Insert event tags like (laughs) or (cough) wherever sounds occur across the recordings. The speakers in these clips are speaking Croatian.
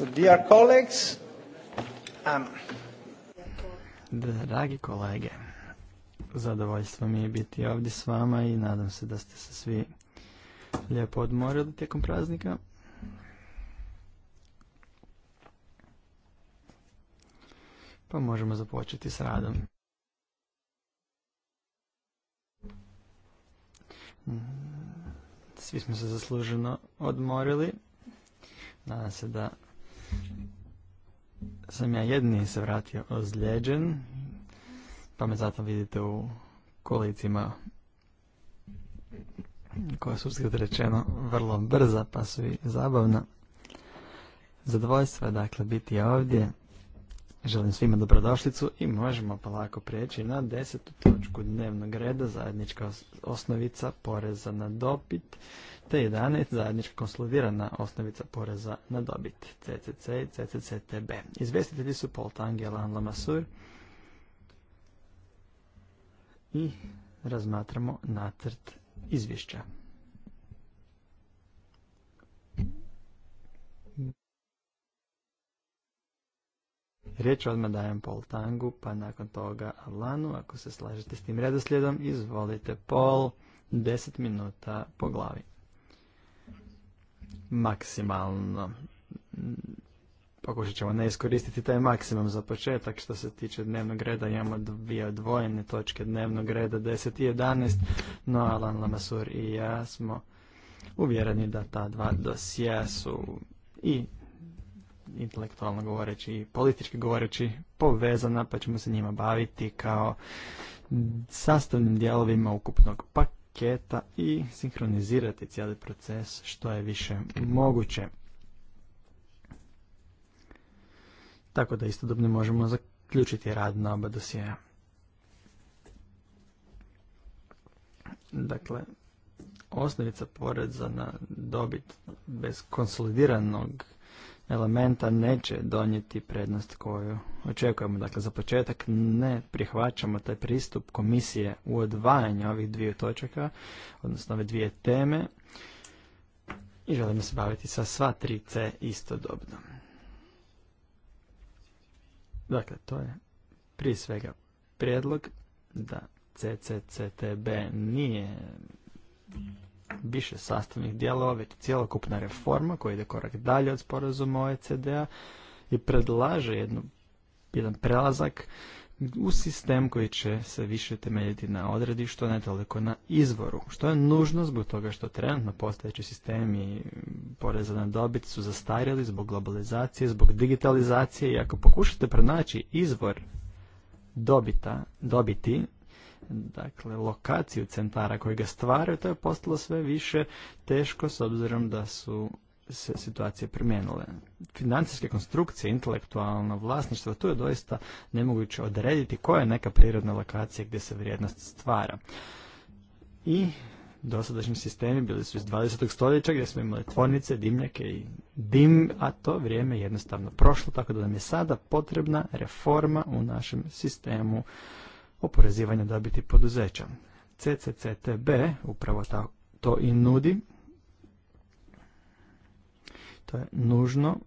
Dear um, Dragi kolege, zadovoljstvo mi je biti ovdje s vama i nadam se da ste se svi lijepo odmorili tijekom praznika. Pa možemo započeti s radom. Mm, svi smo se zasluženo odmorili. Nadam se da sam ja jedni se vratio ozlijeđen, pa me zato vidite u kolicima koja su uzgled rečeno vrlo brza, pa su i zabavna. Zadvojstvo je dakle biti ovdje. Želim svima dobrodošlicu i možemo polako prijeći na desetu točku dnevnog reda, zajednička osnovica poreza na dobit, te 11 zajednička konsolidirana osnovica poreza na dobit, CCC i CCCTB. Izvestitelji su Paul Tangela Alain Masur i razmatramo nacrt izvješća. Riječ odmah dajem pol Tangu, pa nakon toga Alanu, ako se slažete s tim redoslijedom, izvolite pol 10 minuta po glavi. Maksimalno. Pokušat ćemo ne iskoristiti taj maksimum za početak što se tiče dnevnog reda. Imamo dvije odvojene točke dnevnog reda 10 i 11, no Alan Lamasur i ja smo uvjereni da ta dva dosija su i intelektualno govoreći i politički govoreći povezana, pa ćemo se njima baviti kao sastavnim dijelovima ukupnog paketa i sinhronizirati cijeli proces što je više moguće. Tako da istodobno možemo zaključiti rad na oba Dakle, osnovica poreza na dobit bez konsolidiranog elementa neće donijeti prednost koju očekujemo. Dakle, za početak ne prihvaćamo taj pristup komisije u odvajanju ovih dvije točaka, odnosno ove dvije teme i želimo se baviti sa sva tri C istodobno. Dakle, to je prije svega prijedlog da CCCTB nije više sastavnih dijelova, već cjelokupna reforma koja ide korak dalje od sporazuma OECD-a i predlaže jednu, jedan prelazak u sistem koji će se više temeljiti na što ne toliko na izvoru, što je nužno zbog toga što trenutno postojeći sistemi poreza na dobit su zastarjeli zbog globalizacije, zbog digitalizacije i ako pokušate pronaći izvor dobita, dobiti, dakle, lokaciju centara koji ga stvaraju, to je postalo sve više teško s obzirom da su se situacije promijenile. Financijske konstrukcije, intelektualno vlasništvo, tu je doista nemoguće odrediti koja je neka prirodna lokacija gdje se vrijednost stvara. I dosadašnji sistemi bili su iz 20. stoljeća gdje smo imali tvornice, dimnjake i dim, a to vrijeme jednostavno prošlo, tako da nam je sada potrebna reforma u našem sistemu oporezivanja dobiti poduzeća. CCCTB upravo to i nudi. To je nužno.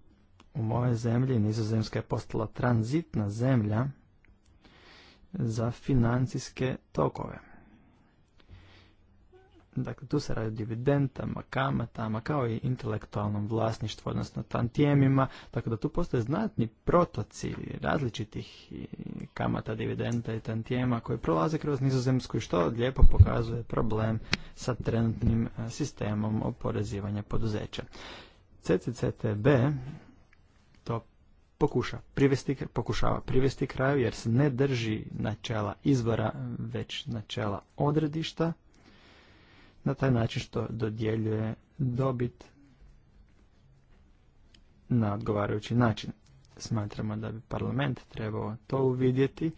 U moje zemlji Nizozemska je postala tranzitna zemlja za financijske tokove. Dakle, tu se radi o dividendama, kamatama, kao i intelektualnom vlasništvu, odnosno tantijemima, tako da tu postoje znatni protoci različitih kamata, dividenda i tantijema koji prolaze kroz nizozemsku i što lijepo pokazuje problem sa trenutnim e, sistemom oporezivanja poduzeća. CCCTB to pokuša pokušava privesti kraju jer se ne drži načela izvora, već načela odredišta na taj način što dodjeljuje dobit na odgovarajući način. Smatramo da bi parlament trebao to uvidjeti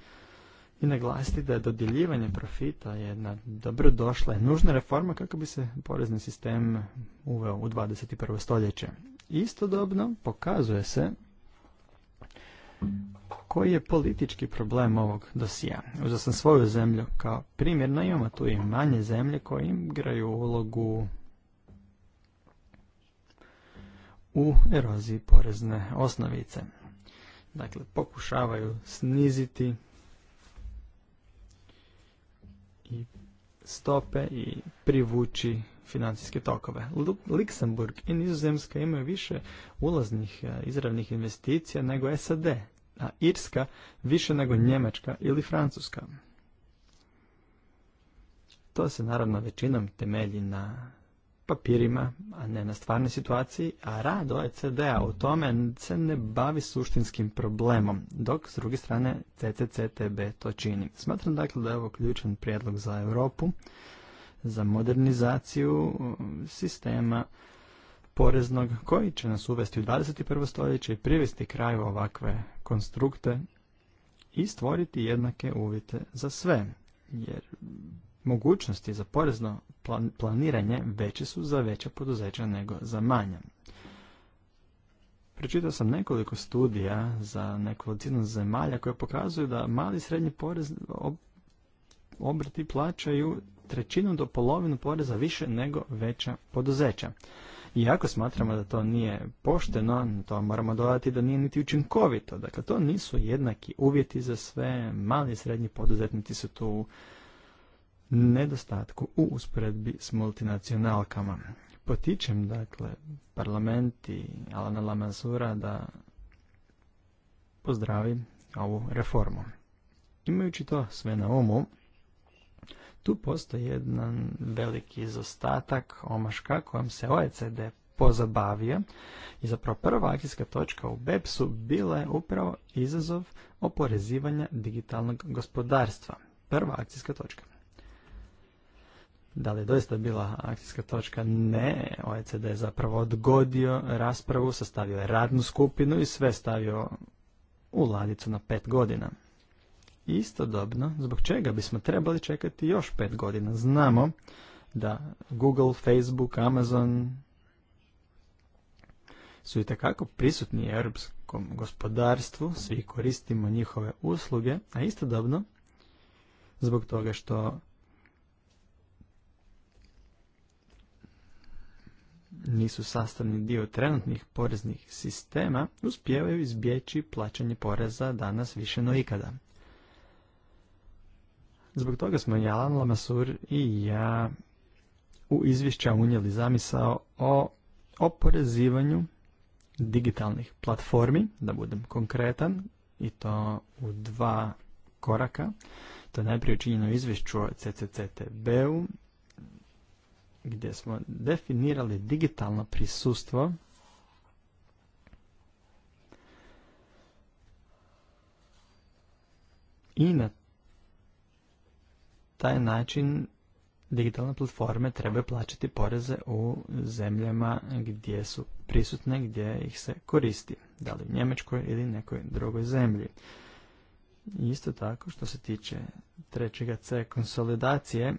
i naglasiti da je dodjeljivanje profita jedna dobrodošla i nužna reforma kako bi se porezni sistem uveo u 21. stoljeće. Istodobno pokazuje se koji je politički problem ovog dosija. Uzao sam svoju zemlju kao primjer, no imamo tu i manje zemlje koje igraju ulogu u eroziji porezne osnovice. Dakle, pokušavaju sniziti i stope i privući financijske tokove. Liksemburg i Nizozemska imaju više ulaznih eh, izravnih investicija nego SAD a Irska više nego Njemačka ili Francuska. To se naravno većinom temelji na papirima, a ne na stvarnoj situaciji, a rad OECD-a u tome se ne bavi suštinskim problemom, dok s druge strane CCCTB to čini. Smatram dakle da je ovo ključan prijedlog za Europu, za modernizaciju uh, sistema poreznog koji će nas uvesti u 21. stoljeće i privesti kraju ovakve konstrukte i stvoriti jednake uvjete za sve, jer mogućnosti za porezno planiranje veće su za veća poduzeća nego za manja. Pročitao sam nekoliko studija za nekolicinu zemalja koje pokazuju da mali i srednji porez obrti plaćaju trećinu do polovinu poreza više nego veća poduzeća. Iako smatramo da to nije pošteno, to moramo dodati da nije niti učinkovito. Dakle, to nisu jednaki uvjeti za sve. Mali i srednji poduzetnici su tu u nedostatku u usporedbi s multinacionalkama. Potičem, dakle, parlament i Alana Lamansura da pozdravi ovu reformu. Imajući to sve na umu, tu postoji jedan veliki izostatak omaška kojom se OECD pozabavio i zapravo prva akcijska točka u BEPS-u bila je upravo izazov oporezivanja digitalnog gospodarstva. Prva akcijska točka. Da li je doista bila akcijska točka? Ne. OECD je zapravo odgodio raspravu, sastavio je radnu skupinu i sve stavio u ladicu na pet godina. Istodobno, zbog čega bismo trebali čekati još pet godina? Znamo da Google, Facebook, Amazon su i takako prisutni europskom gospodarstvu, svi koristimo njihove usluge, a istodobno zbog toga što nisu sastavni dio trenutnih poreznih sistema, uspjevaju izbjeći plaćanje poreza danas više no ikada. Zbog toga smo Alan Lamasur i ja u izvješća unijeli zamisao o oporezivanju digitalnih platformi, da budem konkretan, i to u dva koraka. To je najprije učinjeno izvješću o CCCTB-u, gdje smo definirali digitalno prisustvo i na taj način digitalne platforme trebaju plaćati poreze u zemljama gdje su prisutne, gdje ih se koristi, da li u Njemačkoj ili nekoj drugoj zemlji. Isto tako što se tiče trećega C konsolidacije,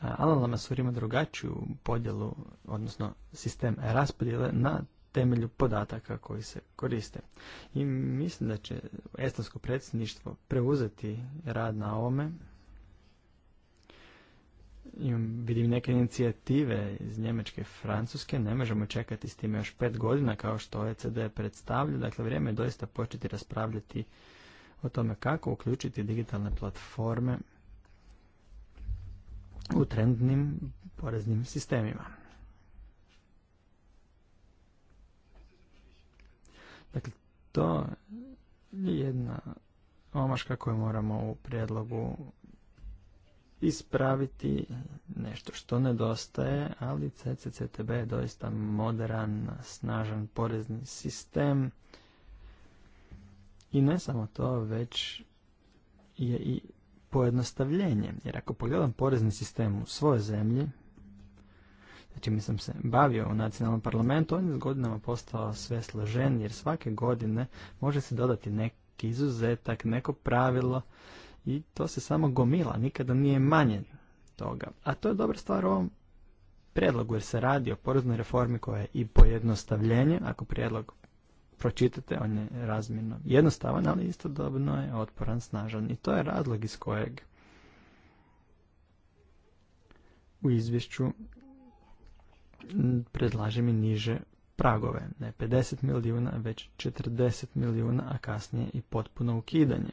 Alala Masur ima drugačiju podjelu, odnosno sistem raspodjele na temelju podataka koji se koriste. I mislim da će estonsko predsjedništvo preuzeti rad na ovome, vidim neke inicijative iz Njemačke i Francuske, ne možemo čekati s time još pet godina kao što OECD predstavlja, dakle vrijeme je doista početi raspravljati o tome kako uključiti digitalne platforme u trendnim poreznim sistemima. Dakle, to je jedna omaška koju moramo u prijedlogu ispraviti nešto što nedostaje, ali CCCTB je doista moderan, snažan porezni sistem. I ne samo to, već je i pojednostavljenje. Jer ako pogledam porezni sistem u svojoj zemlji, mi sam se bavio u nacionalnom parlamentu, on je s godinama postao sve složen, jer svake godine može se dodati neki izuzetak, neko pravilo i to se samo gomila, nikada nije manje toga. A to je dobra stvar u ovom prijedlogu jer se radi o poreznoj reformi koja je i pojednostavljenje, ako prijedlog pročitate, on je razmjerno jednostavan, ali istodobno je otporan, snažan i to je razlog iz kojeg u izvješću predlažem i niže pragove, ne 50 milijuna, već 40 milijuna, a kasnije i potpuno ukidanje.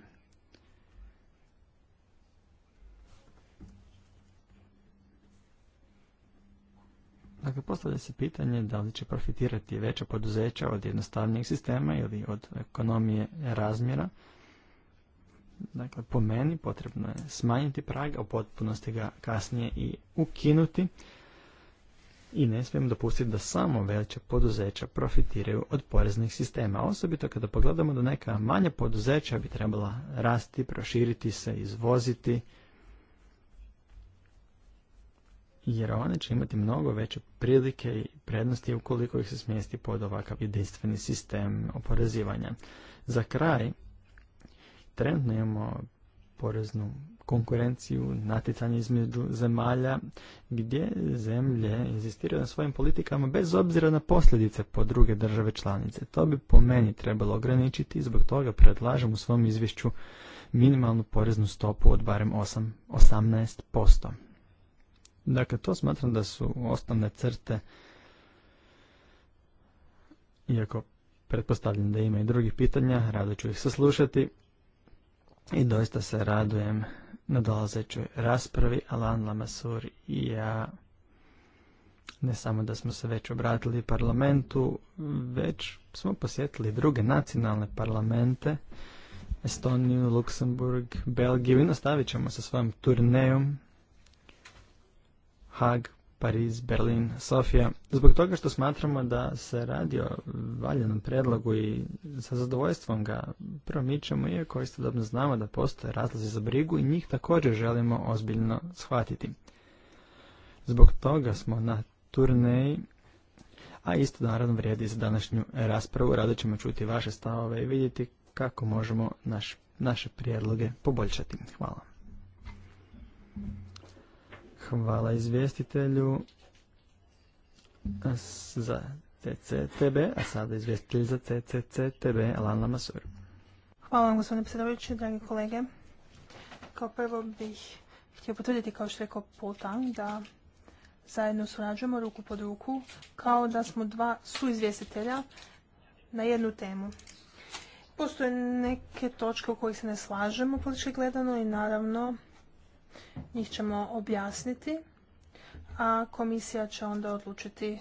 Dakle, postavlja se pitanje da li će profitirati veća poduzeća od jednostavnijeg sistema ili od ekonomije razmjera. Dakle, po meni potrebno je smanjiti prag, a u potpunosti ga kasnije i ukinuti. I ne smijemo dopustiti da samo veća poduzeća profitiraju od poreznih sistema. Osobito kada pogledamo da neka manja poduzeća bi trebala rasti, proširiti se, izvoziti, jer one će imati mnogo veće prilike i prednosti ukoliko ih se smjesti pod ovakav jedinstveni sistem oporezivanja. Za kraj, trenutno imamo poreznu konkurenciju, natjecanje između zemalja, gdje zemlje inzistiraju na svojim politikama bez obzira na posljedice po druge države članice. To bi po meni trebalo ograničiti i zbog toga predlažem u svom izvješću minimalnu poreznu stopu od barem 8, 18%. Dakle, to smatram da su osnovne crte, iako pretpostavljam da ima i drugih pitanja, rado ću ih saslušati i doista se radujem na dolazećoj raspravi. Alan Lamassur i ja ne samo da smo se već obratili parlamentu, već smo posjetili druge nacionalne parlamente, Estoniju, Luksemburg, Belgiju i nastavit ćemo sa svojom turnejom Hag, Pariz, Berlin, Sofija, zbog toga što smatramo da se radi o valjanom predlogu i sa zadovoljstvom ga promičemo, iako istodobno znamo da postoje razlozi za brigu i njih također želimo ozbiljno shvatiti. Zbog toga smo na turneji, a isto naravno vrijedi za današnju raspravu, rado ćemo čuti vaše stavove i vidjeti kako možemo naše prijedloge poboljšati. Hvala. Hvala izvjestitelju za TCTB, a sada izvjestitelj za TCTB, Alana Masur. Hvala vam gospodine predsjedavajući, dragi kolege. Kao prvo bih htio potvrditi kao što je rekao Paul da zajedno surađujemo ruku pod ruku kao da smo dva suizvjestitelja na jednu temu. Postoje neke točke u kojih se ne slažemo politički gledano i naravno njih ćemo objasniti, a komisija će onda odlučiti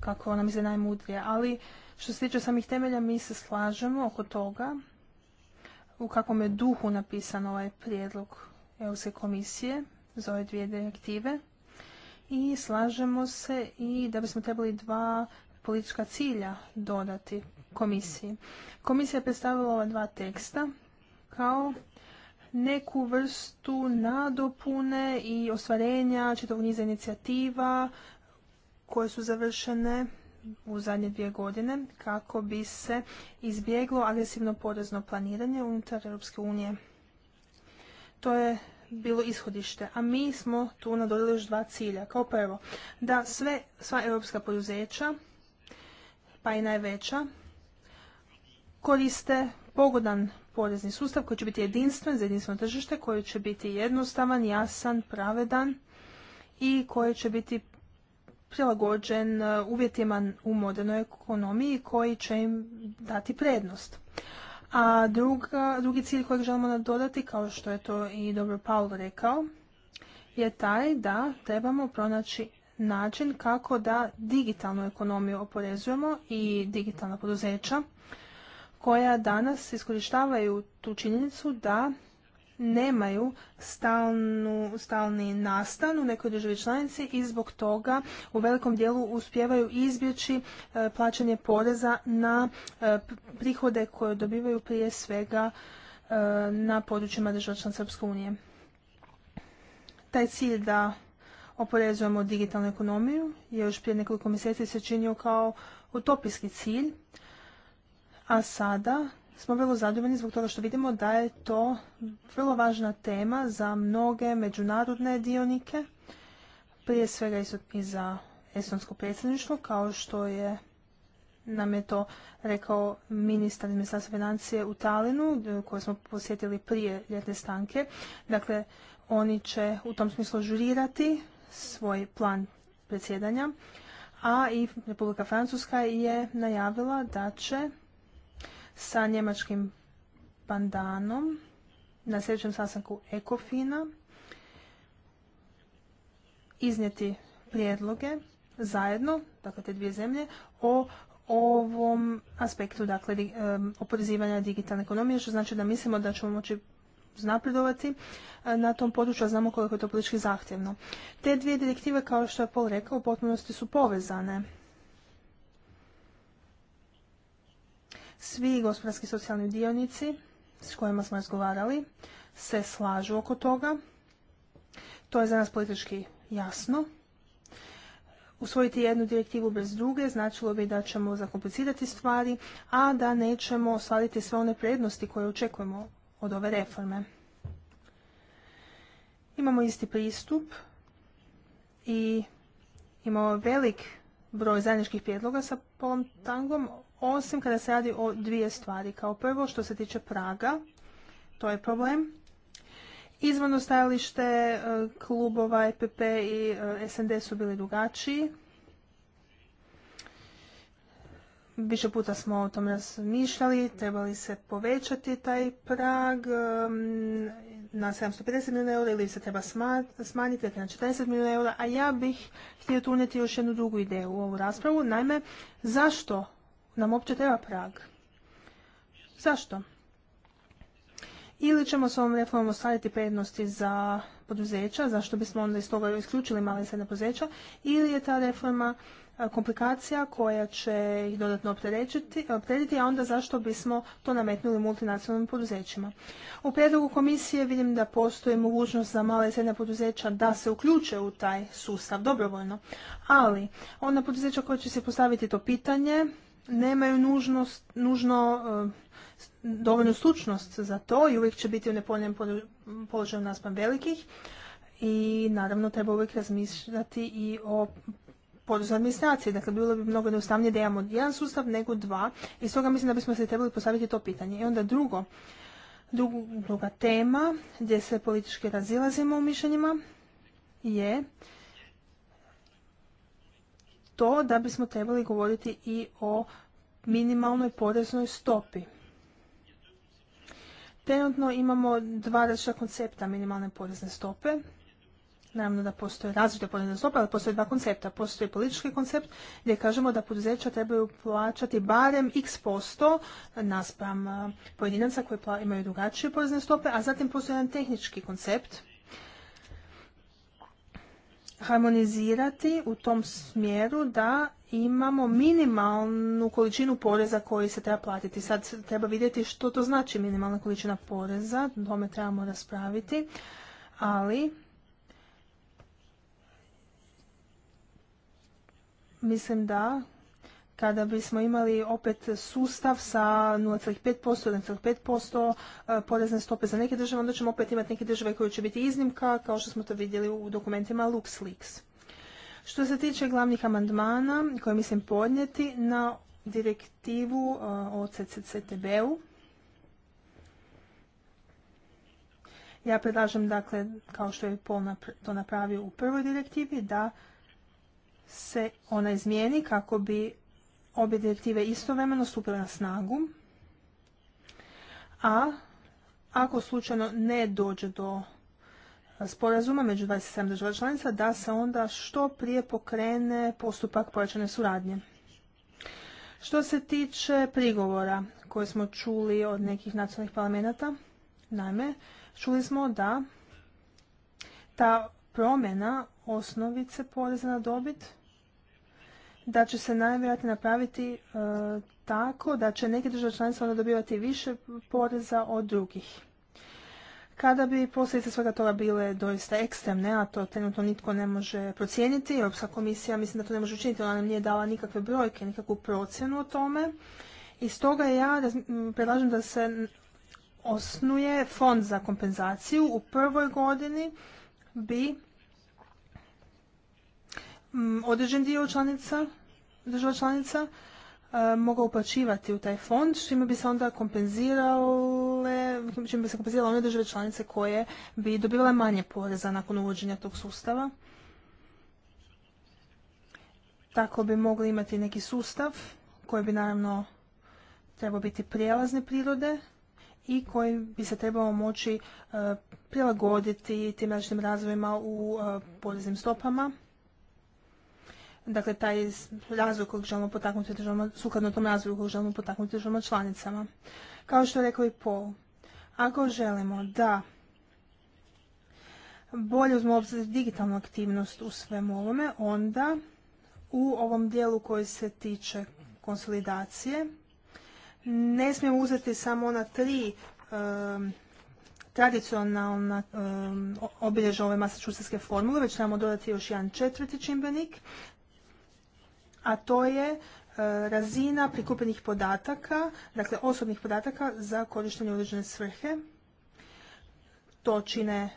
kako nam je najmudrije. Ali što se tiče samih temelja, mi se slažemo oko toga u kakvom je duhu napisan ovaj prijedlog Europske komisije za ove dvije direktive i slažemo se i da bismo trebali dva politička cilja dodati komisiji. Komisija je predstavila ova dva teksta kao neku vrstu nadopune i ostvarenja čitavog niza inicijativa koje su završene u zadnje dvije godine kako bi se izbjeglo agresivno porezno planiranje unutar Europske unije. To je bilo ishodište, a mi smo tu nadodali još dva cilja. Kao prvo, da sve, sva europska poduzeća, pa i najveća, koriste pogodan porezni sustav koji će biti jedinstven za jedinstveno tržište, koji će biti jednostavan, jasan, pravedan i koji će biti prilagođen e, uvjetima u modernoj ekonomiji koji će im dati prednost. A drugi cilj kojeg želimo nadodati, kao što je to i dobro Paul rekao, je taj da trebamo pronaći način kako da digitalnu ekonomiju oporezujemo i digitalna poduzeća koja danas iskorištavaju tu činjenicu da nemaju stalnu, stalni nastan u nekoj državi članici i zbog toga u velikom dijelu uspjevaju izbjeći e, plaćanje poreza na e, prihode koje dobivaju prije svega e, na područjima država članica Srpske unije. Taj cilj da oporezujemo digitalnu ekonomiju je još prije nekoliko mjeseci se činio kao utopijski cilj, a sada smo vrlo zadovoljni zbog toga što vidimo da je to vrlo važna tema za mnoge međunarodne dionike, prije svega i za estonsko predsjedništvo, kao što je nam je to rekao ministar ministarstva financije u Talinu, koje smo posjetili prije ljetne stanke. Dakle, oni će u tom smislu žurirati svoj plan predsjedanja, a i Republika Francuska je najavila da će sa njemačkim pandanom na sljedećem sastanku Ekofina iznijeti prijedloge zajedno, dakle te dvije zemlje, o ovom aspektu dakle, oporezivanja digitalne ekonomije, što znači da mislimo da ćemo moći napredovati e, na tom području, a znamo koliko je to politički zahtjevno. Te dvije direktive, kao što je Paul rekao, u potpunosti su povezane Svi gospodarski socijalni dionici s kojima smo razgovarali se slažu oko toga. To je za nas politički jasno. Usvojiti jednu direktivu bez druge značilo bi da ćemo zakomplicirati stvari, a da nećemo ostvariti sve one prednosti koje očekujemo od ove reforme. Imamo isti pristup i imamo velik broj zajedničkih prijedloga sa Polom Tangom osim kada se radi o dvije stvari. Kao prvo, što se tiče Praga, to je problem. Izvorno stajalište e, klubova EPP i e, SND su bili drugačiji. Više puta smo o tom razmišljali, trebali se povećati taj prag e, na 750 milijuna eura ili se treba smanjiti dakle na 40 milijuna eura, a ja bih htio tu još jednu drugu ideju u ovu raspravu. Naime, zašto nam uopće treba prag. Zašto? Ili ćemo s ovom reformom ostvariti prednosti za poduzeća, zašto bismo onda iz toga isključili male i srednje poduzeća, ili je ta reforma komplikacija koja će ih dodatno oprediti, a onda zašto bismo to nametnuli multinacionalnim poduzećima. U predlogu komisije vidim da postoji mogućnost za male i srednja poduzeća da se uključe u taj sustav dobrovoljno, ali ona poduzeća koja će se postaviti to pitanje nemaju nužnost, nužno e, dovoljnu stručnost za to i uvijek će biti u nepovoljnom položaju naspram velikih i naravno treba uvijek razmišljati i o poduzetnoj administracije. Dakle, bilo bi mnogo jednostavnije da imamo jedan sustav nego dva i stoga mislim da bismo se trebali postaviti to pitanje. I onda drugo, druga tema gdje se politički razilazimo u mišljenjima je to da bismo trebali govoriti i o minimalnoj poreznoj stopi. Trenutno imamo dva različita koncepta minimalne porezne stope. Naravno da postoje različite porezne stope, ali postoje dva koncepta. Postoji politički koncept gdje kažemo da poduzeća trebaju plaćati barem x posto naspram eh, pojedinaca koji imaju drugačije porezne stope, a zatim postoji jedan tehnički koncept harmonizirati u tom smjeru da imamo minimalnu količinu poreza koji se treba platiti. Sad treba vidjeti što to znači minimalna količina poreza, o tome trebamo raspraviti, ali mislim da kada bismo imali opet sustav sa 0,5%, posto e, porezne stope za neke države, onda ćemo opet imati neke države koje će biti iznimka, kao što smo to vidjeli u dokumentima LuxLeaks. Što se tiče glavnih amandmana koje mislim podnijeti na direktivu e, o CCCTB-u, ja predlažem, dakle, kao što je Pol to napravio u prvoj direktivi, da se ona izmijeni kako bi obje direktive istovremeno stupile na snagu, a ako slučajno ne dođe do sporazuma među 27 država članica, da se onda što prije pokrene postupak pojačane suradnje. Što se tiče prigovora koje smo čuli od nekih nacionalnih parlamenta, naime, čuli smo da ta promjena osnovice poreza na dobit da će se najvjerojatnije napraviti e, tako da će neke države članice onda dobivati više poreza od drugih. Kada bi posljedice svega toga bile doista ekstremne, a to trenutno nitko ne može procijeniti, Europska komisija mislim da to ne može učiniti, ona nam nije dala nikakve brojke, nikakvu procjenu o tome. I stoga ja predlažem da se osnuje fond za kompenzaciju. U prvoj godini bi određen dio članica, država članica e, mogao uplaćivati u taj fond, čime bi se onda kompenzirale, čime bi se kompenzirale one države članice koje bi dobivale manje poreza nakon uvođenja tog sustava. Tako bi mogli imati neki sustav koji bi naravno trebao biti prijelazne prirode i koji bi se trebao moći e, prilagoditi tim različitim razvojima u e, poreznim stopama dakle taj razvoj kojeg želimo potaknuti državama, sukladno tom razvoju kojeg želimo potaknuti državama članicama. Kao što je rekao i Paul, ako želimo da bolje uzmo obzir digitalnu aktivnost u svemu ovome, onda u ovom dijelu koji se tiče konsolidacije ne smijemo uzeti samo ona tri tradicionalna obilježa ove masačusetske formule, već trebamo dodati još jedan četvrti čimbenik, a to je e, razina prikupenih podataka, dakle osobnih podataka za korištenje određene svrhe. To čine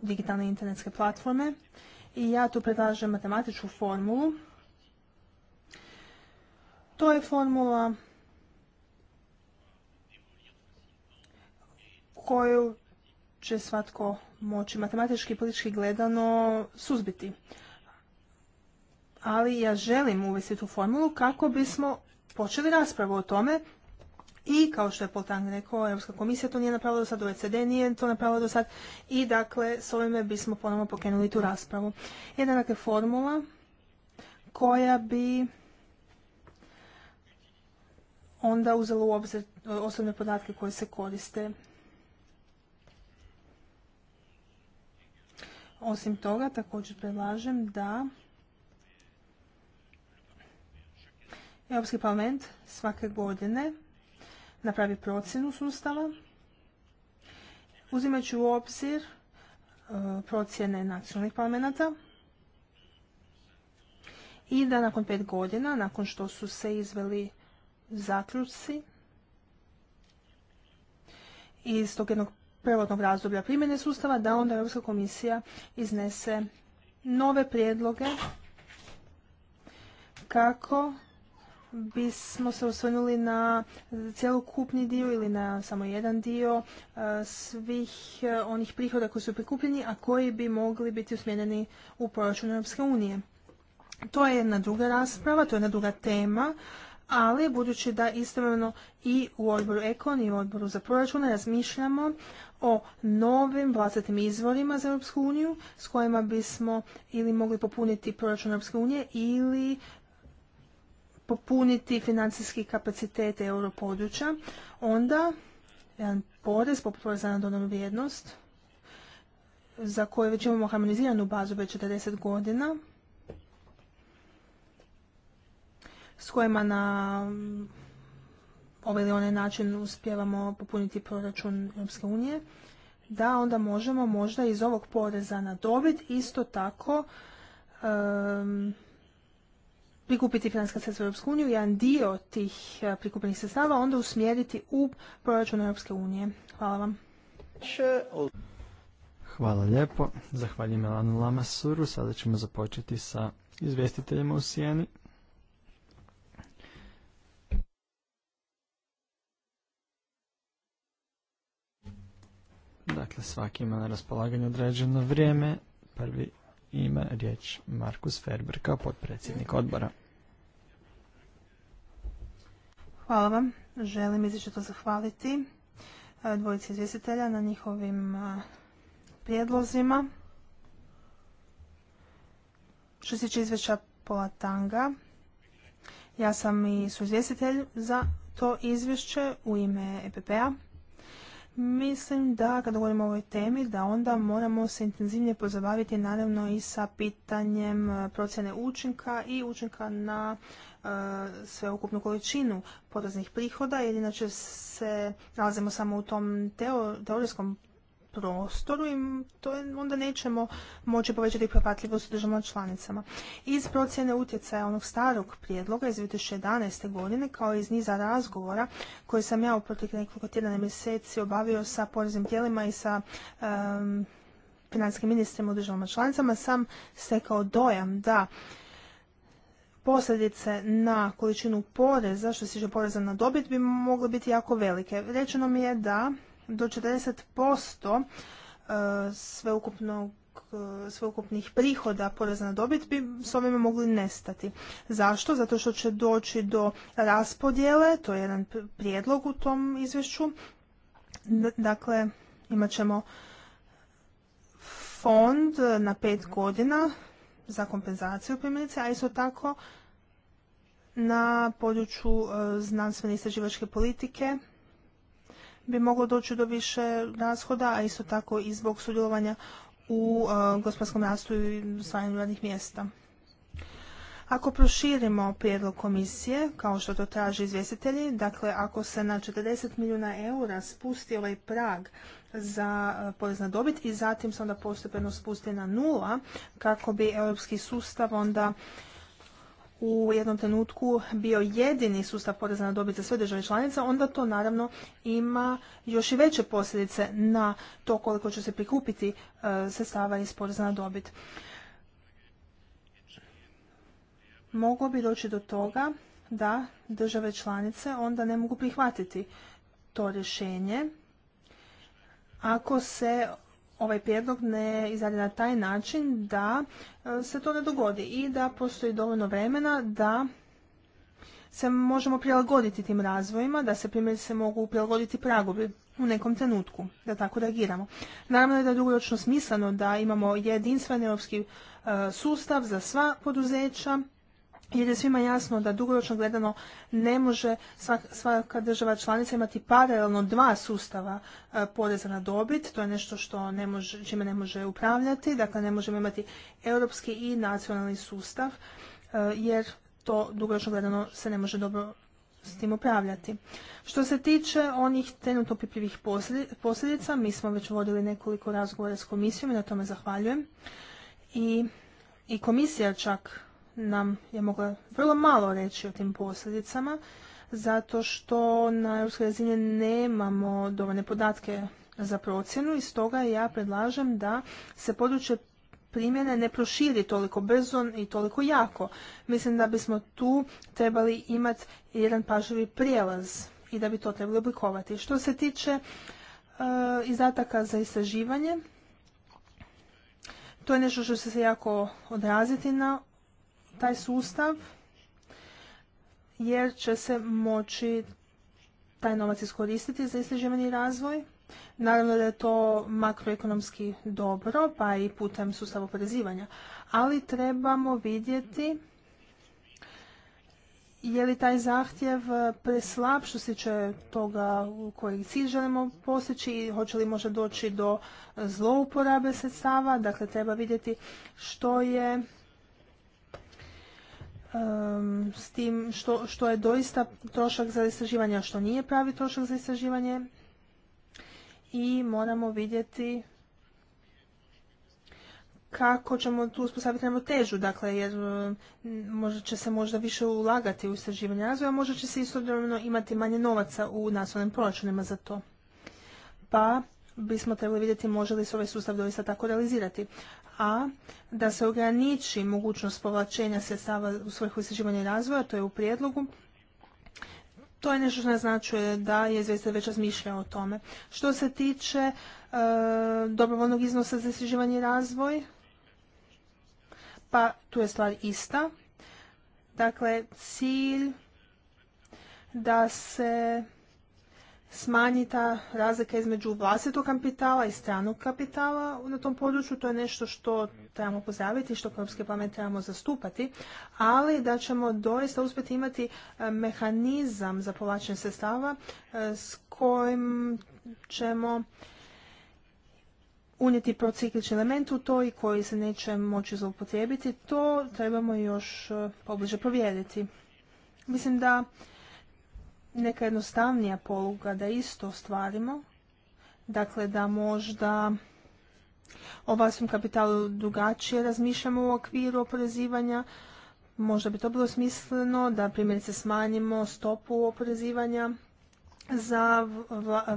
digitalne internetske platforme i ja tu predlažem matematičku formulu. To je formula koju će svatko moći matematički i politički gledano suzbiti ali ja želim uvesti tu formulu kako bismo počeli raspravu o tome i kao što je Poltang rekao, Europska komisija to nije napravila do sad, OECD nije to napravila do sad i dakle s ovime bismo ponovno pokrenuli tu raspravu. Jedna dakle formula koja bi onda uzela u obzir osobne podatke koje se koriste. Osim toga također predlažem da Europski parlament svake godine napravi procjenu sustava, uzimajući u obzir e, procjene nacionalnih parlamenta i da nakon pet godina, nakon što su se izveli zaključci iz tog jednog prvotnog razdoblja primjene sustava, da onda Europska komisija iznese nove prijedloge kako bismo se osvrnuli na cjelokupni dio ili na samo jedan dio e, svih e, onih prihoda koji su prikupljeni, a koji bi mogli biti usmjereni u proračun Europske unije. To je jedna druga rasprava, to je jedna druga tema, ali budući da istovremeno i u odboru Ekon i u odboru za proračun razmišljamo o novim vlastitim izvorima za Europsku uniju s kojima bismo ili mogli popuniti proračun Europske unije ili popuniti financijski kapacitete europodručja, onda jedan porez, poput poreza na dodanu vrijednost, za koje već imamo harmoniziranu bazu već 40 godina, s kojima na ovaj ili onaj način uspjevamo popuniti proračun Europske unije, da onda možemo možda iz ovog poreza na dobit isto tako prikupiti financijska sredstva u Europsku uniju, jedan dio tih e, prikupljenih sredstava onda usmjeriti u proračun Europske unije. Hvala vam. Hvala lijepo. Zahvaljujem Elanu Lamasuru. Sada ćemo započeti sa izvjestiteljima u Sijeni. Dakle, svaki ima na raspolaganju određeno vrijeme. Prvi ima riječ Markus Ferber kao potpredsjednik odbora. Hvala vam. Želim izričito zahvaliti e, dvojici izvjestitelja na njihovim e, prijedlozima. Što se tiče izvješća Pola Tanga, ja sam i suizvjestitelj za to izvješće u ime EPP-a. Mislim da kada govorimo o ovoj temi da onda moramo se intenzivnije pozabaviti naravno i sa pitanjem e, procjene učinka i učinka na e, sveukupnu količinu poreznih prihoda jer inače se nalazimo samo u tom teorijskom prostoru i to onda nećemo moći povećati prihvatljivost državama članicama. Iz procjene utjecaja onog starog prijedloga iz 2011. godine, kao i iz niza razgovora koje sam ja u proteklih nekoliko tjedana mjeseci obavio sa poreznim tijelima i sa um, financijskim ministrima u državama članicama, sam stekao dojam da posljedice na količinu poreza, što se tiče poreza na dobit, bi mogle biti jako velike. Rečeno mi je da do 40% e, sveukupnog e, sveukupnih prihoda poreza na dobit bi s ovime mogli nestati. Zašto? Zato što će doći do raspodjele, to je jedan prijedlog u tom izvješću. Dakle, imat ćemo fond na pet godina za kompenzaciju primjerice, a isto tako na području e, znanstvene istraživačke politike bi moglo doći do više rashoda, a isto tako i zbog sudjelovanja u uh, gospodarskom rastu i stvaranju radnih mjesta. Ako proširimo prijedlog komisije, kao što to traže izvjestitelji, dakle ako se na 40 milijuna eura spusti ovaj prag za uh, porez na dobit i zatim se onda postepeno spusti na nula, kako bi europski sustav onda u jednom trenutku bio jedini sustav poreza na dobit za sve države članice, onda to naravno ima još i veće posljedice na to koliko će se prikupiti e, sredstava iz poreza na dobit. Moglo bi doći do toga da države članice onda ne mogu prihvatiti to rješenje ako se ovaj prijedlog ne izrade na taj način da e, se to ne dogodi i da postoji dovoljno vremena da se možemo prilagoditi tim razvojima, da se primjerice mogu prilagoditi pragovi u nekom trenutku, da tako reagiramo. Naravno je da je dugoročno smisleno da imamo jedinstveni europski e, sustav za sva poduzeća jer je svima jasno da dugoročno gledano ne može svaka država članica imati paralelno dva sustava e, poreza na dobit. To je nešto što ne može, čime ne može upravljati. Dakle, ne možemo imati europski i nacionalni sustav e, jer to dugoročno gledano se ne može dobro s tim upravljati. Što se tiče onih trenutno pipljivih posljedica, mi smo već vodili nekoliko razgovora s komisijom i na tome zahvaljujem. I, i komisija čak nam je mogla vrlo malo reći o tim posljedicama, zato što na europskoj razini nemamo dovoljne podatke za procjenu i stoga ja predlažem da se područje primjene ne proširi toliko brzo i toliko jako. Mislim da bismo tu trebali imati jedan pažljivi prijelaz i da bi to trebali oblikovati. Što se tiče e, izdataka za istraživanje, to je nešto što će se jako odraziti na taj sustav jer će se moći taj novac iskoristiti za istraživanje i razvoj. Naravno da je to makroekonomski dobro, pa i putem sustava oporezivanja. Ali trebamo vidjeti je li taj zahtjev preslab što se tiče toga koji cilj želimo postići i hoće li možda doći do zlouporabe sredstava. Dakle, treba vidjeti što je s tim što, je doista trošak za istraživanje, a što nije pravi trošak za istraživanje. I moramo vidjeti kako ćemo tu uspostaviti težu, dakle, jer možda će se možda više ulagati u istraživanje razvoja, a možda će se istodobno imati manje novaca u nacionalnim proračunima za to. Pa bismo trebali vidjeti može li se ovaj sustav doista tako realizirati. A da se ograniči mogućnost povlačenja sredstava u svrhu istraživanja i razvoja, to je u prijedlogu, to je nešto što naznačuje da je izvjestitelj već razmišljao o tome. Što se tiče e, iznosa za istraživanje i razvoj, pa tu je stvar ista. Dakle, cilj da se smanji ta razlika između vlastitog kapitala i stranog kapitala na tom području. To je nešto što trebamo pozdraviti, što Europski parlament trebamo zastupati, ali da ćemo doista uspjeti imati e, mehanizam za povlačenje sredstava e, s kojim ćemo unijeti prociklični element u to i koji se neće moći zloupotrijebiti, to trebamo još e, pobliže provjeriti. Mislim da neka jednostavnija poluga da isto ostvarimo. Dakle, da možda o vlastnom kapitalu drugačije razmišljamo u okviru oporezivanja. Možda bi to bilo smisleno da primjerice smanjimo stopu oporezivanja za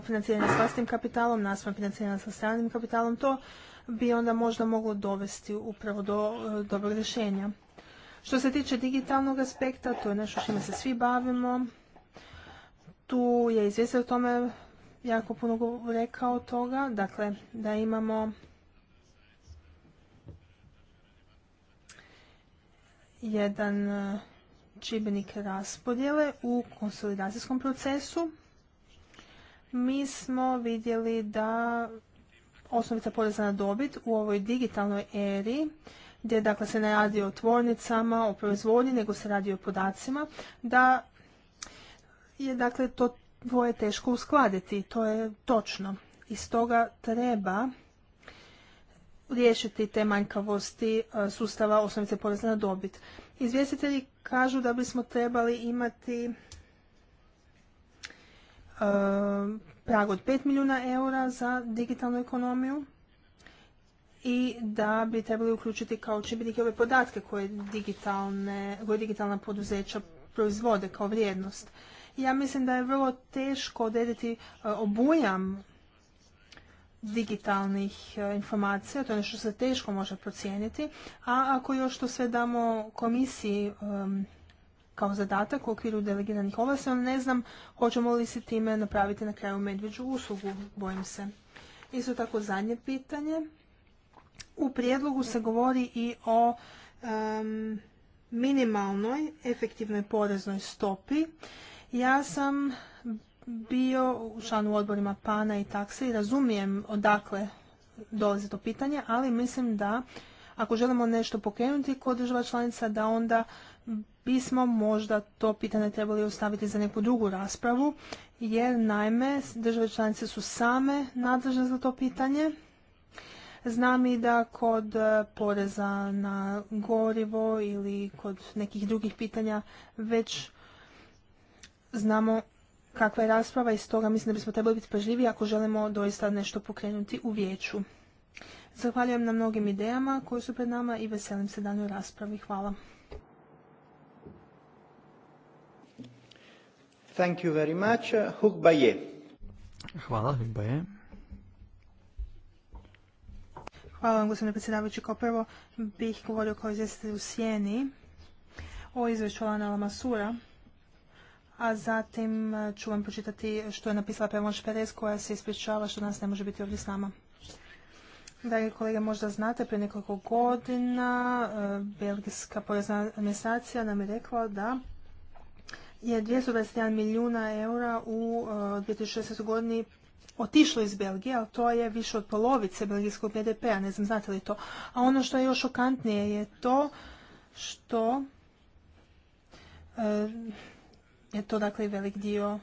financiranje s vlastnim kapitalom, naspram financiranja sa stranim kapitalom. To bi onda možda moglo dovesti upravo do dobrog rješenja. Što se tiče digitalnog aspekta, to je nešto čime se svi bavimo tu je izvijestio o tome jako puno rekao toga, dakle da imamo jedan e, čibenik raspodjele u konsolidacijskom procesu. Mi smo vidjeli da osnovica poreza na dobit u ovoj digitalnoj eri gdje dakle se ne radi o tvornicama, o proizvodnji, nego se radi o podacima, da je dakle to dvoje teško uskladiti, to je točno. I stoga treba riješiti te manjkavosti e, sustava osnovice poreza na dobit. Izvjestitelji kažu da bismo trebali imati e, prag od 5 milijuna eura za digitalnu ekonomiju i da bi trebali uključiti kao čimbenike ove podatke koje, koje digitalna poduzeća proizvode kao vrijednost ja mislim da je vrlo teško odrediti e, obujam digitalnih e, informacija, to je nešto se teško može procijeniti, a ako još to sve damo komisiji kao zadatak u okviru delegiranih ovlasti, ne znam hoćemo li se time napraviti na kraju medveđu uslugu, bojim se. Isto tako zadnje pitanje. U prijedlogu se govori i o minimalnoj efektivnoj poreznoj stopi ja sam bio u odborima PANA i taksi i razumijem odakle dolazi to pitanje, ali mislim da ako želimo nešto pokrenuti kod država članica, da onda bismo možda to pitanje trebali ostaviti za neku drugu raspravu, jer naime države članice su same nadležne za to pitanje. Znam i da kod e, poreza na gorivo ili kod nekih drugih pitanja već znamo kakva je rasprava i stoga mislim da bismo trebali biti pažljivi ako želimo doista nešto pokrenuti u vijeću. Zahvaljujem na mnogim idejama koje su pred nama i veselim se danoj raspravi. Hvala. Thank you very much. Hvala, Hvala vam, gospodine predsjedavajući. Kao prvo bih govorio kao izvjestitelj u Sjeni o izvješću Alana Lamasura a zatim e, ću vam pročitati što je napisala Premoć Perez koja se ispričava što nas ne može biti ovdje s nama. Dragi kolege, možda znate, prije nekoliko godina e, Belgijska porezna administracija nam je rekla da je 221 milijuna eura u 2016. E, godini otišlo iz Belgije, ali to je više od polovice belgijskog BDP-a, ne znam znate li to. A ono što je još šokantnije je to što je to dakle velik dio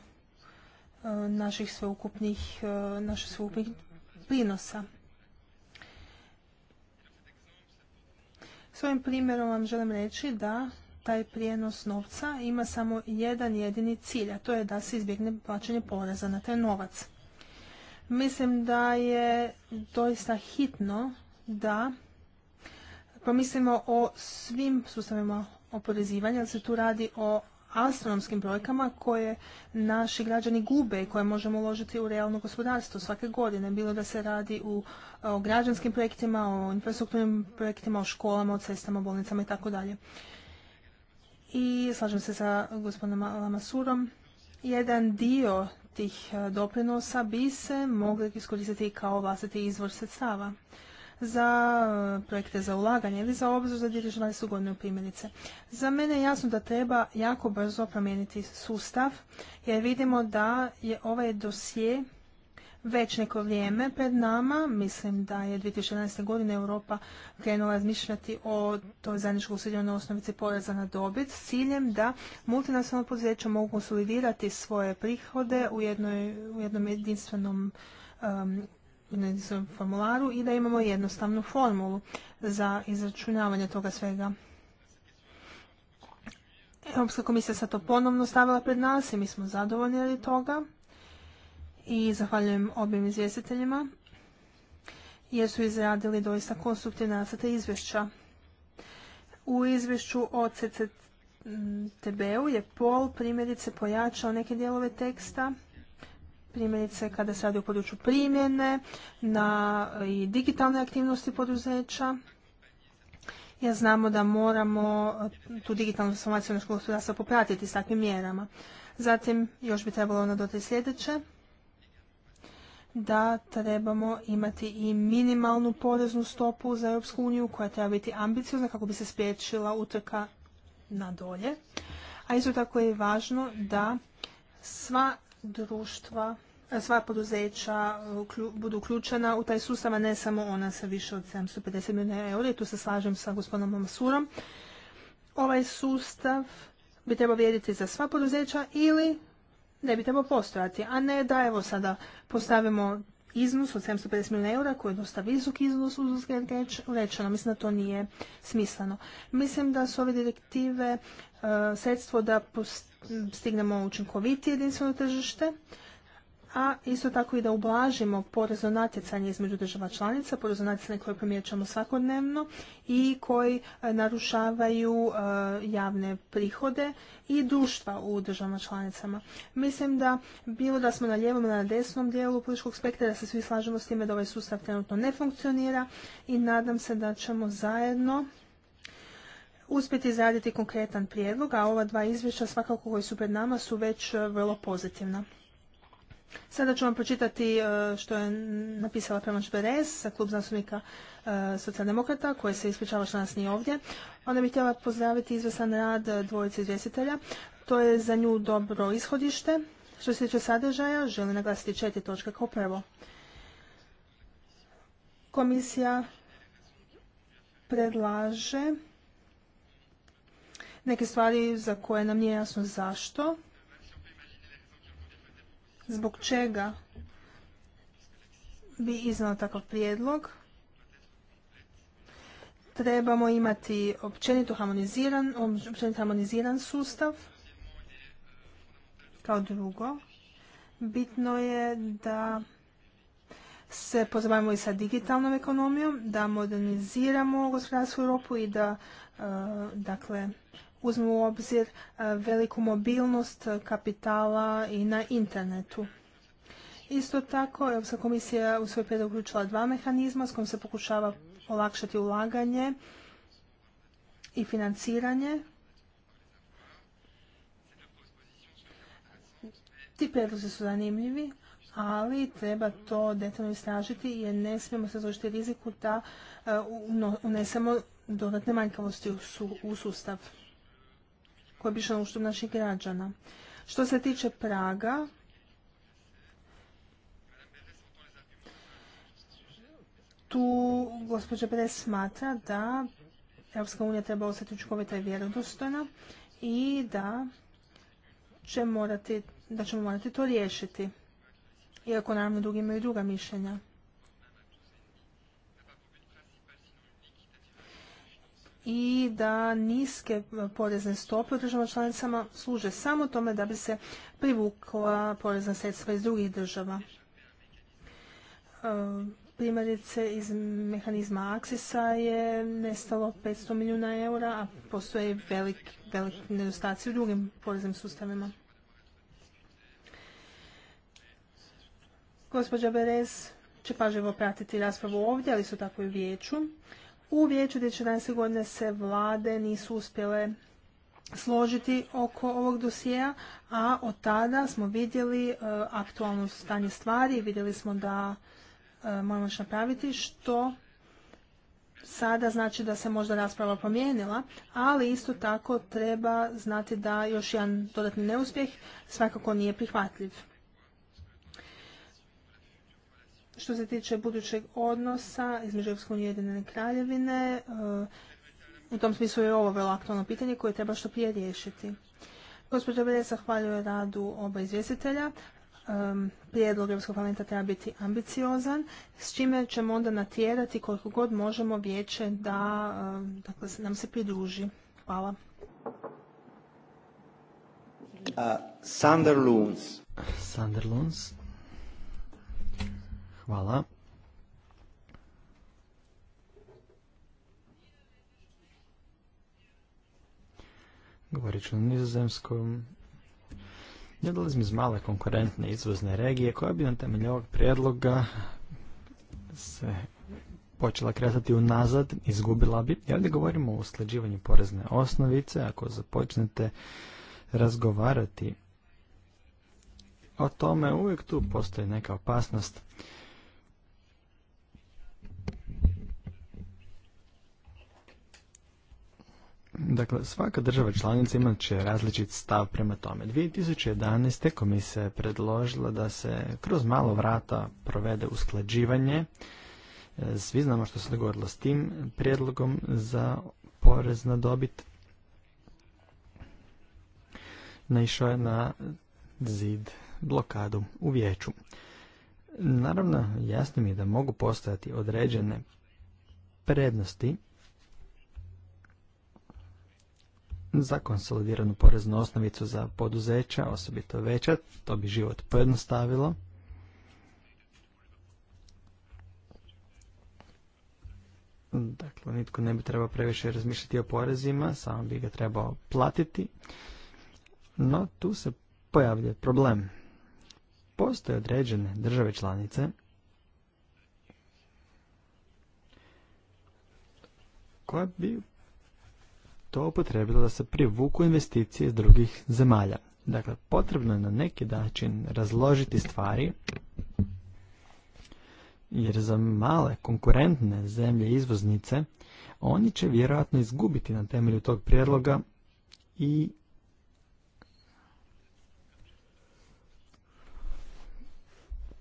e, naših sveukupnih, e, naših sveukupnih prinosa. Svojim primjerom vam želim reći da taj prijenos novca ima samo jedan jedini cilj, a to je da se izbjegne plaćanje poreza na taj novac. Mislim da je doista hitno da promislimo o svim sustavima oporezivanja, jer se tu radi o astronomskim brojkama koje naši građani gube i koje možemo uložiti u realno gospodarstvo svake godine, bilo da se radi u, o građanskim projektima, o infrastrukturnim projektima, o školama, o cestama, bolnicama i tako dalje. I slažem se sa gospodinom Lamasurom, jedan dio tih e, doprinosa bi se mogli iskoristiti kao vlastiti izvor sredstava za e, projekte za ulaganje ili za obzor za 2020. godinu primjerice. Za mene je jasno da treba jako brzo promijeniti sustav jer vidimo da je ovaj dosje već neko vrijeme pred nama. Mislim da je 2011. godine Europa krenula razmišljati o toj zajedničkoj usiljenoj osnovici poreza na dobit s ciljem da multinacionalno poduzeća mogu konsolidirati svoje prihode u, jednom jedinstvenom formularu i da imamo jednostavnu formulu za izračunavanje toga svega. Europska komisija sad to ponovno stavila pred nas i mi smo zadovoljni toga i zahvaljujem obim izvjestiteljima jer su izradili doista konstruktivne nacrte izvješća. U izvješću o CCTB-u je Pol primjerice pojačao neke dijelove teksta primjerice kada se radi o području primjene, na e, i digitalne aktivnosti poduzeća, Ja znamo da moramo e, tu digitalnu transformaciju gospodarstva popratiti s takvim mjerama. Zatim, još bi trebalo ono dodati sljedeće, da trebamo imati i minimalnu poreznu stopu za Europsku uniju koja treba biti ambiciozna kako bi se spriječila utrka na dolje. A isto tako je važno da sva društva, sva poduzeća budu uključena u taj sustav, a ne samo ona sa više od 750 milijuna eura. I tu se slažem sa gospodinom Masurom. Ovaj sustav bi trebao vrijediti za sva poduzeća ili ne bi trebao postojati, a ne da evo sada postavimo iznos od 750 milijuna eura koji je dosta visok iznos uzgled rečeno. Mislim da to nije smisleno. Mislim da su ove direktive e, sredstvo da stignemo učinkovitije jedinstveno tržište, a isto tako i da ublažimo porezno natjecanje između država članica, porezno natjecanje koje primjećamo svakodnevno i koji e, narušavaju e, javne prihode i društva u državama članicama. Mislim da bilo da smo na lijevom ili na desnom dijelu političkog spektra, da se svi slažemo s time da ovaj sustav trenutno ne funkcionira i nadam se da ćemo zajedno uspjeti izraditi konkretan prijedlog, a ova dva izvješća svakako koji su pred nama su već e, vrlo pozitivna. Sada ću vam pročitati e, što je napisala Premač Berez, klub zastupnika e, socijaldemokrata, koji se ispričava što nas nije ovdje. Ona bi htjela pozdraviti izvjesan rad dvojice izvjestitelja. To je za nju dobro ishodište. Što se tiče sadržaja, želim naglasiti četiri točke kao prvo. Komisija predlaže neke stvari za koje nam nije jasno zašto, zbog čega bi iznao takav prijedlog. Trebamo imati općenito harmoniziran, općenito harmoniziran sustav. Kao drugo, bitno je da se pozabavimo i sa digitalnom ekonomijom, da moderniziramo gospodarsku Europu i da e, dakle uzmu u obzir e, veliku mobilnost kapitala i na internetu. Isto tako, Europska komisija u svoj prijedlog uključila dva mehanizma s kojim se pokušava olakšati ulaganje i financiranje. Ti prijedlozi su zanimljivi, ali treba to detaljno istražiti jer ne smijemo se zložiti riziku da e, unesemo dodatne manjkavosti u sustav koje bi išlo naših građana. Što se tiče Praga, tu gospođa Brez smatra da Europska unija treba ostati učinkovita i vjerodostojna i da da ćemo morati to riješiti. Iako naravno drugi imaju druga mišljenja. i da niske porezne stope u državama članicama služe samo tome da bi se privukla porezna sredstva iz drugih država. E, primjerice iz mehanizma Aksisa je nestalo 500 milijuna eura, a postoje veliki velik nedostaci u drugim poreznim sustavima. Gospođa Berez će pažljivo pratiti raspravu ovdje, ali su tako i u vijeću. U vijeću 2014. godine se vlade nisu uspjele složiti oko ovog dosjea, a od tada smo vidjeli e, aktualno stanje stvari, vidjeli smo da e, moramo što napraviti, što sada znači da se možda rasprava promijenila, ali isto tako treba znati da još jedan dodatni neuspjeh svakako nije prihvatljiv. Što se tiče budućeg odnosa između Europske unije kraljevine, e, u tom smislu je ovo vrlo aktualno pitanje koje treba što prije riješiti. Gospođa Velje zahvaljuje radu oba izvjestitelja. Prijedlog Europskog parlamenta treba biti ambiciozan, s čime ćemo onda natjerati koliko god možemo vijeće da dakle, nam se pridruži. Hvala. Sander Hvala. Govorit ću na nizozemskom. Ja dolazim iz male konkurentne izvozne regije koja bi na temelju ovog prijedloga se počela kretati unazad, izgubila bi. I ovdje govorimo o usklađivanju porezne osnovice. Ako započnete razgovarati o tome, uvijek tu postoji neka opasnost Dakle, svaka država članica imat će različit stav prema tome. 2011. komisija je predložila da se kroz malo vrata provede usklađivanje. E, svi znamo što se dogodilo s tim prijedlogom za porez na dobit. Naišao je na zid blokadu u vijeću. Naravno, jasno mi je da mogu postojati određene prednosti za konsolidiranu poreznu osnovicu za poduzeća, osobito veća, to bi život pojednostavilo. Dakle, nitko ne bi trebao previše razmišljati o porezima, samo bi ga trebao platiti. No, tu se pojavlja problem. Postoje određene države članice koje bi to upotrebilo da se privuku investicije iz drugih zemalja. Dakle, potrebno je na neki način razložiti stvari, jer za male, konkurentne zemlje izvoznice, oni će vjerojatno izgubiti na temelju tog prijedloga i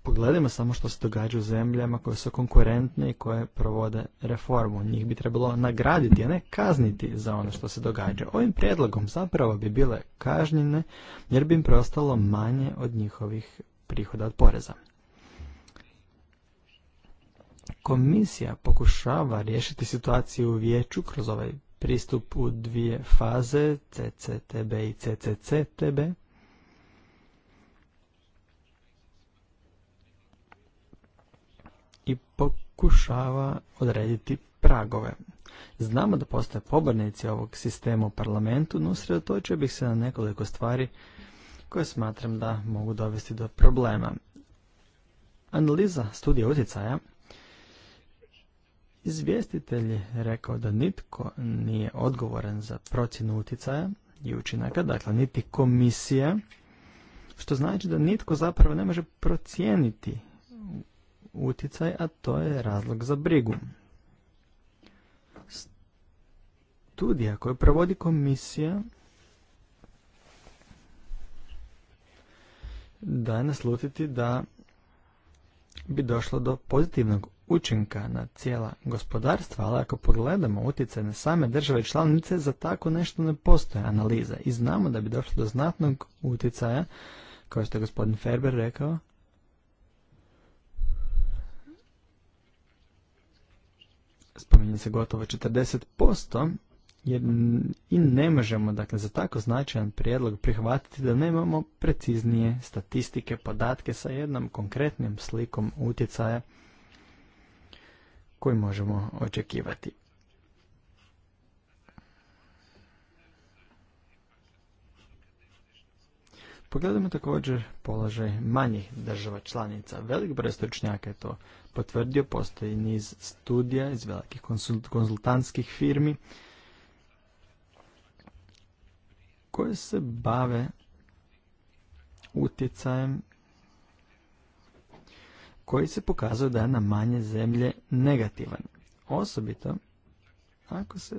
Pogledajmo samo što se događa u zemljama koje su konkurentne i koje provode reformu. Njih bi trebalo nagraditi, a ne kazniti za ono što se događa. Ovim prijedlogom zapravo bi bile kažnjene jer bi im preostalo manje od njihovih prihoda od poreza. Komisija pokušava riješiti situaciju u vijeću kroz ovaj pristup u dvije faze, CCTB i CCCTB i pokušava odrediti pragove. Znamo da postoje pobornici ovog sistema u parlamentu, no sredotočio bih se na nekoliko stvari koje smatram da mogu dovesti do problema. Analiza studija utjecaja Izvjestitelj je rekao da nitko nije odgovoran za procjenu utjecaja i učinaka, dakle niti komisija, što znači da nitko zapravo ne može procijeniti utjecaj, a to je razlog za brigu. Studija koju provodi komisija daje naslutiti da bi došlo do pozitivnog učinka na cijela gospodarstva, ali ako pogledamo utjecaj na same države članice, za tako nešto ne postoje analiza i znamo da bi došlo do znatnog utjecaja, kao što je gospodin Ferber rekao, spominje se gotovo 40%, jer i ne možemo dakle, za tako značajan prijedlog prihvatiti da nemamo preciznije statistike, podatke sa jednom konkretnim slikom utjecaja koji možemo očekivati. Pogledajmo također položaj manjih država članica. Velik broj stručnjaka je to potvrdio, postoji niz studija iz velikih konzultantskih firmi koje se bave utjecajem koji se pokazuju da je na manje zemlje negativan. Osobito ako se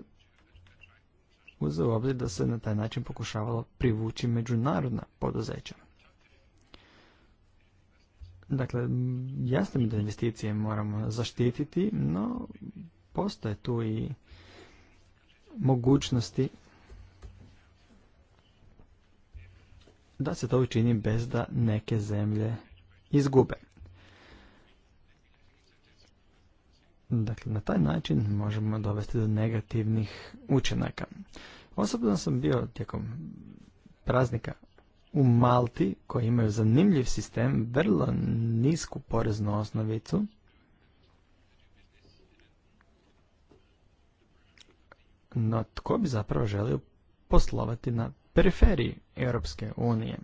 uz obzir da se na taj način pokušavalo privući međunarodna poduzeća. Dakle, jasno mi da investicije moramo zaštititi, no postoje tu i mogućnosti da se to učini bez da neke zemlje izgube. Dakle, na taj način možemo dovesti do negativnih učinaka. Osobno sam bio tijekom praznika u Malti koji imaju zanimljiv sistem, vrlo nisku poreznu osnovicu. No tko bi zapravo želio poslovati na periferiji Europske unije?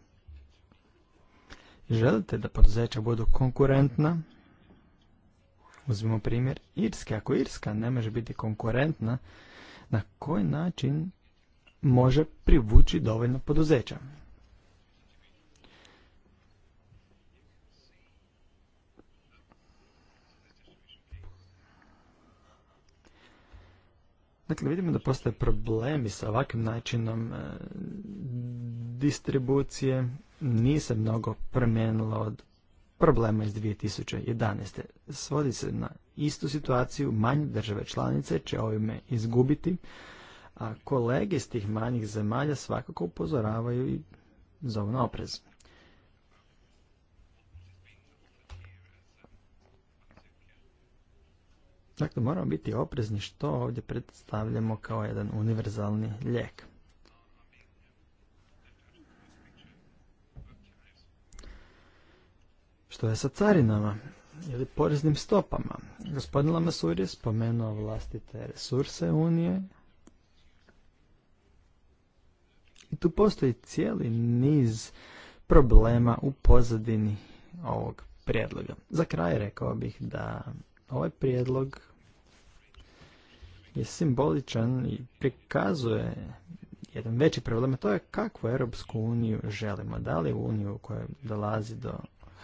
Želite da poduzeća budu konkurentna, Uzmimo primjer Irske. Ako Irska ne može biti konkurentna, na koji način može privući dovoljno poduzeća? Dakle, vidimo da postoje problemi sa ovakvim načinom e, distribucije. Nije se mnogo promijenilo od problema iz 2011. Svodi se na istu situaciju, manje države članice će ovime izgubiti, a kolege iz tih manjih zemalja svakako upozoravaju i zovu na oprez. Dakle, moramo biti oprezni što ovdje predstavljamo kao jedan univerzalni lijek. Što je sa carinama ili poreznim stopama? Gospodin Lamasur je spomenuo vlastite resurse Unije. I tu postoji cijeli niz problema u pozadini ovog prijedloga. Za kraj rekao bih da ovaj prijedlog je simboličan i prikazuje jedan veći problem, a to je kakvu Europsku uniju želimo. Da li uniju u dolazi do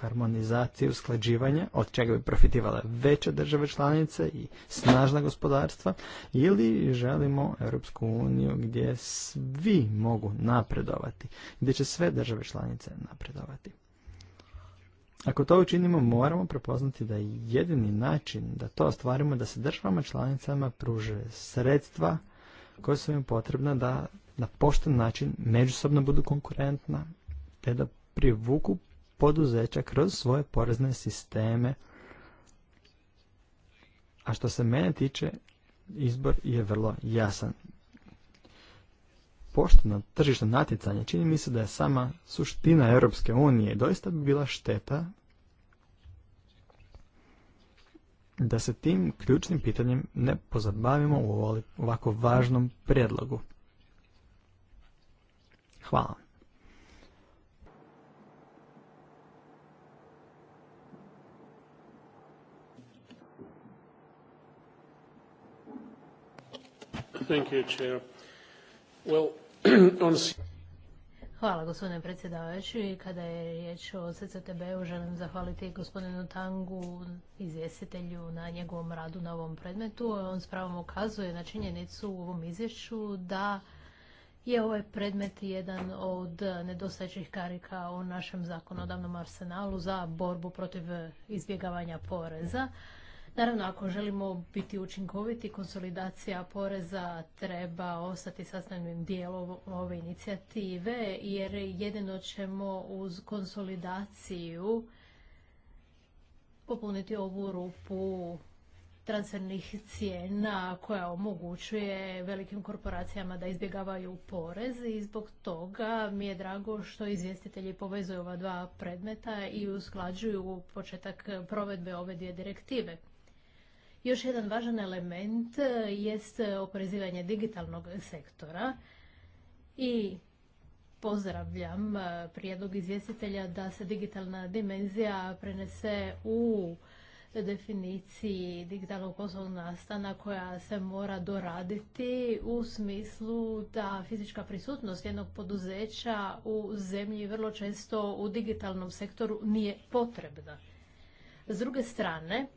harmonizacije usklađivanje, od čega bi profitivale veće države članice i snažna gospodarstva, ili želimo Europsku uniju gdje svi mogu napredovati, gdje će sve države članice napredovati. Ako to učinimo, moramo prepoznati da je jedini način da to ostvarimo da se državama članicama pruže sredstva koja su im potrebna da na pošten način međusobno budu konkurentna te da privuku poduzeća kroz svoje porezne sisteme. A što se mene tiče, izbor je vrlo jasan. Pošteno tržišno natjecanje čini mi se da je sama suština Europske unije. Doista bi bila šteta da se tim ključnim pitanjem ne pozabavimo u ovako važnom prijedlogu. Hvala. (clears throat) Hvala gospodine predsjedavajući. Kada je riječ o CCTB-u želim zahvaliti gospodinu Tangu, izvjestitelju na njegovom radu na ovom predmetu. On s pravom ukazuje na činjenicu u ovom izvješću da je ovaj predmet jedan od nedostajećih karika u našem zakonodavnom arsenalu za borbu protiv izbjegavanja poreza. Naravno, ako želimo biti učinkoviti, konsolidacija poreza treba ostati sastavnim dijelom ove inicijative, jer jedino ćemo uz konsolidaciju popuniti ovu rupu transfernih cijena koja omogućuje velikim korporacijama da izbjegavaju porez i zbog toga mi je drago što izvjestitelji povezuju ova dva predmeta i usklađuju početak provedbe ove dvije direktive. Još jedan važan element e, jest oporezivanje digitalnog sektora i pozdravljam e, prijedlog izvjestitelja da se digitalna dimenzija prenese u definiciji digitalnog poslovnog nastana koja se mora doraditi u smislu da fizička prisutnost jednog poduzeća u zemlji vrlo često u digitalnom sektoru nije potrebna. S druge strane,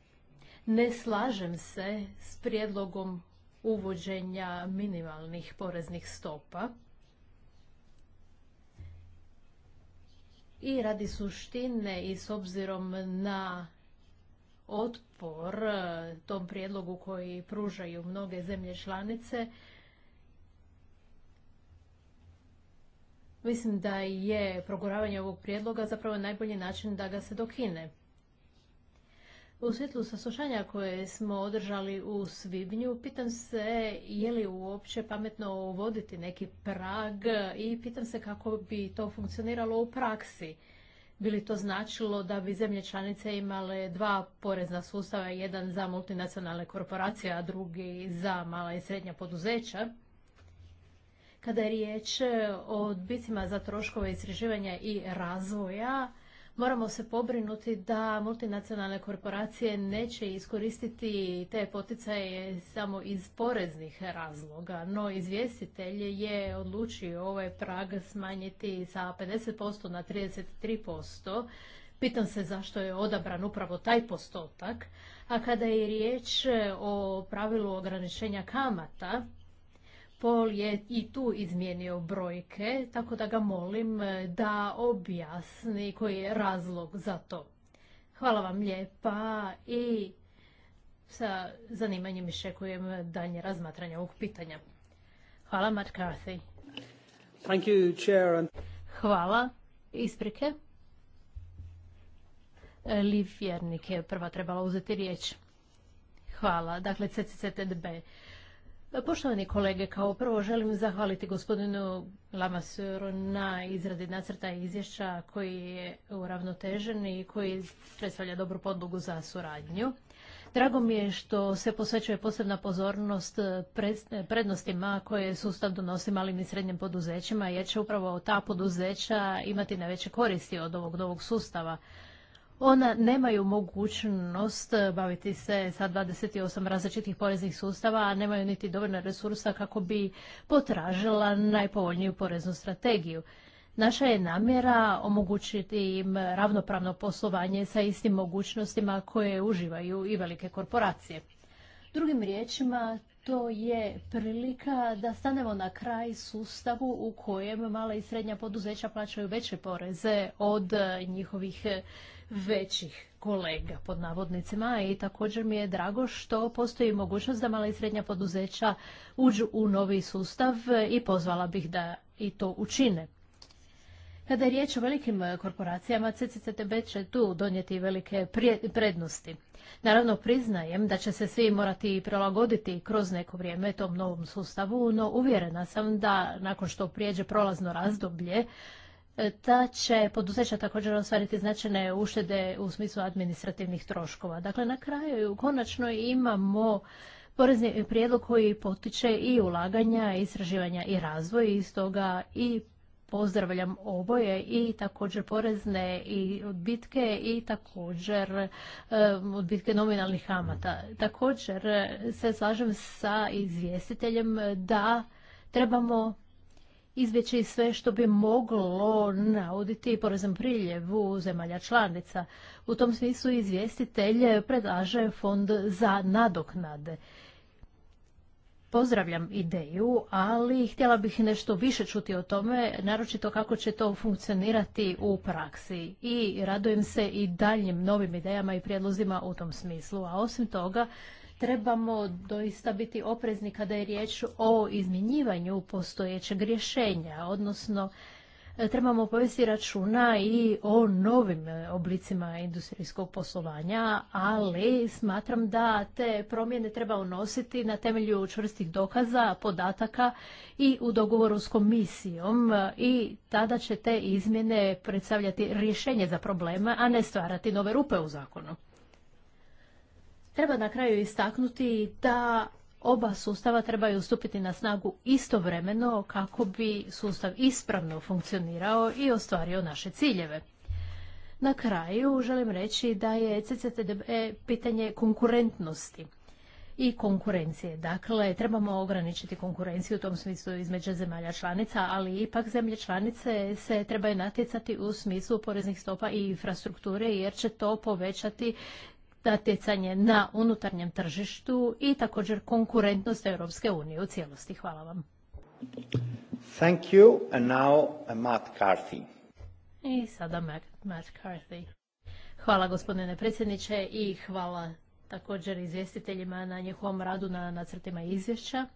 ne slažem se s prijedlogom uvođenja minimalnih poreznih stopa. I radi suštine i s obzirom na otpor e, tom prijedlogu koji pružaju mnoge zemlje članice, mislim da je proguravanje ovog prijedloga zapravo najbolji način da ga se dokine. U svjetlu saslušanja koje smo održali u Svibnju, pitam se je li uopće pametno uvoditi neki prag i pitam se kako bi to funkcioniralo u praksi. Bi li to značilo da bi zemlje članice imale dva porezna sustava, jedan za multinacionalne korporacije, a drugi za mala i srednja poduzeća? Kada je riječ o odbicima za troškove istraživanja i razvoja, Moramo se pobrinuti da multinacionalne korporacije neće iskoristiti te poticaje samo iz poreznih razloga, no izvjestitelj je odlučio ovaj prag smanjiti sa 50% na 33%. Pitam se zašto je odabran upravo taj postotak, a kada je riječ o pravilu ograničenja kamata, Pol je i tu izmijenio brojke, tako da ga molim e, da objasni koji je razlog za to. Hvala vam lijepa i sa zanimanjem iščekujem dalje razmatranje ovog pitanja. Hvala, Matt Carthy. Hvala. Isprike. E, Liv Vjernik je prva trebala uzeti riječ. Hvala. Dakle, CCCTB. Pa, poštovani kolege, kao prvo želim zahvaliti gospodinu Lamasuru na izradi nacrta izvješća koji je uravnotežen i koji predstavlja dobru podlogu za suradnju. Drago mi je što se posvećuje posebna pozornost prednostima koje sustav donosi malim i srednjim poduzećima, jer će upravo ta poduzeća imati najveće koristi od ovog novog sustava ona nemaju mogućnost baviti se sa 28 različitih poreznih sustava, a nemaju niti dovoljno resursa kako bi potražila najpovoljniju poreznu strategiju. Naša je namjera omogućiti im ravnopravno poslovanje sa istim mogućnostima koje uživaju i velike korporacije. Drugim riječima, to je prilika da stanemo na kraj sustavu u kojem mala i srednja poduzeća plaćaju veće poreze od e, njihovih e, većih kolega pod navodnicima i također mi je drago što postoji mogućnost da mala i srednja poduzeća uđu u novi sustav i pozvala bih da i to učine. Kada je riječ o velikim e, korporacijama, CCCTB će tu donijeti velike prednosti. Naravno, priznajem da će se svi morati prilagoditi kroz neko vrijeme tom novom sustavu, no uvjerena sam da nakon što prijeđe prolazno razdoblje, e, ta će poduzeća također ostvariti značajne uštede u smislu administrativnih troškova. Dakle, na kraju konačno imamo porezni prijedlog koji potiče i ulaganja, i istraživanja i razvoj i stoga i pozdravljam oboje i također porezne i odbitke i također e, odbitke nominalnih kamata. Također e, se slažem sa izvjestiteljem da trebamo izbjeći sve što bi moglo nauditi poreznom priljevu zemalja članica. U tom smislu izvjestitelj predlaže fond za nadoknade. Pozdravljam ideju, ali htjela bih nešto više čuti o tome, naročito kako će to funkcionirati u praksi. I radujem se i daljim novim idejama i prijedlozima u tom smislu. A osim toga, trebamo doista biti oprezni kada je riječ o izmjenjivanju postojećeg rješenja, odnosno E, trebamo povesti računa i o novim e, oblicima industrijskog poslovanja, ali smatram da te promjene treba unositi na temelju čvrstih dokaza, podataka i u dogovoru s komisijom e, i tada će te izmjene predstavljati rješenje za probleme, a ne stvarati nove rupe u zakonu. Treba na kraju istaknuti da Oba sustava trebaju stupiti na snagu istovremeno kako bi sustav ispravno funkcionirao i ostvario naše ciljeve. Na kraju želim reći da je CCTB pitanje konkurentnosti i konkurencije. Dakle, trebamo ograničiti konkurenciju u tom smislu između zemalja članica, ali ipak zemlje članice se trebaju natjecati u smislu poreznih stopa i infrastrukture, jer će to povećati natjecanje na unutarnjem tržištu i također konkurentnost Europske unije u cijelosti. Hvala vam. Thank you and now uh, Matt Carthy. I sada Matt, Carthy. Hvala gospodine predsjedniče i hvala također izvjestiteljima na njihovom radu na nacrtima izvješća.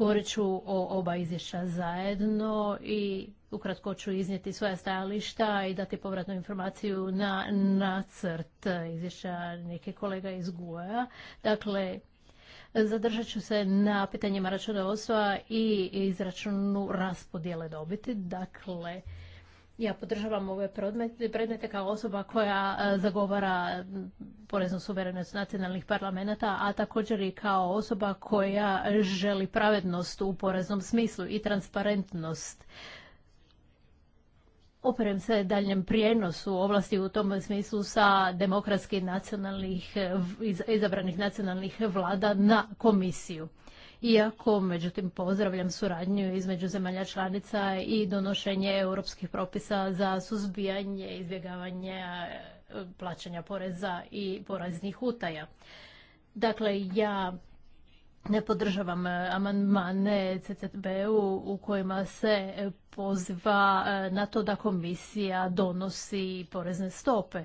Govorit ću o oba izvješća zajedno i ukratko ću iznijeti svoja stajališta i dati povratnu informaciju na nacrt izvješća neke kolega iz GUA. Dakle, zadržat ću se na pitanjima računovodstva i izračunu raspodjele dobiti. Dakle, ja podržavam ove predmete kao osoba koja e, zagovara poreznu suverenost nacionalnih parlamenta, a također i kao osoba koja želi pravednost u poreznom smislu i transparentnost. Operem se daljem prijenosu ovlasti u tom smislu sa demokratskih nacionalnih, izabranih nacionalnih vlada na komisiju iako međutim pozdravljam suradnju između zemalja članica i donošenje europskih propisa za suzbijanje, izbjegavanje plaćanja poreza i poreznih utaja. Dakle, ja ne podržavam e, amandmane CCTB-u u kojima se poziva e, na to da komisija donosi porezne stope.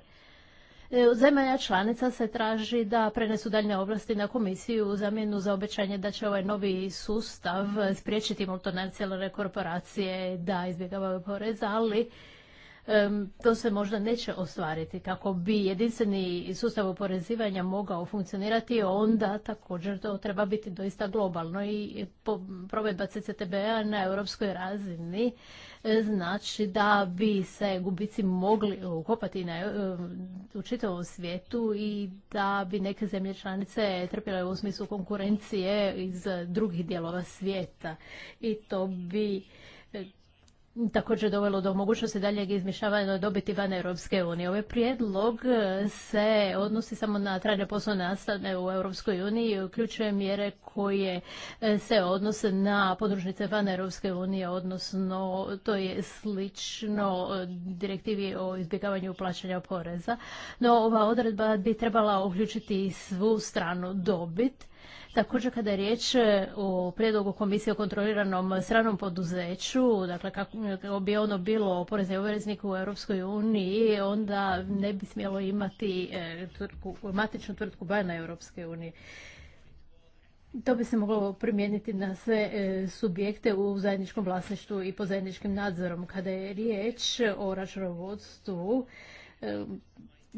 E, zemalja članica se traži da prenesu daljne ovlasti na komisiju u zamjenu za obećanje da će ovaj novi sustav mhm. spriječiti multinacionalne korporacije da izbjegavaju porez, ali to se možda neće ostvariti. Kako bi jedinstveni sustav oporezivanja mogao funkcionirati, onda također to treba biti doista globalno i provedba CCTB-a na europskoj razini e, znači da bi se gubici mogli ukopati na, e, u čitavom svijetu i da bi neke zemlje članice trpjele u smislu konkurencije iz drugih dijelova svijeta. I to bi također dovelo do mogućnosti daljeg izmišljavanja dobiti van Europske unije. Ovaj prijedlog e, se odnosi samo na trajne poslovne nastane u Europskoj uniji i uključuje mjere koje e, se odnose na podružnice van Europske unije, odnosno to je slično e, direktivi o izbjegavanju plaćanja poreza. No, ova odredba bi trebala uključiti i svu stranu dobit Također kada je riječ e, o prijedlogu komisije o kontroliranom stranom poduzeću, dakle kako bi ono bilo porezni obveznik u Europskoj uniji, onda ne bi smjelo imati e, tvrtku, matičnu tvrtku na Europske unije. To bi se moglo primijeniti na sve e, subjekte u zajedničkom vlasništvu i pod zajedničkim nadzorom. Kada je riječ o računovodstvu,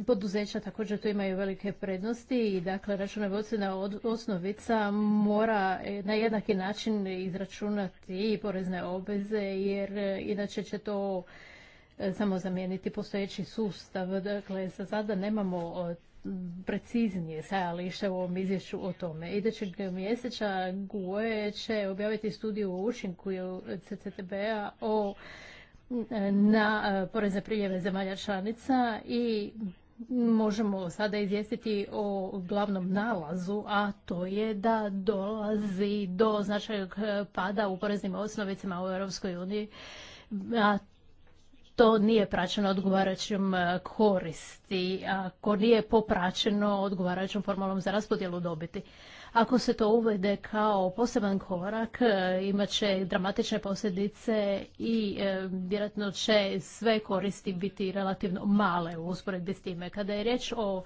poduzeća također tu imaju velike prednosti i dakle računovodstvena osnovica mora e, na jednaki način izračunati i porezne obveze jer e, inače će to e, samo zamijeniti postojeći sustav. Dakle, za sada nemamo preciznije stajalište u ovom izvješću o tome. Idećeg mjeseca GUE će objaviti studiju o učinku CCTB-a o na porezne priljeve zemalja članica i možemo sada izvijestiti o glavnom nalazu, a to je da dolazi do značajnog pada u poreznim osnovicama u Europskoj uniji, a to nije praćeno odgovarajućom koristi, ako nije popraćeno odgovarajućom formulom za raspodjelu dobiti. Ako se to uvede kao poseban korak, e, imat će dramatične posljedice i e, vjerojatno će sve koristi biti relativno male u usporedbi s time. Kada je riječ o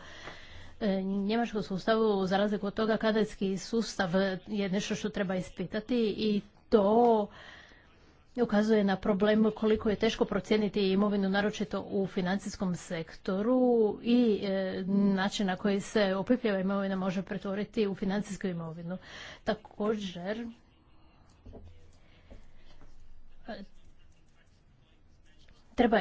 e, njemačkom sustavu, za razliku od toga, kadetski sustav je nešto što treba ispitati i to ukazuje na problem koliko je teško procijeniti imovinu, naročito u financijskom sektoru i e, način na koji se opipljava imovina može pretvoriti u financijsku imovinu. Također, e, treba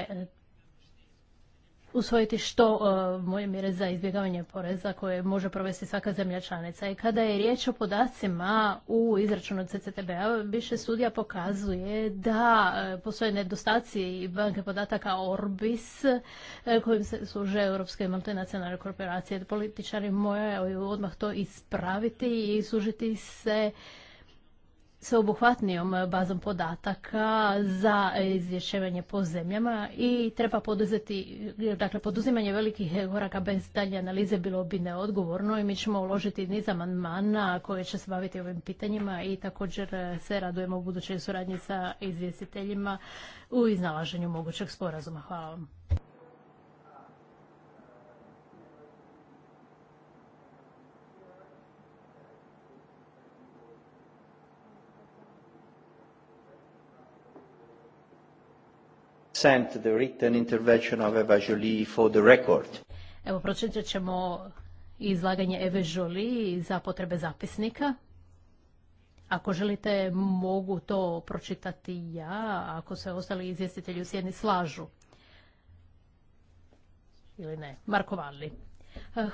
usvojiti što e, moje mjere za izbjegavanje poreza koje može provesti svaka zemlja članica. I kada je riječ o podacima u izračunu CCTB-a, više studija pokazuje da e, postoje nedostaci banke podataka Orbis e, kojim se služe europske multinacionalne korporacije. Političari moraju odmah to ispraviti i služiti se sveobuhvatnijom bazom podataka za izvješćivanje po zemljama i treba poduzeti, dakle poduzimanje velikih koraka bez dalje analize bilo bi neodgovorno i mi ćemo uložiti niz amandmana koje će se baviti ovim pitanjima i također se radujemo u budućoj suradnji sa izvjestiteljima u iznalaženju mogućeg sporazuma. Hvala vam. sent the written intervention of Eva Jolie for the record. Evo, pročitat ćemo izlaganje Eve Jolie za potrebe zapisnika. Ako želite, mogu to pročitati ja, ako se ostali izvjestitelji u sjedni slažu. Ili ne? Marko Valli.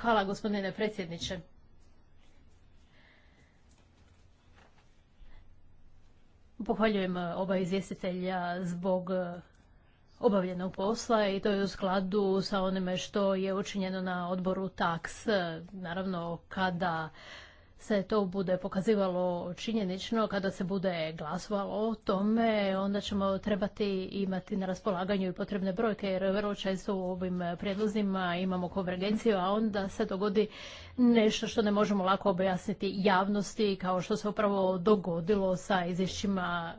Hvala, gospodine predsjedniče. Pohvaljujem oba izvjestitelja zbog obavljenog posla i to je u skladu sa onime što je učinjeno na odboru taks. Naravno, kada se to bude pokazivalo činjenično, kada se bude glasovalo o tome, onda ćemo trebati imati na raspolaganju i potrebne brojke, jer vrlo često u ovim prijedlozima imamo konvergenciju, a onda se dogodi nešto što ne možemo lako objasniti javnosti, kao što se upravo dogodilo sa izvješćima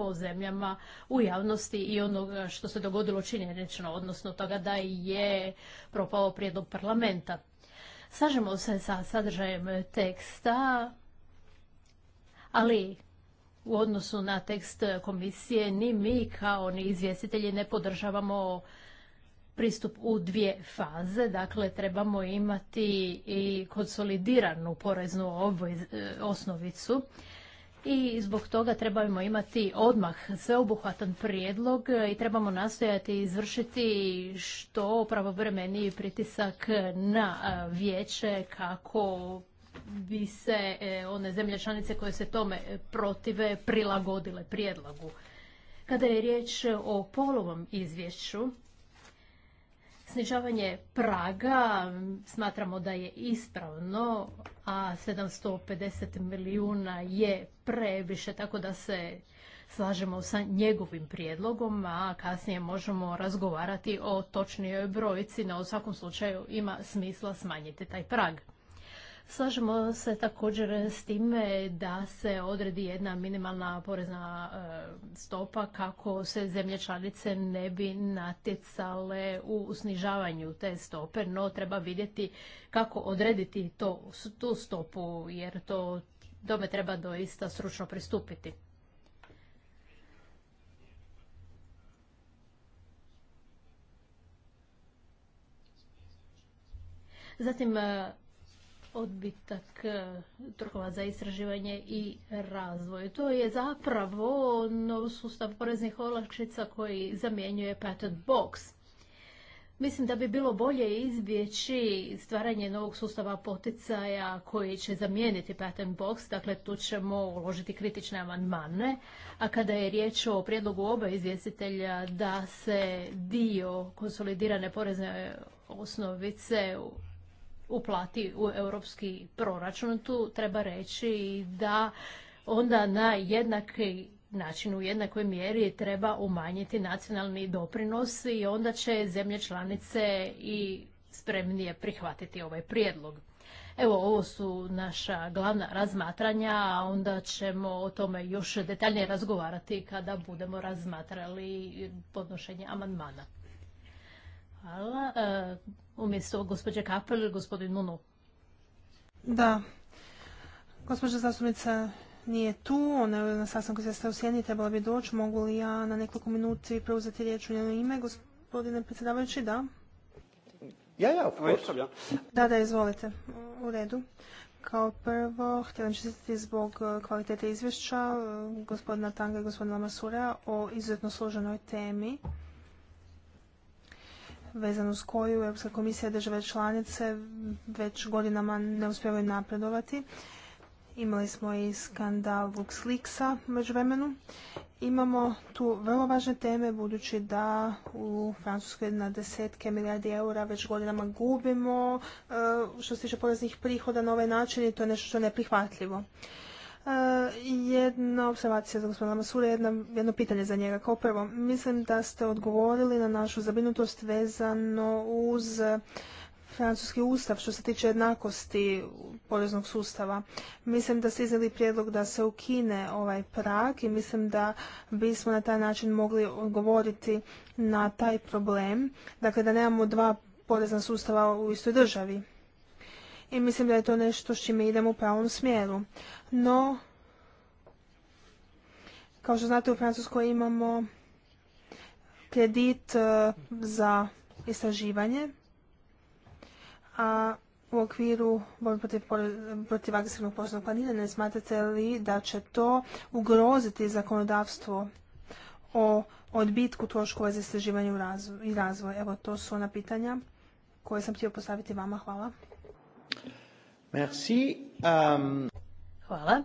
po zemljama u javnosti i onoga što se dogodilo činjenično, odnosno toga da je propao prijedlog parlamenta. Slažemo se sa sadržajem teksta, ali u odnosu na tekst komisije ni mi kao ni izvjestitelji ne podržavamo pristup u dvije faze. Dakle, trebamo imati i konsolidiranu poreznu e, osnovicu i zbog toga trebamo imati odmah sveobuhvatan prijedlog i trebamo nastojati izvršiti što pravovremeniji pritisak na vijeće kako bi se e, one zemlje članice koje se tome protive prilagodile prijedlogu. Kada je riječ o polovom izvješću, Snižavanje praga smatramo da je ispravno, a 750 milijuna je previše, tako da se slažemo sa njegovim prijedlogom, a kasnije možemo razgovarati o točnijoj brojci, no u svakom slučaju ima smisla smanjiti taj prag. Slažemo se također s time da se odredi jedna minimalna porezna e, stopa kako se zemlje članice ne bi natjecale u snižavanju te stope, no treba vidjeti kako odrediti tu stopu jer to tome treba doista stručno pristupiti. Zatim e, odbitak e, trhova za istraživanje i razvoj. To je zapravo nov sustav poreznih olakšica koji zamjenjuje patent box. Mislim da bi bilo bolje izbjeći stvaranje novog sustava poticaja koji će zamijeniti patent box, dakle tu ćemo uložiti kritične amandmane, a kada je riječ o prijedlogu oba izvjestitelja da se dio konsolidirane porezne osnovice uplati u europski proračun, tu treba reći da onda na jednaki način u jednakoj mjeri treba umanjiti nacionalni doprinos i onda će zemlje članice i spremnije prihvatiti ovaj prijedlog. Evo, ovo su naša glavna razmatranja, a onda ćemo o tome još detaljnije razgovarati kada budemo razmatrali podnošenje amandmana. Hvala. E, umjesto gospođe Kapel, gospodin Munu. Da. Gospođa zastupnica nije tu, ona je na sastanku se u Sjeni, trebala bi doći, mogu li ja na nekoliko minuti preuzeti riječ u njeno ime, gospodine predsjedavajući, da? Ja, ja, Da, da, izvolite, u redu. Kao prvo, htjelim čestiti zbog e, kvalitete izvješća e, gospodina Tanga i gospodina Masura o izuzetno složenoj temi vezano s koju Europska komisija i države članice već godinama ne uspjevaju napredovati. Imali smo i skandal LuxLeaksa među vremenu. Imamo tu vrlo važne teme budući da u Francuskoj na desetke milijardi eura već godinama gubimo e, što se tiče poreznih prihoda na ovaj način i to je nešto što je neprihvatljivo. E, jedna observacija za gospodina Masura, jedno, jedno pitanje za njega. Kao prvo, mislim da ste odgovorili na našu zabrinutost vezano uz francuski ustav što se tiče jednakosti poreznog sustava. Mislim da ste iznijeli prijedlog da se ukine ovaj prag i mislim da bismo na taj način mogli odgovoriti na taj problem. Dakle, da nemamo dva porezna sustava u istoj državi. I mislim da je to nešto s čime idemo u pravom smjeru. No, kao što znate u Francuskoj imamo kredit eh, za istraživanje a u okviru borbe protiv, protiv agresivnog poslovnog planiranja smatrate li da će to ugroziti zakonodavstvo o odbitku troškova za istraživanje i razvoj? Evo, to su ona pitanja koje sam htio postaviti vama. Hvala. Merci. Um, Hvala.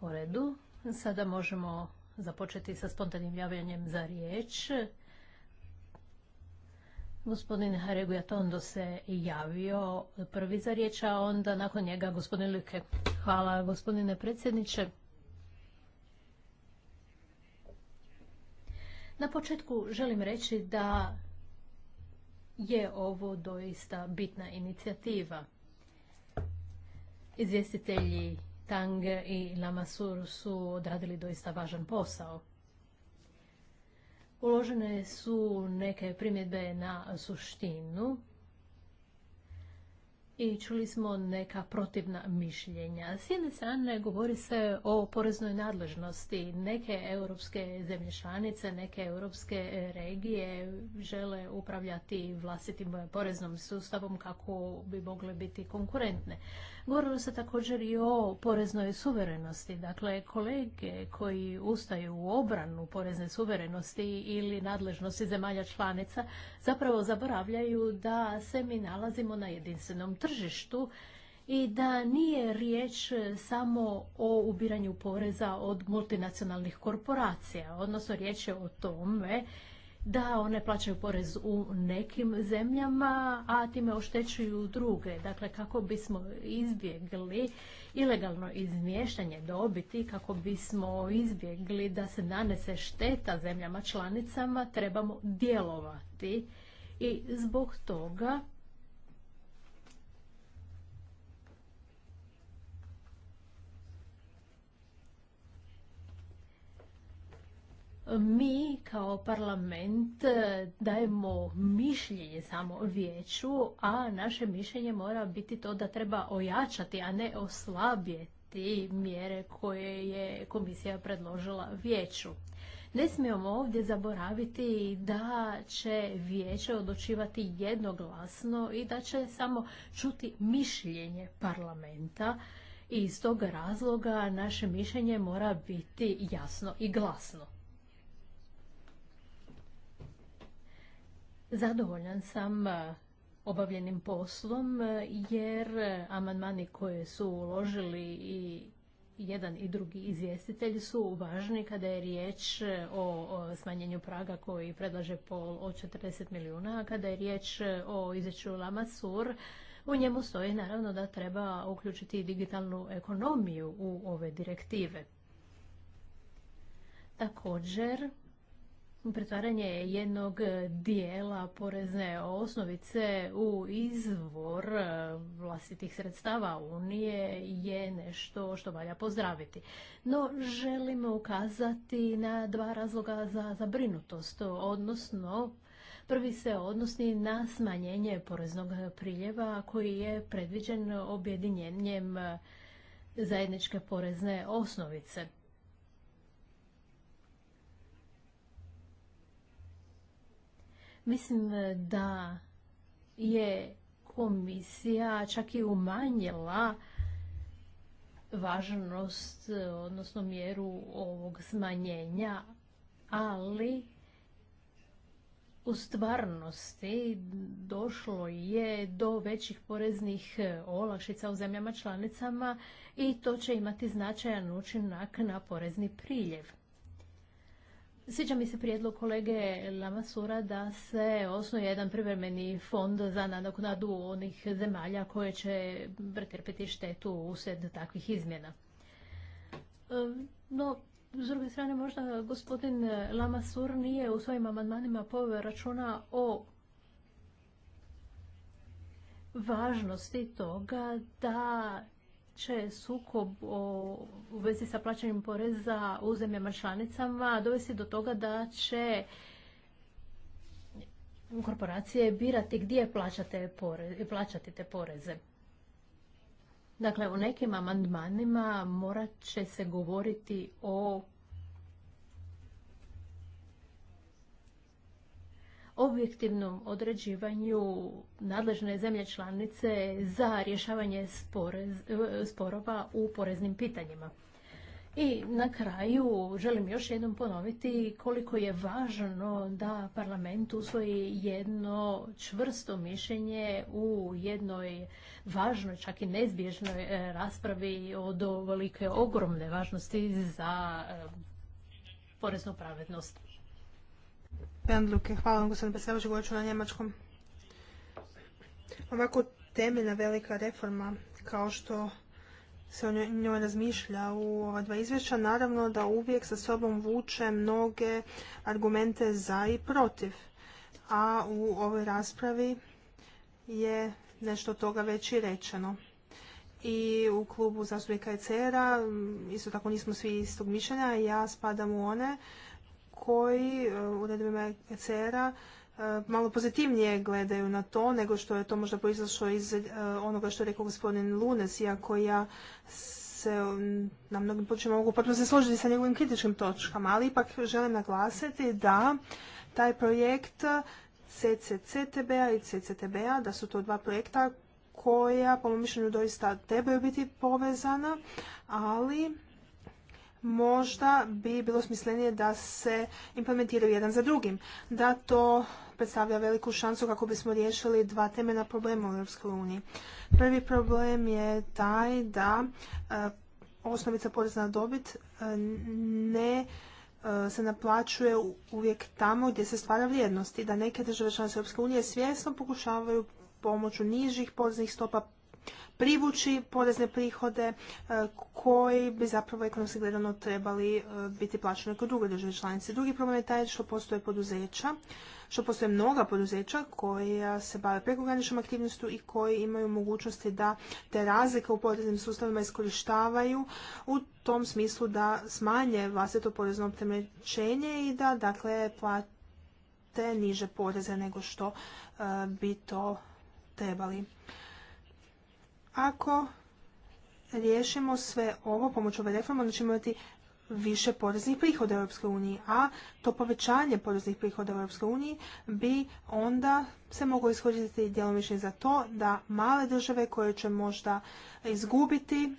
U redu. Sada možemo započeti sa spontanim javljanjem za riječ. Gospodin Hareguja Tondo se javio prvi za riječ, a onda nakon njega gospodin Luke. Hvala gospodine predsjedniče. Na početku želim reći da je ovo doista bitna inicijativa. Izvjestitelji Tang i Lamasur su odradili doista važan posao. Uložene su neke primjedbe na suštinu i čuli smo neka protivna mišljenja. S jedne strane govori se o poreznoj nadležnosti. Neke europske zemlje neke europske regije žele upravljati vlastitim poreznom sustavom kako bi mogle biti konkurentne. Govorilo se također i o poreznoj suverenosti. Dakle, kolege koji ustaju u obranu porezne suverenosti ili nadležnosti zemalja članica zapravo zaboravljaju da se mi nalazimo na jedinstvenom tržištu i da nije riječ samo o ubiranju poreza od multinacionalnih korporacija, odnosno riječ je o tome da one plaćaju porez u nekim zemljama, a time oštećuju druge. Dakle, kako bismo izbjegli ilegalno izmještanje dobiti, kako bismo izbjegli da se nanese šteta zemljama članicama, trebamo djelovati. I zbog toga mi kao parlament e, dajemo mišljenje samo vijeću, a naše mišljenje mora biti to da treba ojačati, a ne oslabjeti mjere koje je komisija predložila vijeću. Ne smijemo ovdje zaboraviti da će vijeće odlučivati jednoglasno i da će samo čuti mišljenje parlamenta i iz toga razloga naše mišljenje mora biti jasno i glasno. Zadovoljan sam e, obavljenim poslom e, jer e, amandmani koje su uložili i jedan i drugi izvjestitelj su važni kada je riječ o smanjenju praga koji predlaže pol od 40 milijuna, a kada je riječ o izveću Sur, u njemu stoji naravno da treba uključiti digitalnu ekonomiju u ove direktive. Također, pretvaranje jednog e, dijela porezne osnovice u izvor e, vlastitih sredstava Unije je nešto što valja pozdraviti. No želimo ukazati na dva razloga za zabrinutost, odnosno Prvi se odnosi na smanjenje poreznog priljeva koji je predviđen objedinjenjem e, zajedničke porezne osnovice. Mislim e, da je komisija čak i umanjila važnost, e, odnosno mjeru ovog smanjenja, ali u stvarnosti došlo je do većih poreznih e, olakšica u zemljama članicama i to će imati značajan učinak na porezni priljev. Sviđa mi se prijedlog kolege Lamasura da se osnuje jedan privremeni fond za nadoknadu onih zemalja koje će pretrpiti štetu uslijed takvih izmjena. No, s druge strane, možda gospodin Lamasur nije u svojim amandmanima poveo računa o važnosti toga da će sukob u vezi sa plaćanjem poreza u zemljama članicama dovesti do toga da će korporacije birati gdje plaćate plaćati te poreze. Dakle, u nekim amandmanima morat će se govoriti o objektivnom određivanju nadležne zemlje članice za rješavanje sporova u poreznim pitanjima. I na kraju želim još jednom ponoviti koliko je važno da parlament usvoji jedno čvrsto mišljenje u jednoj važnoj, čak i nezbježnoj e, raspravi od ovolike ogromne važnosti za e, poreznu pravednost hvala vam gospodine predsjedavajući, govorit ću na njemačkom. Ovako temeljna velika reforma kao što se o njoj razmišlja u ova dva izvješća, naravno da uvijek sa sobom vuče mnoge argumente za i protiv. A u ovoj raspravi je nešto toga već i rečeno. I u klubu zastupnika ECR-a mm, isto tako nismo svi istog mišljenja. Ja spadam u one koji e, u redovima ECR-a e, malo pozitivnije gledaju na to nego što je to možda proizašlo iz e, onoga što je rekao gospodin Lunes, iako ja se na mnogim počinima mogu potpuno se složiti sa njegovim kritičkim točkama, ali ipak želim naglasiti da taj projekt CCCTB-a i CCTB-a, da su to dva projekta koja po mom mišljenju doista trebaju biti povezana, ali možda bi bilo smislenije da se implementiraju jedan za drugim. Da to predstavlja veliku šansu kako bismo riješili dva temena problema u EU. uniji. Prvi problem je taj da e, osnovica porezna na dobit e, ne e, se naplaćuje uvijek tamo gdje se stvara vrijednost i da neke države članice EU unije svjesno pokušavaju pomoću nižih poreznih stopa privući porezne prihode e, koji bi zapravo ekonomski gledano trebali e, biti plaćeni kod druge države članice. Drugi problem je taj što postoje poduzeća, što postoje mnoga poduzeća koja se bave prekograničnom aktivnostu i koji imaju mogućnosti da te razlike u poreznim sustavima iskorištavaju u tom smislu da smanje vlastito porezno opterećenje i da dakle plate niže poreze nego što e, bi to trebali. Ako riješimo sve ovo pomoću ove reforme, onda ćemo imati više poreznih prihoda u EU, a to povećanje poreznih prihoda u EU bi onda se moglo iskoristiti djelomično za to da male države koje će možda izgubiti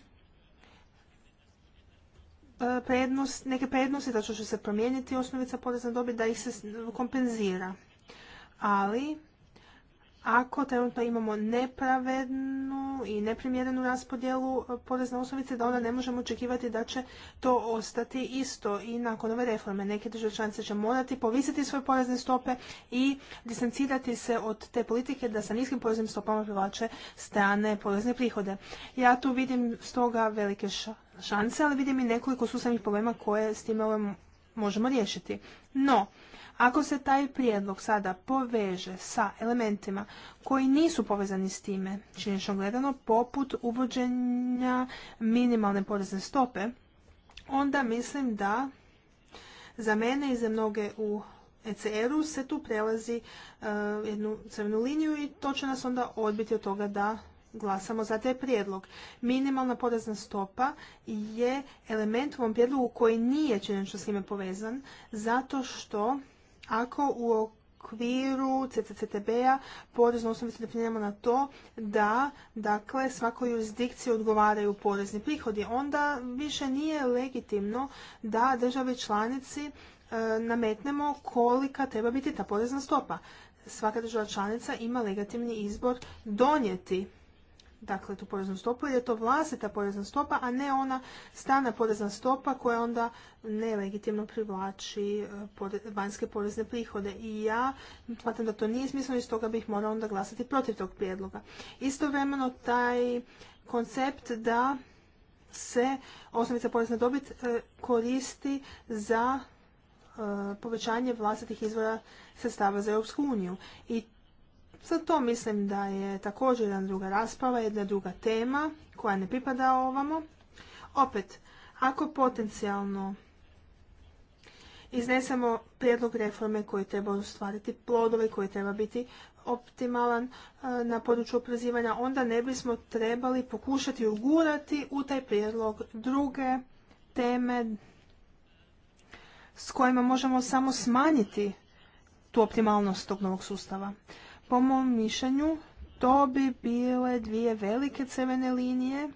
e, prednost, neke prednosti, zato što će se promijeniti osnovica poreza na dobit, da ih se kompenzira. Ali ako trenutno imamo nepravednu i neprimjerenu raspodjelu e, porezne osnovice, da onda ne možemo očekivati da će to ostati isto i nakon ove reforme. Neke države članice će morati povisiti svoje porezne stope i distancirati se od te politike da sa niskim poreznim stopama privlače strane porezne prihode. Ja tu vidim stoga velike šanse, ali vidim i nekoliko sustavnih problema koje s time možemo riješiti. No, ako se taj prijedlog sada poveže sa elementima koji nisu povezani s time, činično gledano, poput uvođenja minimalne porezne stope, onda mislim da za mene i za mnoge u ECR-u se tu prelazi e, jednu crvenu liniju i to će nas onda odbiti od toga da glasamo za taj prijedlog. Minimalna porezna stopa je element u ovom prijedlogu koji nije činjenično s njime povezan zato što ako u okviru CCCTB-a porezno osnovicu definiramo na to da dakle svakoj jurisdikciji odgovaraju porezni prihodi, onda više nije legitimno da državi članici e, nametnemo kolika treba biti ta porezna stopa. Svaka država članica ima legitimni izbor donijeti dakle tu poreznu stopu jer je to vlastita porezna stopa, a ne ona stana porezna stopa koja onda nelegitimno privlači e, vanjske porezne prihode. I ja smatram da to nije smisleno i stoga bih morao onda glasati protiv tog prijedloga. Istovremeno taj koncept da se osnovica porezna dobit e, koristi za e, povećanje vlastitih izvora sredstava za Europsku uniju. I za to mislim da je također jedna druga rasprava, jedna druga tema koja ne pripada ovamo. Opet, ako potencijalno iznesemo prijedlog reforme koji treba ostvariti plodove, koji treba biti optimalan e, na području oprezivanja, onda ne bismo trebali pokušati ugurati u taj prijedlog druge teme s kojima možemo samo smanjiti tu optimalnost tog novog sustava. Po mom mišljenju, to bi bile dvije velike crvene linije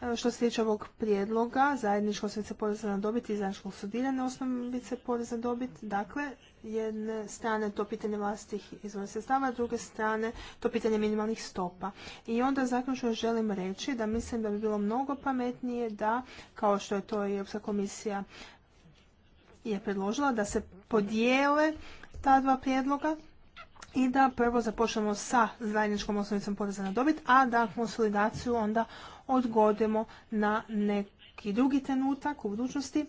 e, što se tiče ovog prijedloga zajedničko osnovice poreza na dobit i zajedničko sudirane osnovice poreza na dobit, dakle, jedne strane to pitanje vlastitih izvora sredstava, druge strane to pitanje minimalnih stopa. I onda zaključno želim reći da mislim da bi bilo mnogo pametnije da, kao što je to i Europska komisija je predložila, da se podijele ta dva prijedloga, i da prvo započnemo sa zajedničkom osnovicom poreza na dobit, a da konsolidaciju onda odgodimo na neki drugi trenutak u budućnosti,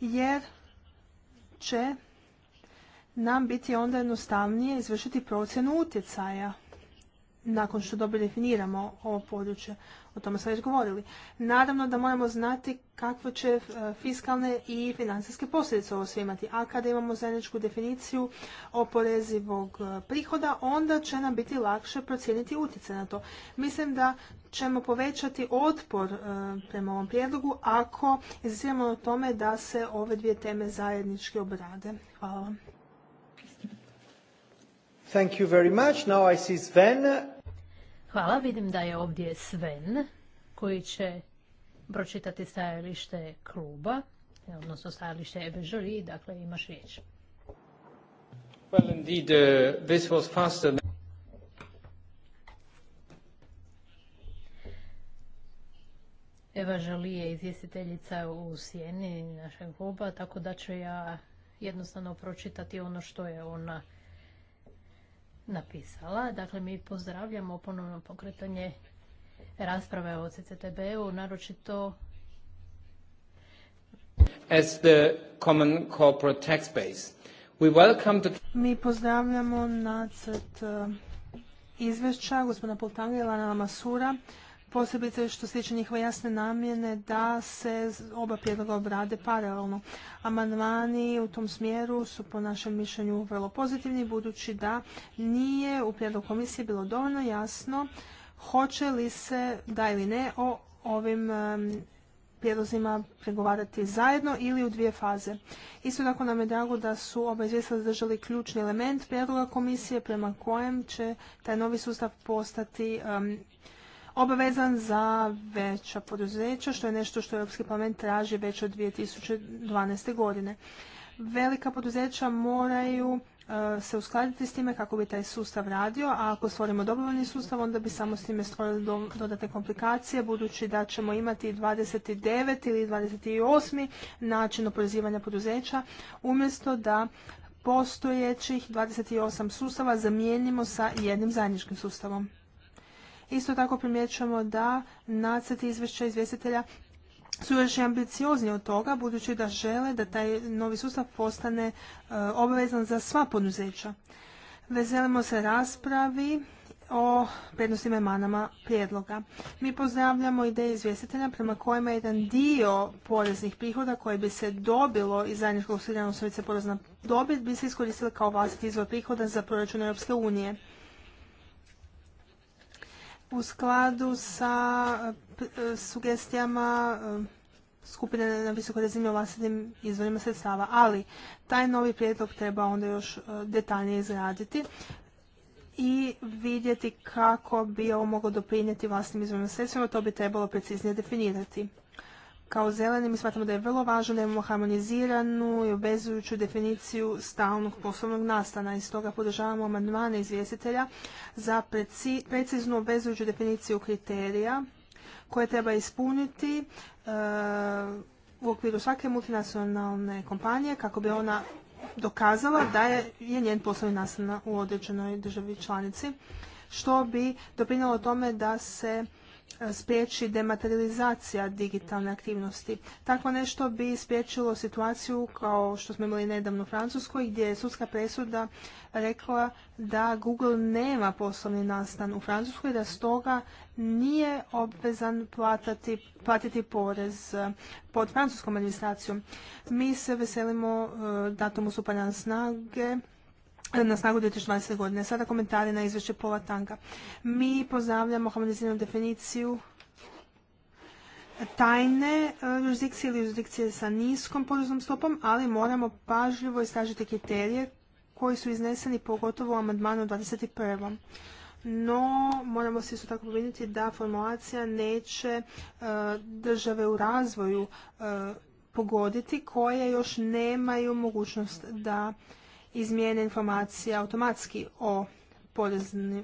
jer će nam biti onda jednostavnije izvršiti procjenu utjecaja nakon što dobro definiramo ovo područje o tome smo već govorili. Naravno da moramo znati kakve će e, fiskalne i financijske posljedice ovo sve imati, a kada imamo zajedničku definiciju oporezivog e, prihoda, onda će nam biti lakše procijeniti utjecaj na to. Mislim da ćemo povećati otpor e, prema ovom prijedlogu ako izvijemo o tome da se ove dvije teme zajednički obrade. Hvala vam. Thank you very much. Now I see Sven. Hvala, vidim da je ovdje Sven koji će pročitati stajalište kluba, e, odnosno stajalište Ebe dakle imaš riječ. Well, uh, Eva je izvjestiteljica u sjeni našeg kluba, tako da ću ja jednostavno pročitati ono što je ona napisala. Dakle, mi pozdravljamo ponovno pokretanje rasprave o CCTB-u, naročito as the common tax base. We welcome Mi pozdravljamo nacrt e, izvješća gospodina Poltangela na Masura posebice što se tiče njihove jasne namjene da se oba prijedloga obrade paralelno. Amandmani u tom smjeru su po našem mišljenju vrlo pozitivni budući da nije u prijedlogu komisije bilo dovoljno jasno hoće li se, da ili ne, o ovim prijedlozima pregovarati zajedno ili u dvije faze. Isto tako nam je drago da su oba izvjestila zadržali ključni element prijedloga komisije prema kojem će taj novi sustav postati obavezan za veća poduzeća, što je nešto što Europski parlament traži već od 2012. godine. Velika poduzeća moraju e, se uskladiti s time kako bi taj sustav radio, a ako stvorimo dobrovoljni sustav, onda bi samo s time stvorili dodatne komplikacije, budući da ćemo imati 29 ili 28 način oporezivanja poduzeća, umjesto da postojećih 28 sustava zamijenimo sa jednim zajedničkim sustavom. Isto tako primjećujemo da nacrti izvješća izvjestitelja su još i ambiciozni od toga, budući da žele da taj novi sustav postane e, obavezan za sva poduzeća. Veselimo se raspravi o prednostima i manama prijedloga. Mi pozdravljamo ideje izvjestitelja prema kojima jedan dio poreznih prihoda koje bi se dobilo iz zajedničkog osiguranja osnovice porezna dobit bi se iskoristila kao vlastiti izvor prihoda za proračun Europske unije u skladu sa e, sugestijama e, skupine na visokoj razini o vlastitim izvorima sredstava. Ali taj novi prijedlog treba onda još e, detaljnije izraditi i vidjeti kako bi ovo moglo doprinijeti vlastnim izvornim sredstvima, to bi trebalo preciznije definirati. Kao zeleni mi smatramo da je vrlo važno da imamo harmoniziranu i obvezujuću definiciju stalnog poslovnog nastana i stoga podržavamo amandmane izvjestitelja za preciznu obvezujuću definiciju kriterija koje treba ispuniti e, u okviru svake multinacionalne kompanije kako bi ona dokazala da je, njen poslovni nastan u određenoj državi članici, što bi doprinjelo tome da se E, spriječi dematerializacija digitalne aktivnosti. Tako nešto bi spriječilo situaciju kao što smo imali nedavno u Francuskoj gdje je sudska presuda rekla da Google nema poslovni nastan u Francuskoj i da stoga nije obvezan platiti porez e, pod francuskom administracijom. Mi se veselimo e, datumu stupanja snage na snagu 2020. godine. Sada komentari na izvješće Pola Tanka. Mi pozdravljamo harmoniziranu definiciju tajne e, jurisdikcije ili jurisdikcije sa niskom poreznom stopom, ali moramo pažljivo istražiti kriterije koji su izneseni pogotovo u amandmanu 21. No, moramo se isto tako poviniti da formulacija neće e, države u razvoju e, pogoditi koje još nemaju mogućnost da izmijene informacije automatski o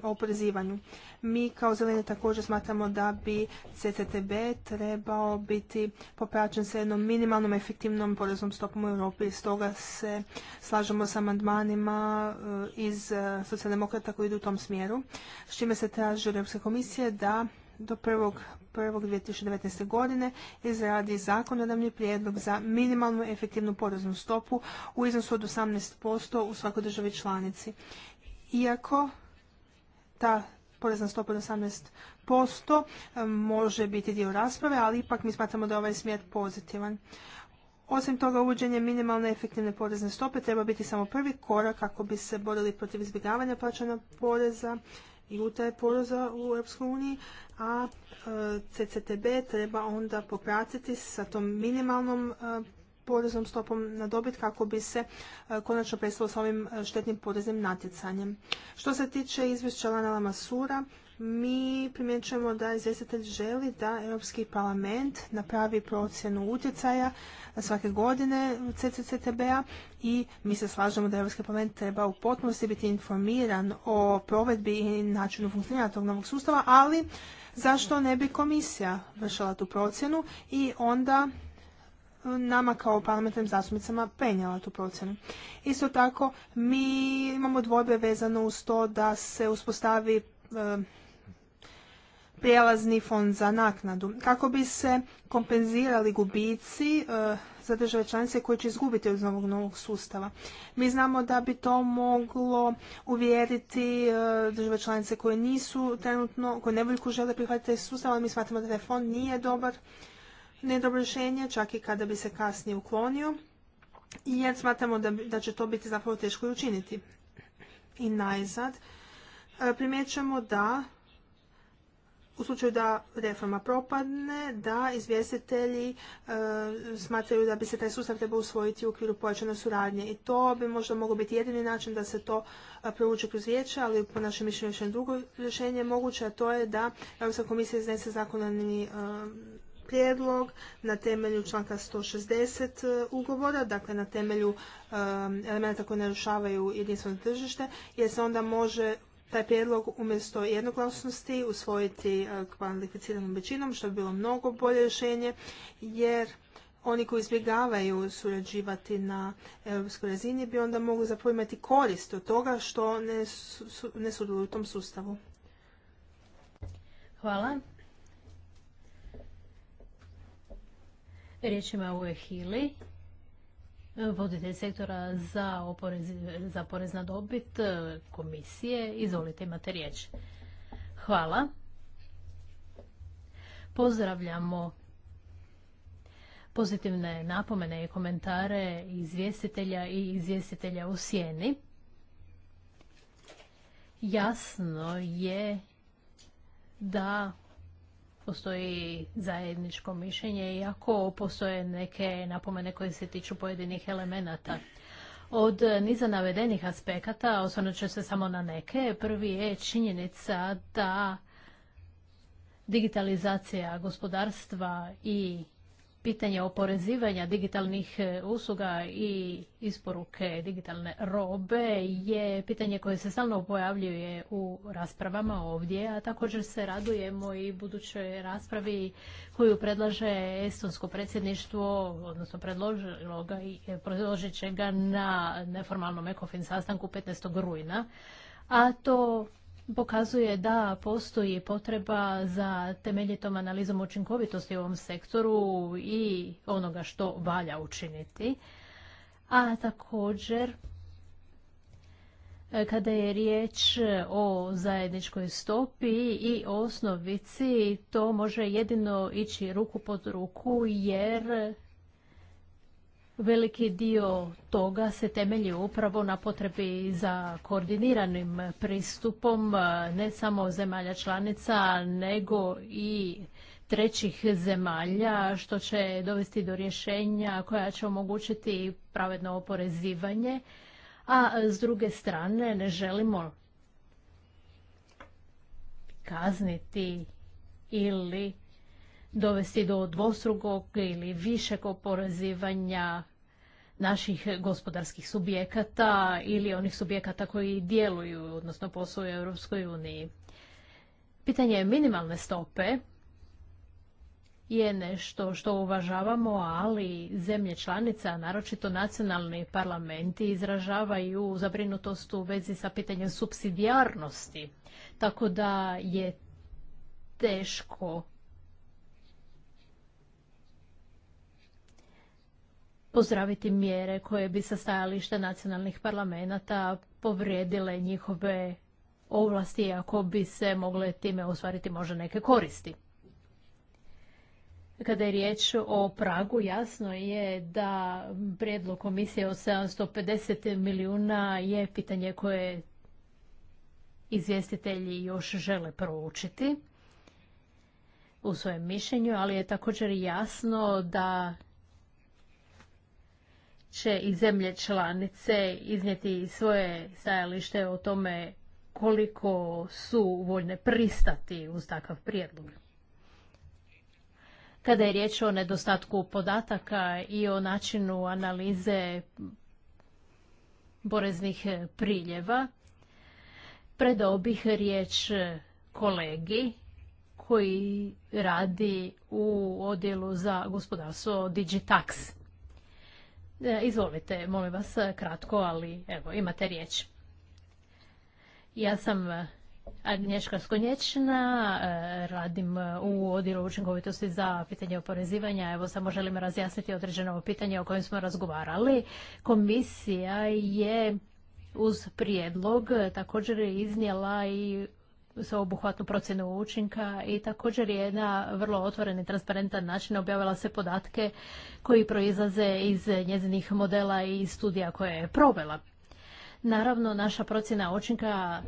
oporezivanju. Mi kao zeleni također smatramo da bi CCTB trebao biti popraćen sa jednom minimalnom efektivnom poreznom stopom u Europi. Stoga se slažemo sa amandmanima e, iz e, socijaldemokrata koji idu u tom smjeru, s čime se traži od Europske komisije da do 1.1.2019. godine izradi zakonodavni prijedlog za minimalnu efektivnu poreznu stopu u iznosu od 18% u svakoj državi članici. Iako ta porezna stopa od 18% može biti dio rasprave, ali ipak mi smatramo da je ovaj smjer pozitivan. Osim toga, uvođenje minimalne efektivne porezne stope treba biti samo prvi korak kako bi se borili protiv izbjegavanja plaćanja poreza i utaje poreza u EU, uniji, a e, CCTB treba onda popratiti sa tom minimalnom e, poreznom stopom na dobit kako bi se e, konačno prestalo s ovim štetnim poreznim natjecanjem. Što se tiče izvješća Lanela Masura, mi primjećujemo da izvjestitelj želi da Europski parlament napravi procjenu utjecaja svake godine CCCTB-a i mi se slažemo da Europski parlament treba u potpunosti biti informiran o provedbi i načinu funkcioniranja tog novog sustava, ali zašto ne bi komisija vršila tu procjenu i onda nama kao parlamentarnim zastupnicama penjala tu procjenu. Isto tako, mi imamo dvojbe vezano uz to da se uspostavi e, prijelazni fond za naknadu kako bi se kompenzirali gubici eh, za države članice koje će izgubiti od novog novog sustava. Mi znamo da bi to moglo uvjeriti eh, države članice koje nisu trenutno, koje nevoljku žele prihvatiti sustav, ali mi smatramo da taj fond nije dobar, ne dobro rješenje, čak i kada bi se kasnije uklonio, jer smatramo da, da će to biti zapravo teško i učiniti. I najzad, eh, primjećujemo da u slučaju da reforma propadne, da izvjestitelji e, smatraju da bi se taj sustav trebao usvojiti u okviru pojačane suradnje. I to bi možda moglo biti jedini način da se to e, provuče kroz vijeće, ali po našem mišljenju još drugo rješenje moguće, a to je da Europska komisija iznese zakonodavni e, prijedlog na temelju članka 160 ugovora, dakle na temelju elementa elemenata koji narušavaju jedinstveno tržište, jer se onda može taj prijedlog umjesto jednoglasnosti usvojiti e, kvalificiranom većinom, što bi bilo mnogo bolje rješenje, jer oni koji izbjegavaju surađivati na europskoj razini bi onda mogli zapravo imati korist od toga što ne, su, ne sudjeluju u tom sustavu. Hvala. Riječ ima Ehili voditelj sektora za, za porez na dobit e, komisije. Izvolite, imate riječ. Hvala. Pozdravljamo pozitivne napomene i komentare izvjestitelja i izvjestitelja u sjeni. Jasno je da postoji zajedničko mišljenje, iako postoje neke napomene koje se tiču pojedinih elemenata. Od niza navedenih aspekata osvrnut ću se samo na neke. Prvi je činjenica da digitalizacija gospodarstva i pitanje oporezivanja digitalnih e, usluga i isporuke digitalne robe je pitanje koje se stalno pojavljuje u raspravama ovdje, a također se radujemo i budućoj raspravi koju predlaže Estonsko predsjedništvo, odnosno predložilo ga i e, predložit će ga na neformalnom ECOFIN sastanku 15. rujna, a to pokazuje da postoji potreba za temeljitom analizom učinkovitosti u ovom sektoru i onoga što valja učiniti. A također, e, kada je riječ o zajedničkoj stopi i osnovici, to može jedino ići ruku pod ruku jer Veliki dio toga se temelji upravo na potrebi za koordiniranim pristupom e, ne samo zemalja članica, nego i trećih zemalja, što će dovesti do rješenja koja će omogućiti pravedno oporezivanje, a s druge strane ne želimo kazniti ili dovesti do dvostrugog ili višeg oporezivanja naših gospodarskih subjekata ili onih subjekata koji djeluju, odnosno posluju u Europskoj uniji. Pitanje minimalne stope je nešto što uvažavamo, ali zemlje članica, naročito nacionalni parlamenti, izražavaju zabrinutost u vezi sa pitanjem subsidijarnosti. Tako da je teško pozdraviti mjere koje bi sa stajališta nacionalnih parlamenta povrijedile njihove ovlasti ako bi se mogle time ostvariti možda neke koristi. Kada je riječ o Pragu, jasno je da prijedlog komisije od 750 milijuna je pitanje koje izvjestitelji još žele proučiti u svojem mišljenju, ali je također jasno da će i zemlje članice iznijeti svoje stajalište o tome koliko su voljne pristati uz takav prijedlog. Kada je riječ o nedostatku podataka i o načinu analize poreznih priljeva, predao bih riječ kolegi koji radi u odjelu za gospodarstvo Digitax. E, izvolite, molim vas, e, kratko, ali evo, imate riječ. Ja sam e, Agnješka Skonječna, radim u odjelu učinkovitosti za pitanje oporezivanja. Evo samo želim razjasniti određeno pitanje o kojem smo razgovarali. Komisija je uz prijedlog također iznijela i sveobuhvatnu procjenu učinka i također je na vrlo otvoren i transparentan način objavila se podatke koji proizlaze iz njezinih modela i studija koje je provela. Naravno, naša procjena učinka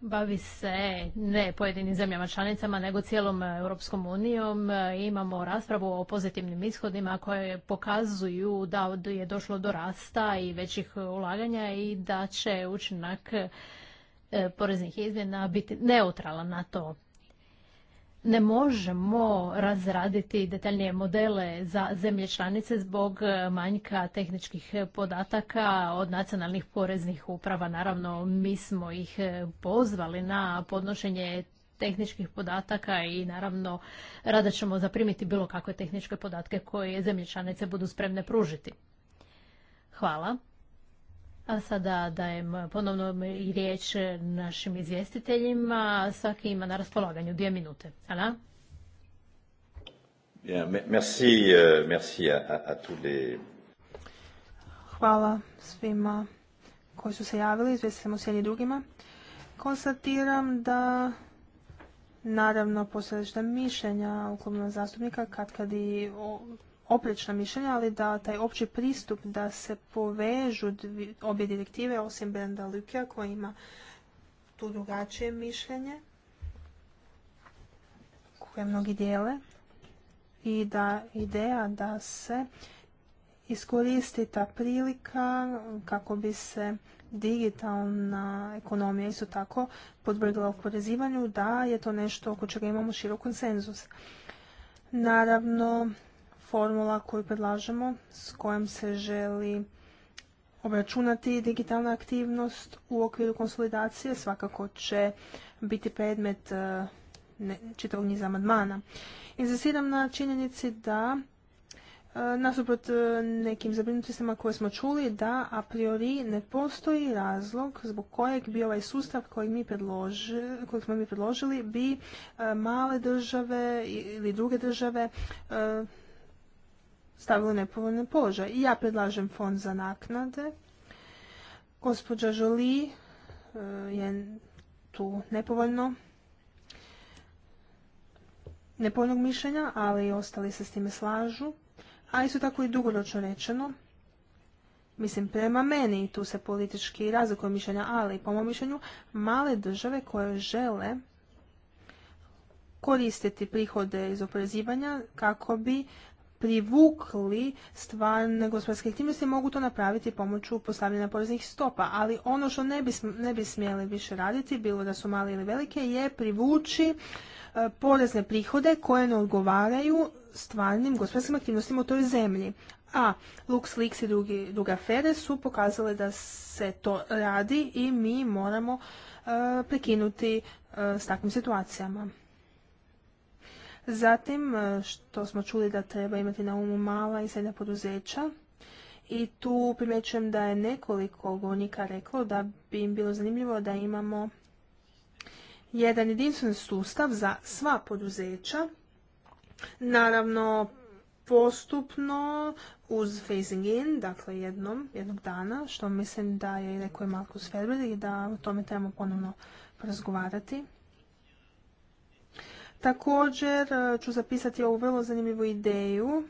bavi se ne pojedinim zemljama članicama, nego cijelom Europskom unijom. Imamo raspravu o pozitivnim ishodima koje pokazuju da je došlo do rasta i većih ulaganja i da će učinak E, poreznih izmjena biti neutralan na to. Ne možemo razraditi detaljnije modele za zemlje članice zbog e, manjka tehničkih podataka od nacionalnih poreznih uprava. Naravno, mi smo ih e, pozvali na podnošenje tehničkih podataka i naravno rada ćemo zaprimiti bilo kakve tehničke podatke koje zemlje članice budu spremne pružiti. Hvala. A sada dajem ponovno i riječ našim izvjestiteljima. Svaki ima na raspolaganju dvije minute. Hvala. Euh, Hvala svima koji su se javili, izvjestiteljem u i drugima. Konstatiram da naravno postojećna mišljenja u klubima zastupnika kad kad i oprečna mišljenja, ali da taj opći pristup da se povežu obje direktive, osim Brenda Lukija koja ima tu drugačije mišljenje, koje mnogi dijele, i da ideja da se iskoristi ta prilika kako bi se digitalna ekonomija isto tako podvrgla oporezivanju, da je to nešto oko čega imamo širok konsenzus. Naravno, formula koju predlažemo s kojom se želi obračunati digitalna aktivnost u okviru konsolidacije svakako će biti predmet e, čitavog niza amandmana. Inzistiram na činjenici da e, Nasuprot e, nekim zabrinutostima koje smo čuli, da a priori ne postoji razlog zbog kojeg bi ovaj sustav koji mi smo mi predložili bi male države ili druge države stavili nepovoljno nepovoljni položaj. I ja predlažem fond za naknade. Gospođa Žoli e, je tu nepovoljno nepovoljnog mišljenja, ali i ostali se s time slažu. A isto tako i dugoročno rečeno, mislim prema meni, tu se politički razlikuje mišljenja, ali po mom mišljenju, male države koje žele koristiti prihode iz oporezivanja kako bi privukli stvarne gospodarske aktivnosti mogu to napraviti pomoću postavljanja poreznih stopa, ali ono što ne bi, ne smjeli više raditi, bilo da su male ili velike, je privući e, porezne prihode koje ne odgovaraju stvarnim gospodarskim aktivnostima u toj zemlji. A LuxLeaks i drugi, druge afere su pokazale da se to radi i mi moramo e, prekinuti e, s takvim situacijama. Zatim, e, što smo čuli da treba imati na umu mala i srednja poduzeća, i tu primjećujem da je nekoliko govornika reklo da bi im bilo zanimljivo da imamo jedan jedinstven sustav za sva poduzeća. Naravno, postupno uz phasing in, dakle jednom, jednog dana, što mislim da je rekao je Markus Ferber i da o tome trebamo ponovno razgovarati. Također e, ću zapisati ovu vrlo zanimljivu ideju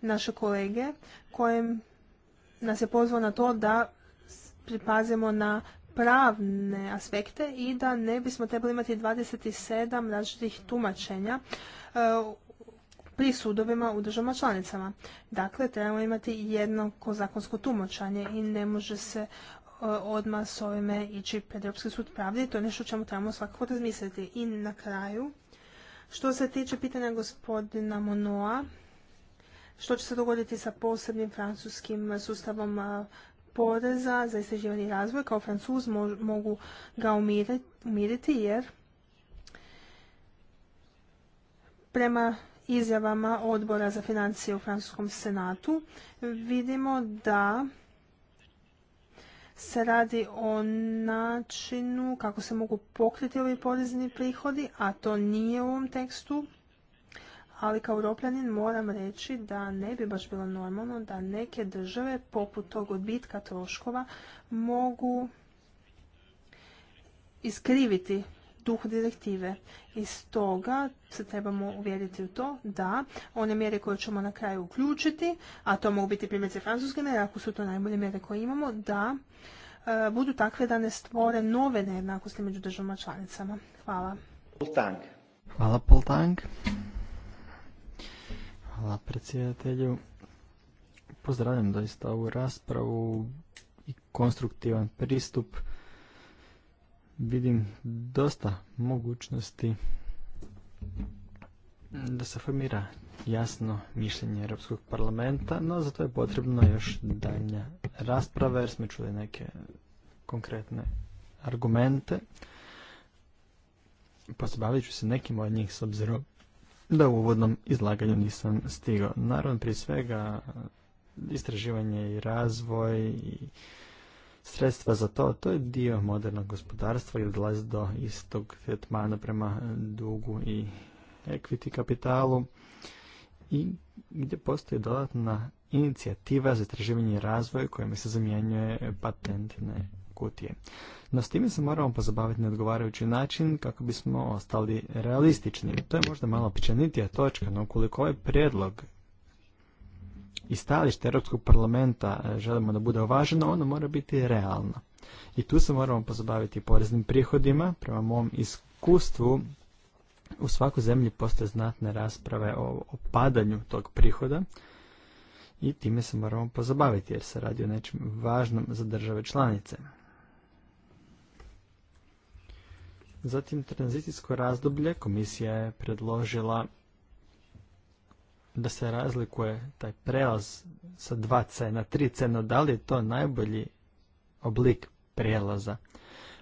naše kolege kojem nas je pozvao na to da pripazimo na pravne aspekte i da ne bismo trebali imati 27 različitih tumačenja e, pri sudovima u državama članicama. Dakle, trebamo imati jednako zakonsko tumačanje i ne može se e, odmah s ovime ići pred Europski sud pravde to je nešto o čemu trebamo svakako razmisliti. I na kraju, što se tiče pitanja gospodina Monoa, što će se dogoditi sa posebnim francuskim sustavom poreza za istraživanje i razvoj, kao francuz mogu ga umiriti jer prema izjavama odbora za financije u Francuskom senatu vidimo da se radi o načinu kako se mogu pokriti ovi porezni prihodi, a to nije u ovom tekstu. Ali kao europljanin moram reći da ne bi baš bilo normalno da neke države poput tog odbitka troškova mogu iskriviti duh direktive. I stoga se trebamo uvjeriti u to da one mjere koje ćemo na kraju uključiti, a to mogu biti primjerice francuske mjere, ako su to najbolje mjere koje imamo, da e, budu takve da ne stvore nove nejednakosti među državama članicama. Hvala. Hvala Poltang. Hvala predsjedatelju. Pozdravljam doista ovu raspravu i konstruktivan pristup vidim dosta mogućnosti da se formira jasno mišljenje Europskog parlamenta, no za to je potrebno još daljnja rasprava jer smo čuli neke konkretne argumente. pozabavit ću se nekim od njih s obzirom da u uvodnom izlaganju nisam stigao. Naravno, prije svega istraživanje i razvoj i sredstva za to. To je dio modernog gospodarstva i dolazi do istog tretmana prema dugu i equity kapitalu i gdje postoji dodatna inicijativa za istraživanje i razvoj kojima se zamjenjuje patentne kutije. No s time se moramo pozabaviti na odgovarajući način kako bismo ostali realistični. To je možda malo općenitija točka, no ukoliko ovaj prijedlog i stajalište Europskog parlamenta e, želimo da bude uvaženo, ono mora biti realno. I tu se moramo pozabaviti poreznim prihodima. Prema mom iskustvu u svakoj zemlji postoje znatne rasprave o opadanju tog prihoda i time se moramo pozabaviti jer se radi o nečem važnom za države članice. Zatim tranzicijsko razdoblje komisija je predložila da se razlikuje taj prelaz sa 2C na 3C, no da li je to najbolji oblik prelaza?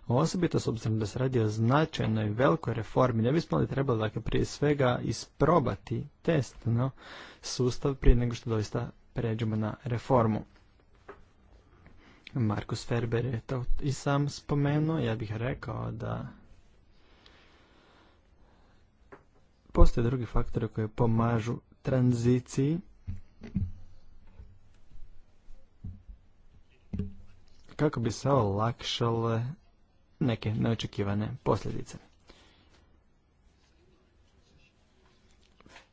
Osobito s obzirom da se radi o značajnoj velikoj reformi, ne bismo li trebali dakle, prije svega isprobati testno sustav prije nego što doista pređemo na reformu. Markus Ferber je to i sam spomenuo, ja bih rekao da postoje drugi faktori koji pomažu tranziciji kako bi se olakšale neke neočekivane posljedice.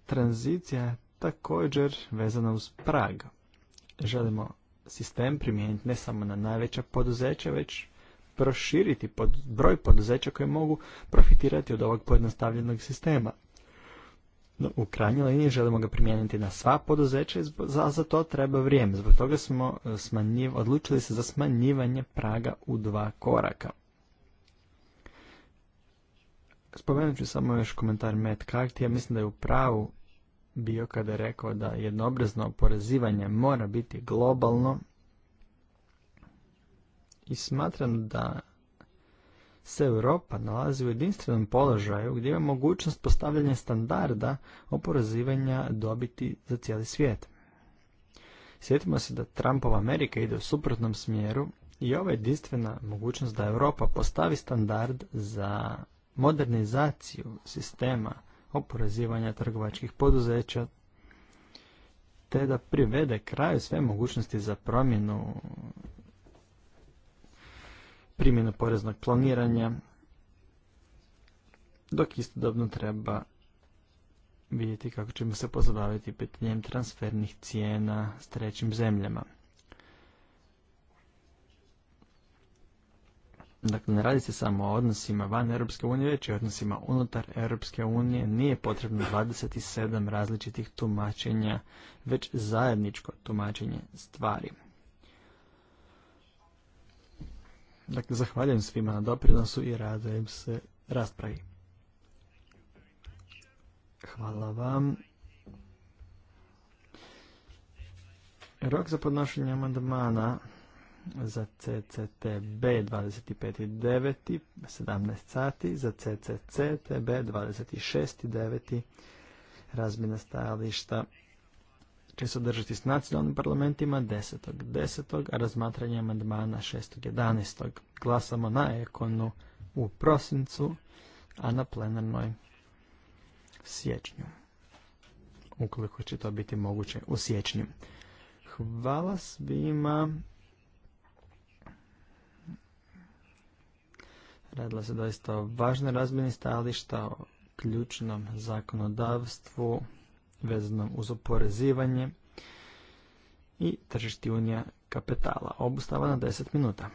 Tranzicija je također vezana uz prag. Želimo sistem primijeniti ne samo na najveća poduzeća, već proširiti broj poduzeća koje mogu profitirati od ovog pojednostavljenog sistema u krajnjoj liniji želimo ga primijeniti na sva poduzeća i za, za to treba vrijeme. Zbog toga smo e, smanjiv, odlučili se za smanjivanje praga u dva koraka. Spomenut ću samo još komentar Matt Carty. Ja mislim da je u pravu bio kada je rekao da jednobrezno oporezivanje mora biti globalno i smatram da se Europa nalazi u jedinstvenom položaju gdje ima mogućnost postavljanja standarda oporezivanja dobiti za cijeli svijet. Sjetimo se da Trumpova Amerika ide u suprotnom smjeru i ova jedinstvena mogućnost da Europa postavi standard za modernizaciju sistema oporezivanja trgovačkih poduzeća te da privede kraju sve mogućnosti za promjenu primjenu poreznog planiranja, dok istodobno treba vidjeti kako ćemo se pozabaviti pitanjem transfernih cijena s trećim zemljama. Dakle, ne radi se samo o odnosima van Europske unije, već i odnosima unutar Europske unije. Nije potrebno 27 različitih tumačenja, već zajedničko tumačenje stvari. Dakle, zahvaljujem svima na doprinosu i radujem se raspravi. Hvala vam. Rok za podnošenje amandmana za CCTB 25.9. 17 sati, za CCCTB 26.9. razmjena stajališta će se održati s nacionalnim parlamentima 10.10. 10. a razmatranje amandmana 6.11. Glasamo na ekonu u prosincu, a na plenarnoj siječnju. Ukoliko će to biti moguće u siječnju. Hvala svima. Radila se doista o važnoj razmjeni stajališta, o ključnom zakonodavstvu vezano uz oporezivanje i tržišti kapitala. Obustava na 10 minuta.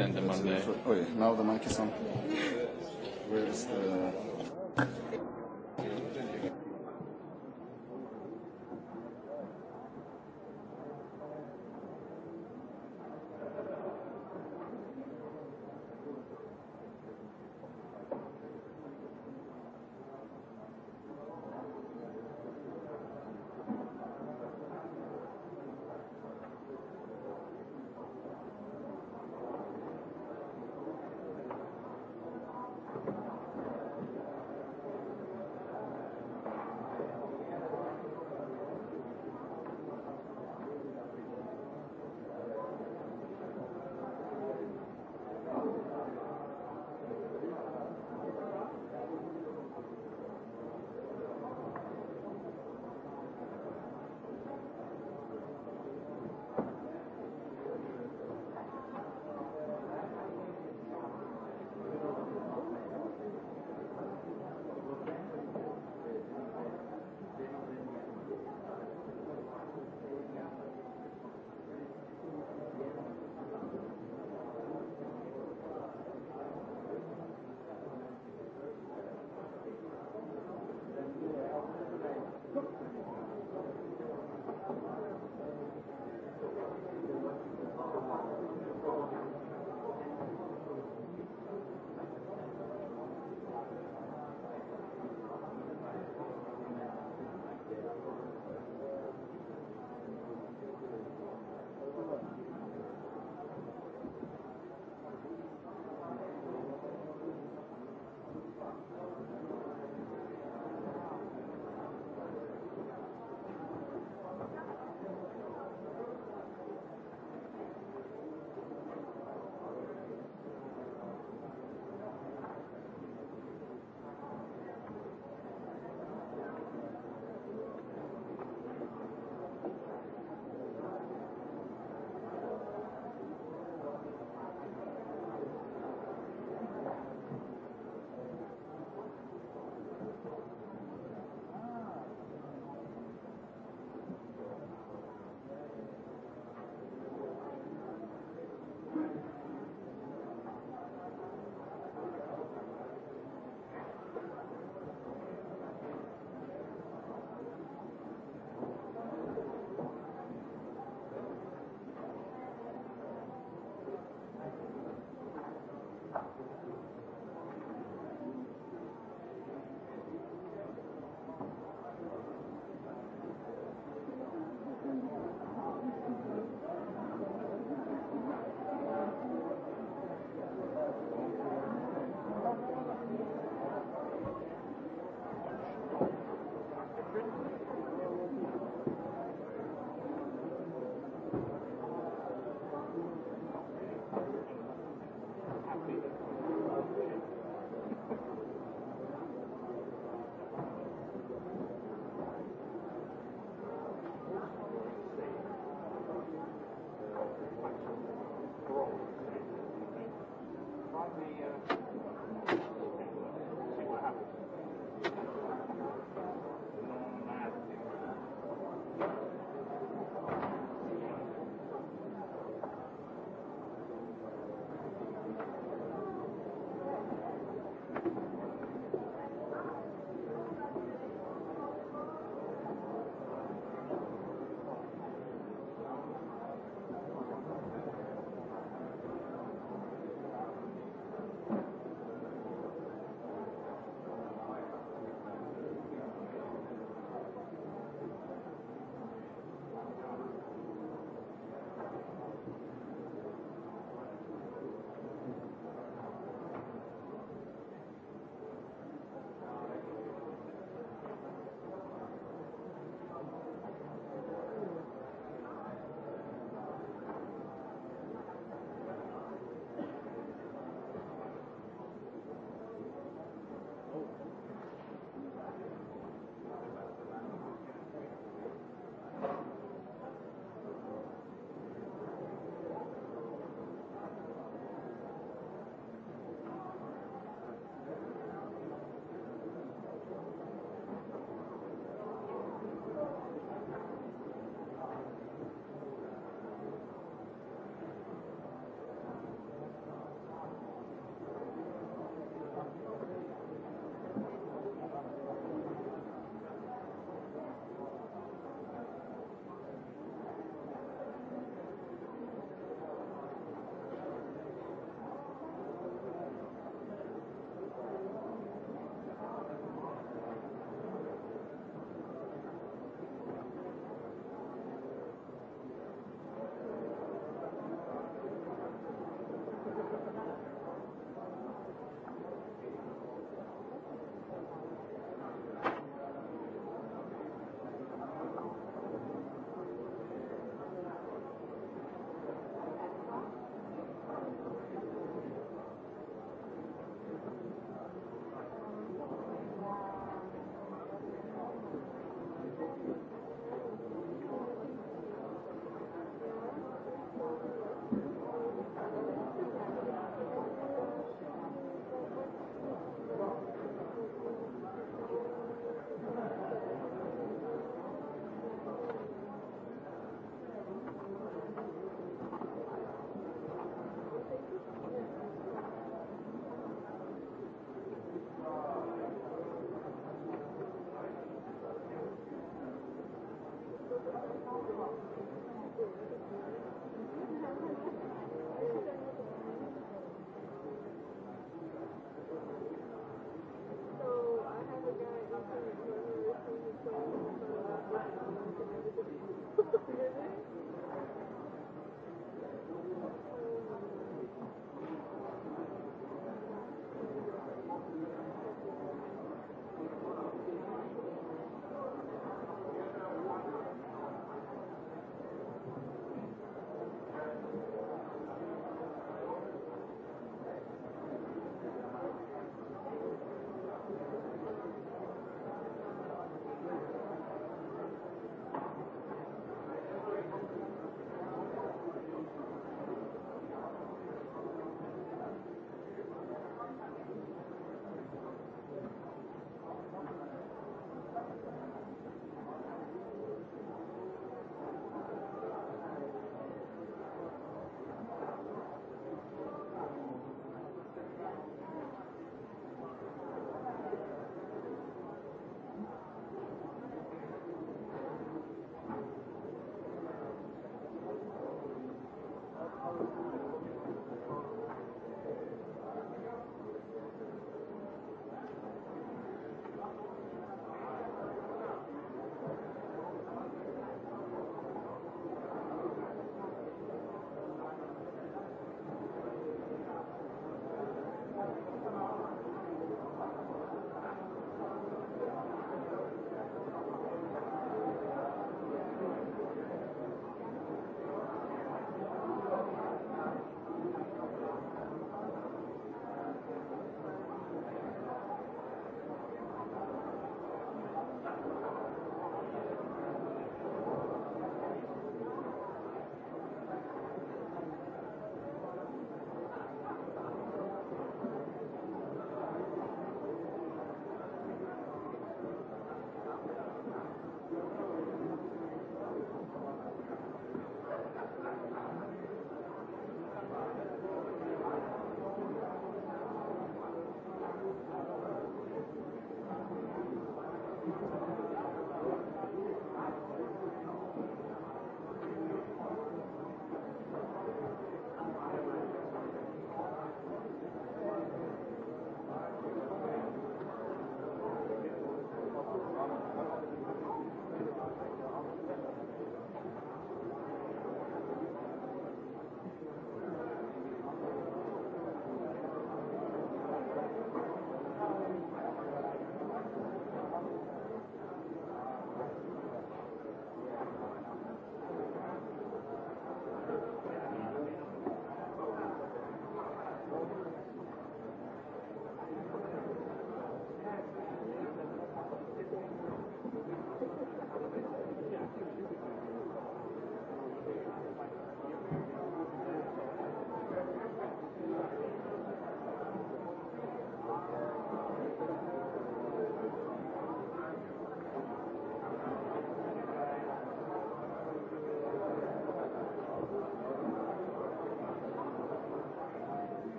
understand them on the... Oh, yeah. Now the mic is on. Where is the...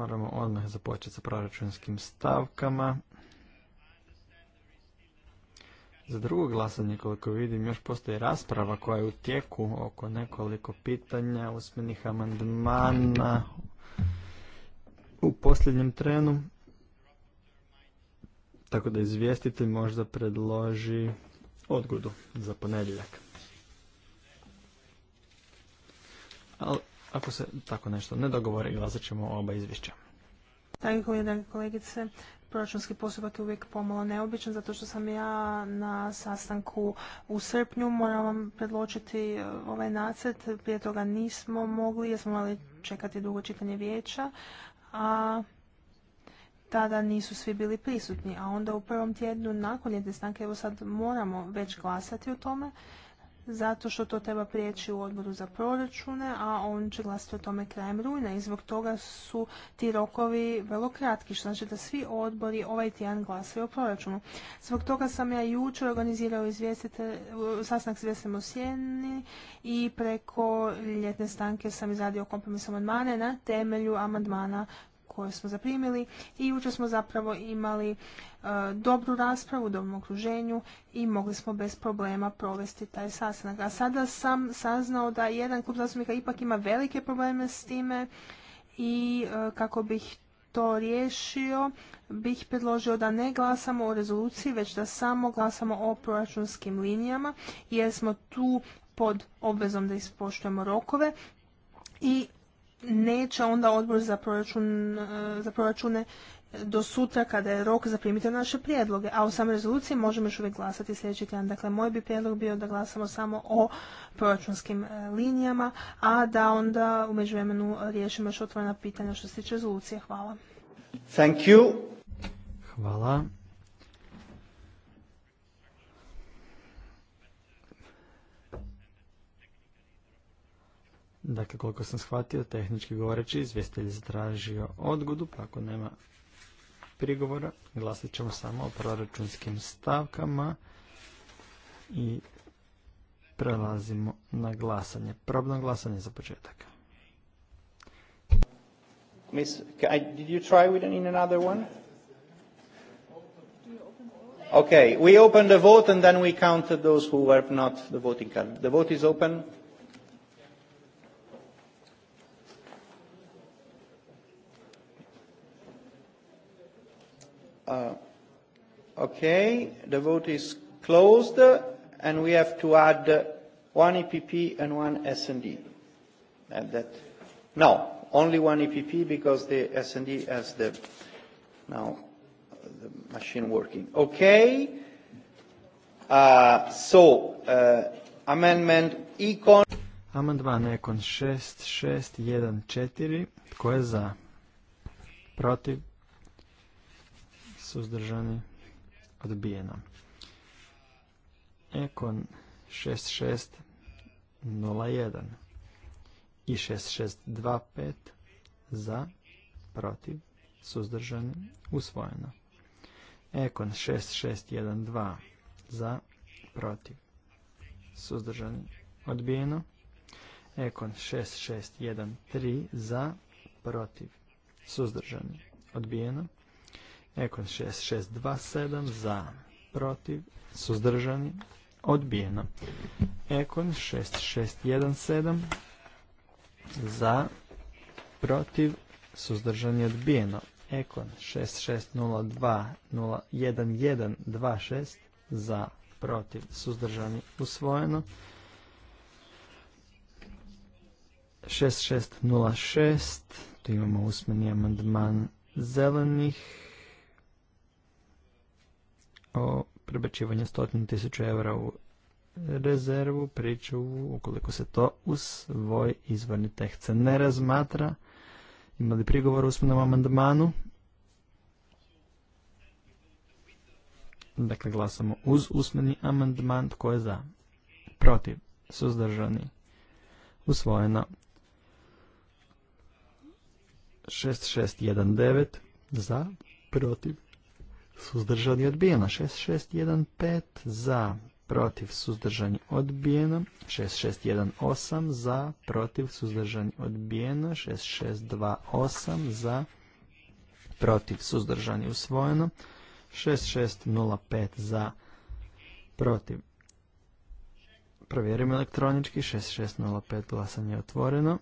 Moramo odmah započeti sa proračunskim stavkama. Za drugo glasanje, koliko vidim, još postoji rasprava koja je u tijeku oko nekoliko pitanja, usmenih amandmana u posljednjem trenu. Tako da izvjestitelj možda predloži odgodu za ponedjeljak. Ali ako se tako nešto ne dogovore, glasat ćemo oba izvješća. Dragi kolege, kolegice, proračunski postupak je uvijek pomalo neobičan, zato što sam ja na sastanku u srpnju moram vam predločiti e, ovaj nacrt. Prije toga nismo mogli, jer smo morali čekati dugo čitanje vijeća, a tada nisu svi bili prisutni, a onda u prvom tjednu nakon jedne stanke, evo sad moramo već glasati o tome, zato što to treba prijeći u odboru za proračune, a on će glasiti o tome krajem rujna i zbog toga su ti rokovi vrlo kratki, što znači da svi odbori ovaj tjedan glasaju o proračunu. Zbog toga sam ja jučer organizirao sastanak s Vjesem u i preko ljetne stanke sam izradio kompromis amandmane na temelju amandmana koje smo zaprimili i jučer smo zapravo imali e, dobru raspravu u dobrom okruženju i mogli smo bez problema provesti taj sastanak. A sada sam saznao da jedan klub zastupnika ipak ima velike probleme s time i e, kako bih to riješio, bih predložio da ne glasamo o rezoluciji, već da samo glasamo o proračunskim linijama, jer smo tu pod obvezom da ispoštujemo rokove i neće onda odbor za, proračun, e, za proračune do sutra kada je rok za zaprimite naše prijedloge, a o samoj rezoluciji možemo još uvijek glasati sljedeći tjedan. Dakle, moj bi prijedlog bio da glasamo samo o proračunskim e, linijama, a da onda u međuvremenu riješimo još otvorena pitanja što se tiče rezolucije. Hvala. Thank you. Hvala. Dakle, koliko sam shvatio, tehnički govoreći, izvjestitelj je zatražio odgodu, pa ako nema prigovora, glasit ćemo samo o proračunskim stavkama i prelazimo na glasanje. Probno glasanje za početak. Miss, I, did you try with an, in another one? Okay, we opened the vote and then we counted those who were not the voting card. The vote is open. Uh, okay, the vote is closed, and we have to add one EPP and one S&D. and that, no, only one EPP because the S&D has the now the machine working. Okay. Uh, so, uh, amendment econ. Amandman Ekon 6614. Tko je za? Protiv? suzdržani, odbijeno. Ekon 6601 i 6625 za, protiv, suzdržani, usvojeno. Ekon 6612 za, protiv, suzdržani, odbijeno. Ekon 6613 za, protiv, suzdržani, odbijeno. Ekon 6627 za, protiv, suzdržani, odbijeno. Ekon 6617 za, protiv, suzdržani, odbijeno. Ekon 6602 za, protiv, suzdržani, usvojeno. 6606, tu imamo usmeni amandman zelenih o prebačivanju stotinu tisuća evra u rezervu, pričuvu, ukoliko se to u svoj izvorni tehce ne razmatra. Imali prigovor u usmenom amandmanu? Dakle, glasamo uz usmeni amandman. Tko je za? Protiv. Suzdržani. Usvojeno. 6619. Za. Protiv suzdržani odbijeno. 6615 za, protiv suzdržani odbijeno. 6618 za, protiv suzdržani odbijeno. 6628 za, protiv suzdržani usvojeno. 6605 za, protiv. Provjerimo elektronički. 6605 glasanje je otvoreno.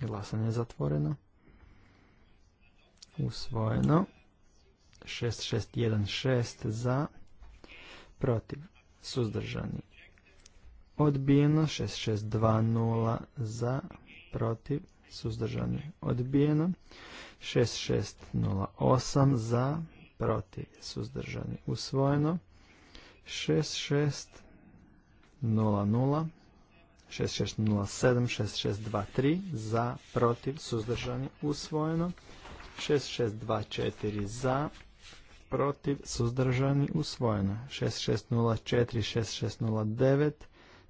Glasanje je zatvoreno. Usvojeno. 6616 za. Protiv. Suzdržani. Odbijeno. 6620 za. Protiv. Suzdržani. Odbijeno. 6608 za. Protiv. Suzdržani. Usvojeno. 6600 6607, 6623 za, protiv, suzdržani, usvojeno. 6624 za, protiv, suzdržani, usvojeno. 6604, 6609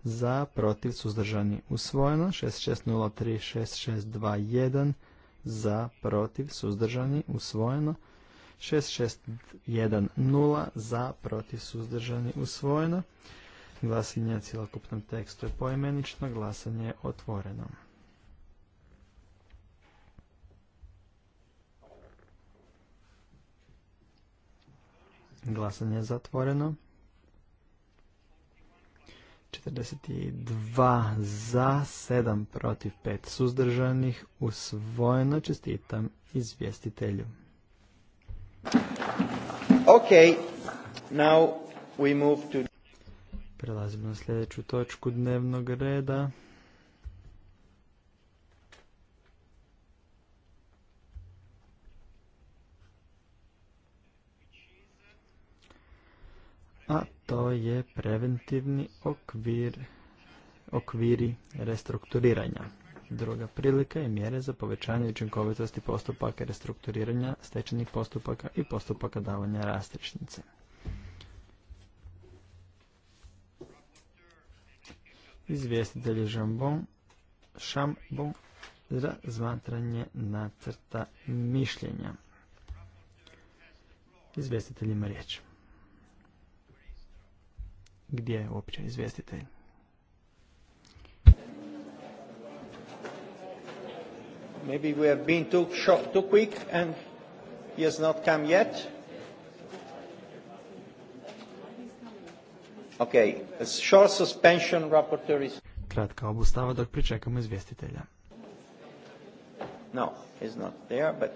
za, protiv, suzdržani, usvojeno. 6603, 6621 za, protiv, suzdržani, usvojeno. 6610 za, protiv, suzdržani, usvojeno. Glasanje na cijelokupnom tekstu je poimenično, glasanje je otvoreno. Glasanje je zatvoreno. 42 za, 7 protiv 5 suzdržanih. Usvojeno čestitam izvjestitelju. Ok, now we move to... Prelazimo na sljedeću točku dnevnog reda. A to je preventivni okvir, okviri restrukturiranja. Druga prilika je mjere za povećanje učinkovitosti postupaka restrukturiranja, stečenih postupaka i postupaka davanja rastričnice. izvjestitelj Žambon Šambon za zvatranje nacrta mišljenja. Izvjestiteljima riječ. Gdje je uopće izvjestitelj? Maybe we have been too, short, too quick and he has not come yet. Okay, a short suspension, rapporteur is... Kratka obustava dok pričekamo izvjestitelja. No, he's not there, but...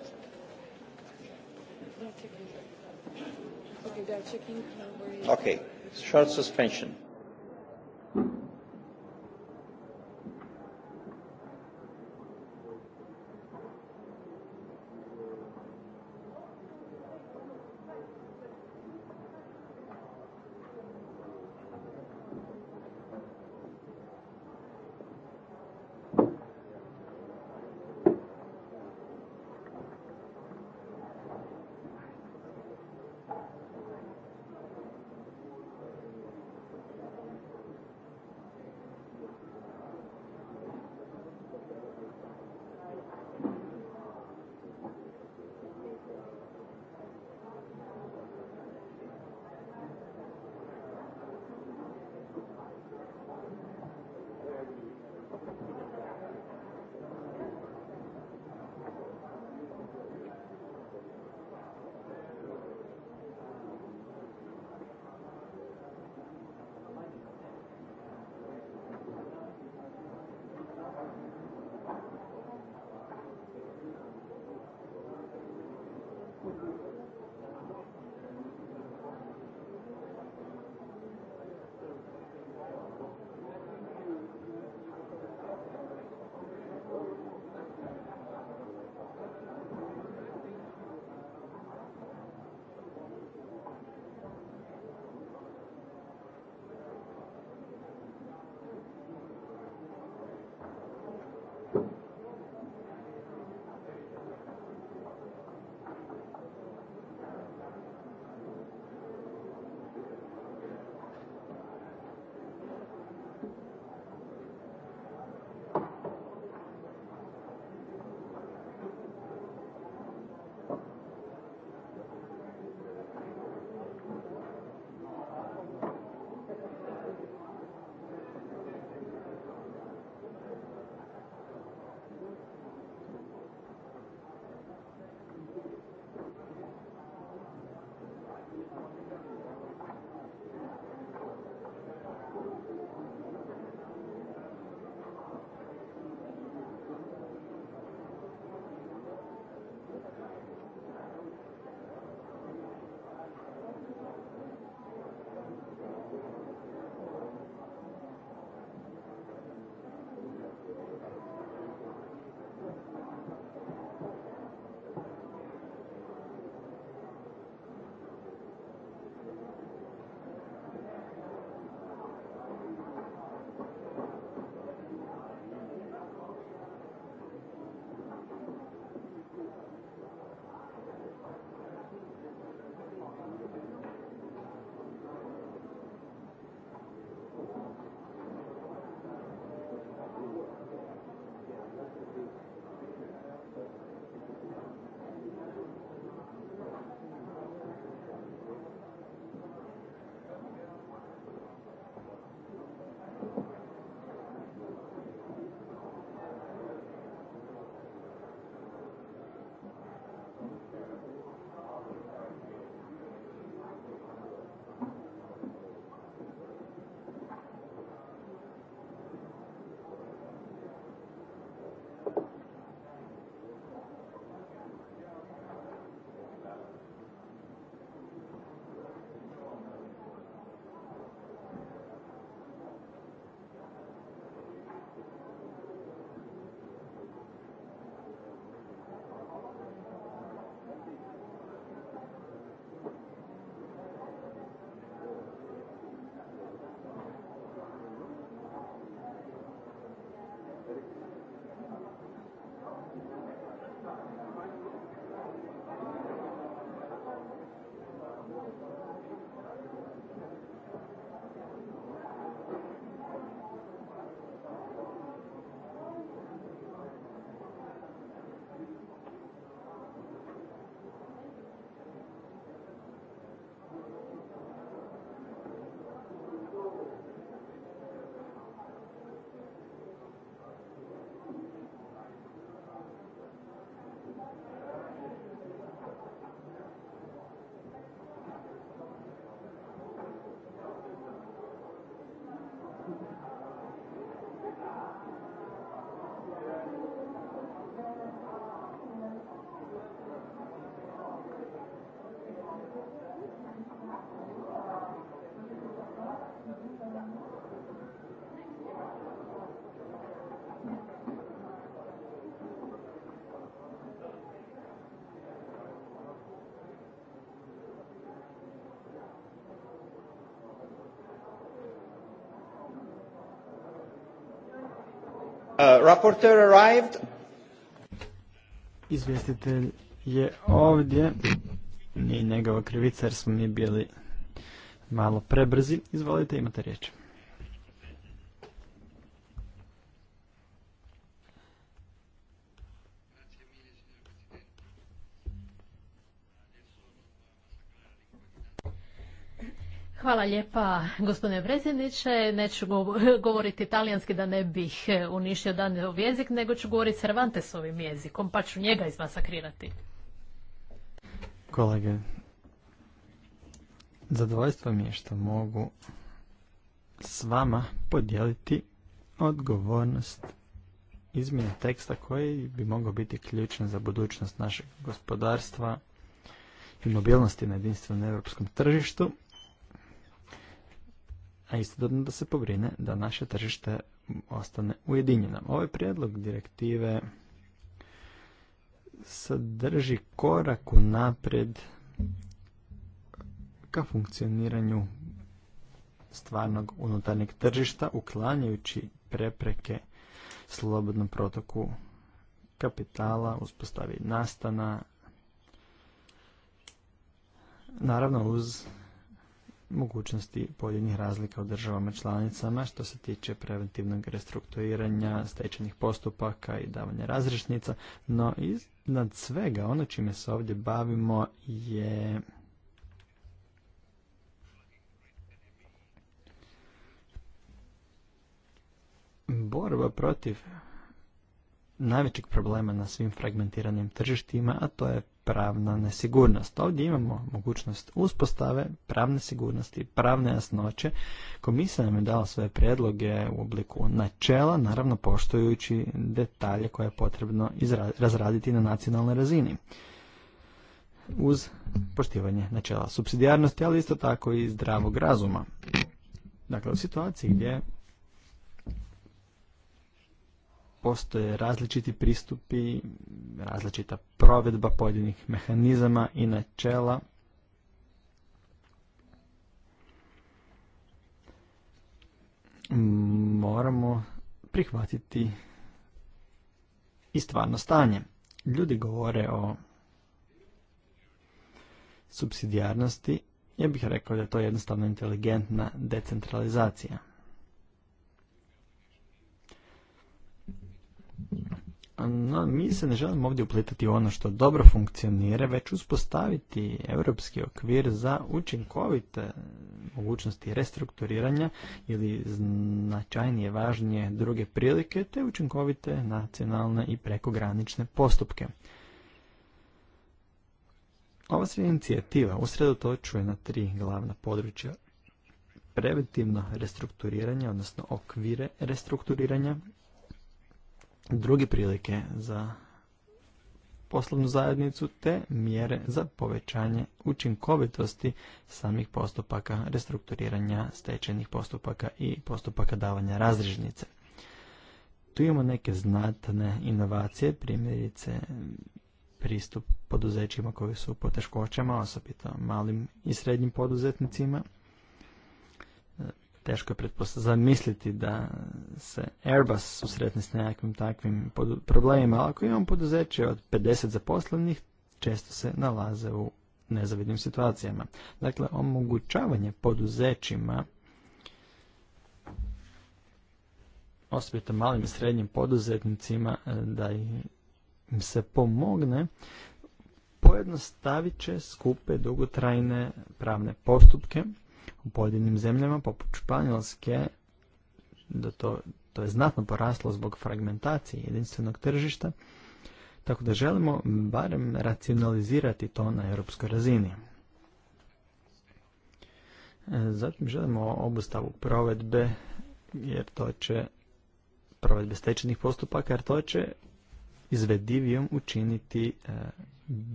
Okay, short suspension. Uh, rapporteur arrived. Izvjestitelj je ovdje. Nije njegova krivica jer smo mi bili malo prebrzi. Izvolite, imate riječ. Hvala lijepa gospodine predsjedniče. Neću (laughs) govoriti talijanski da ne bih e, uništio Danilov jezik, nego ću govoriti Cervantesovim jezikom, pa ću njega izmasakrirati. Kolege, zadovoljstvo mi je što mogu s vama podijeliti odgovornost izmjene teksta koji bi mogao biti ključan za budućnost našeg gospodarstva i mobilnosti na jedinstvenom europskom tržištu a istodobno da se pobrine da naše tržište ostane ujedinjeno. Ovaj prijedlog direktive sadrži korak u napred ka funkcioniranju stvarnog unutarnjeg tržišta, uklanjajući prepreke slobodnom protoku kapitala, uspostavi nastana, naravno uz mogućnosti pojedinih razlika u državama članicama što se tiče preventivnog restrukturiranja, stečenih postupaka i davanja razrešnica, no iznad svega ono čime se ovdje bavimo je borba protiv najvećeg problema na svim fragmentiranim tržištima, a to je pravna nesigurnost. Ovdje imamo mogućnost uspostave pravne sigurnosti, pravne jasnoće. Komisija nam je dala svoje prijedloge u obliku načela, naravno poštujući detalje koje je potrebno razraditi na nacionalnoj razini uz poštivanje načela subsidijarnosti, ali isto tako i zdravog razuma. Dakle, u situaciji gdje postoje različiti pristupi, različita provedba pojedinih mehanizama i načela. Moramo prihvatiti i stvarno stanje. Ljudi govore o subsidijarnosti, ja bih rekao da je to jednostavno inteligentna decentralizacija. No, mi se ne želimo ovdje uplitati ono što dobro funkcionira, već uspostaviti europski okvir za učinkovite mogućnosti restrukturiranja ili značajnije važnije druge prilike, te učinkovite nacionalne i prekogranične postupke. Ova se inicijativa usredotočuje na tri glavna područja. Preventivno restrukturiranje, odnosno okvire restrukturiranja, druge prilike za poslovnu zajednicu te mjere za povećanje učinkovitosti samih postupaka restrukturiranja stečajnih postupaka i postupaka davanja razrežnice. Tu imamo neke znatne inovacije, primjerice pristup poduzećima koji su u poteškoćama, osobito malim i srednjim poduzetnicima – teško je zamisliti da se Airbus susretne s nekakvim takvim problemima, ali ako imamo poduzeće od 50 zaposlenih, često se nalaze u nezavidnim situacijama. Dakle, omogućavanje poduzećima, osobito malim i srednjim poduzetnicima, e, da im se pomogne, pojednostavit će skupe dugotrajne pravne postupke, u pojedinim zemljama, poput Španjolske, da to, to je znatno poraslo zbog fragmentacije jedinstvenog tržišta, tako da želimo barem racionalizirati to na europskoj razini. E, zatim želimo obustavu provedbe, jer to će provedbe stečenih postupaka, jer to će izvedivijom učiniti e,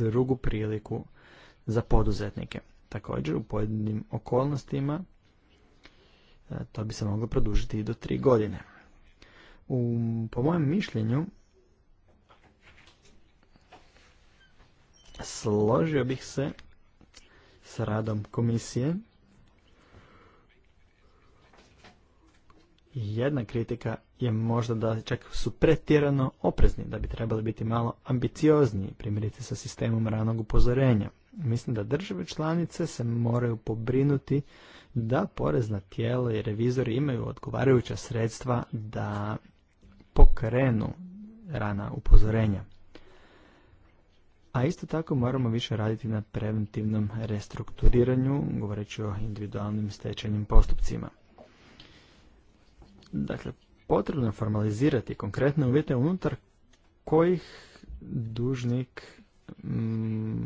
drugu priliku za poduzetnike. Također u pojedinim okolnostima e, to bi se moglo produžiti i do tri godine. po mojem mišljenju složio bih se s radom komisije. Jedna kritika je možda da čak su pretjerano oprezni, da bi trebali biti malo ambiciozniji, primjerice sa sistemom ranog upozorenja. Mislim da države članice se moraju pobrinuti da porezna tijela i revizori imaju odgovarajuća sredstva da pokrenu rana upozorenja. A isto tako moramo više raditi na preventivnom restrukturiranju, govoreći o individualnim stečajnim postupcima. Dakle, potrebno je formalizirati konkretne uvjete unutar kojih dužnik Mm,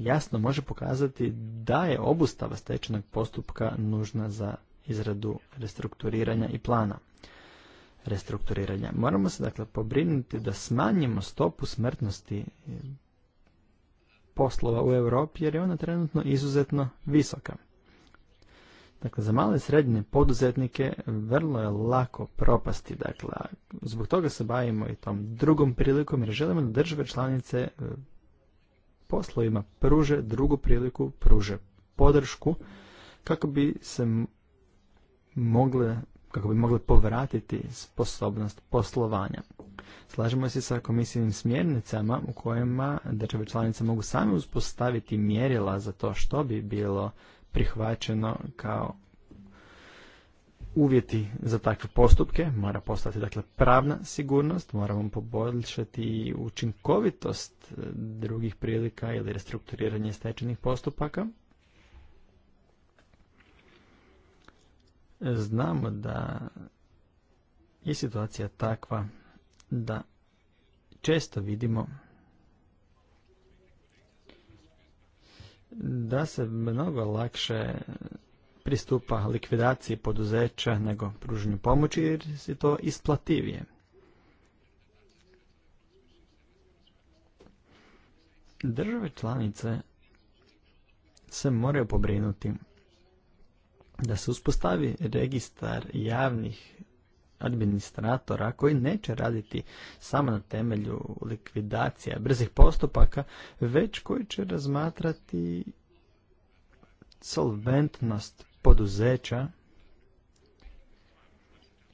jasno može pokazati da je obustava stečenog postupka nužna za izradu restrukturiranja i plana restrukturiranja. Moramo se dakle pobrinuti da smanjimo stopu smrtnosti e, poslova u Europi jer je ona trenutno izuzetno visoka. Dakle, za male i srednje poduzetnike vrlo je lako propasti. Dakle, zbog toga se bavimo i tom drugom prilikom jer želimo da države članice e, poslovima pruže drugu priliku, pruže podršku kako bi se mogle kako bi mogle povratiti sposobnost poslovanja. Slažemo se sa komisijnim smjernicama u kojima države članice mogu same uspostaviti mjerila za to što bi bilo prihvaćeno kao uvjeti za takve postupke, mora postati dakle pravna sigurnost, moramo poboljšati učinkovitost e, drugih prilika ili restrukturiranje stečenih postupaka. Znamo da je situacija takva da često vidimo da se mnogo lakše pristupa likvidaciji poduzeća nego pružanju pomoći jer je to isplativije. Države članice se moraju pobrinuti da se uspostavi registar javnih administratora koji neće raditi samo na temelju likvidacija brzih postupaka, već koji će razmatrati solventnost poduzeća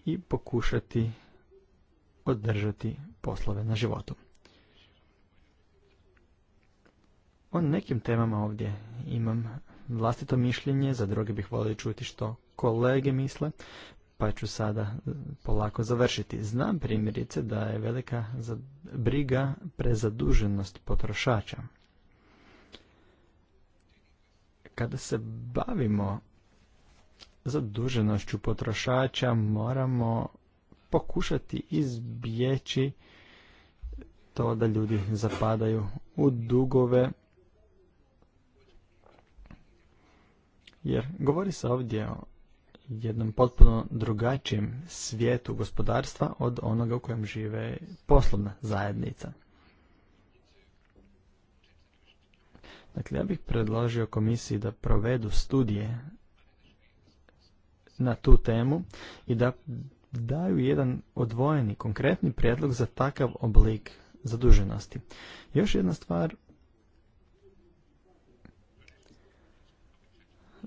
i pokušati održati poslove na životu. O nekim temama ovdje imam vlastito mišljenje, za druge bih volio čuti što kolege misle pa ću sada e, polako završiti. Znam primjerice da je velika briga prezaduženost potrošača. Kada se bavimo zaduženošću potrošača moramo pokušati izbjeći to da ljudi zapadaju u dugove jer govori se ovdje o jednom potpuno drugačijem svijetu gospodarstva od onoga u kojem žive poslovna zajednica. Dakle, ja bih predložio komisiji da provedu studije na tu temu i da daju jedan odvojeni, konkretni prijedlog za takav oblik zaduženosti. Još jedna stvar,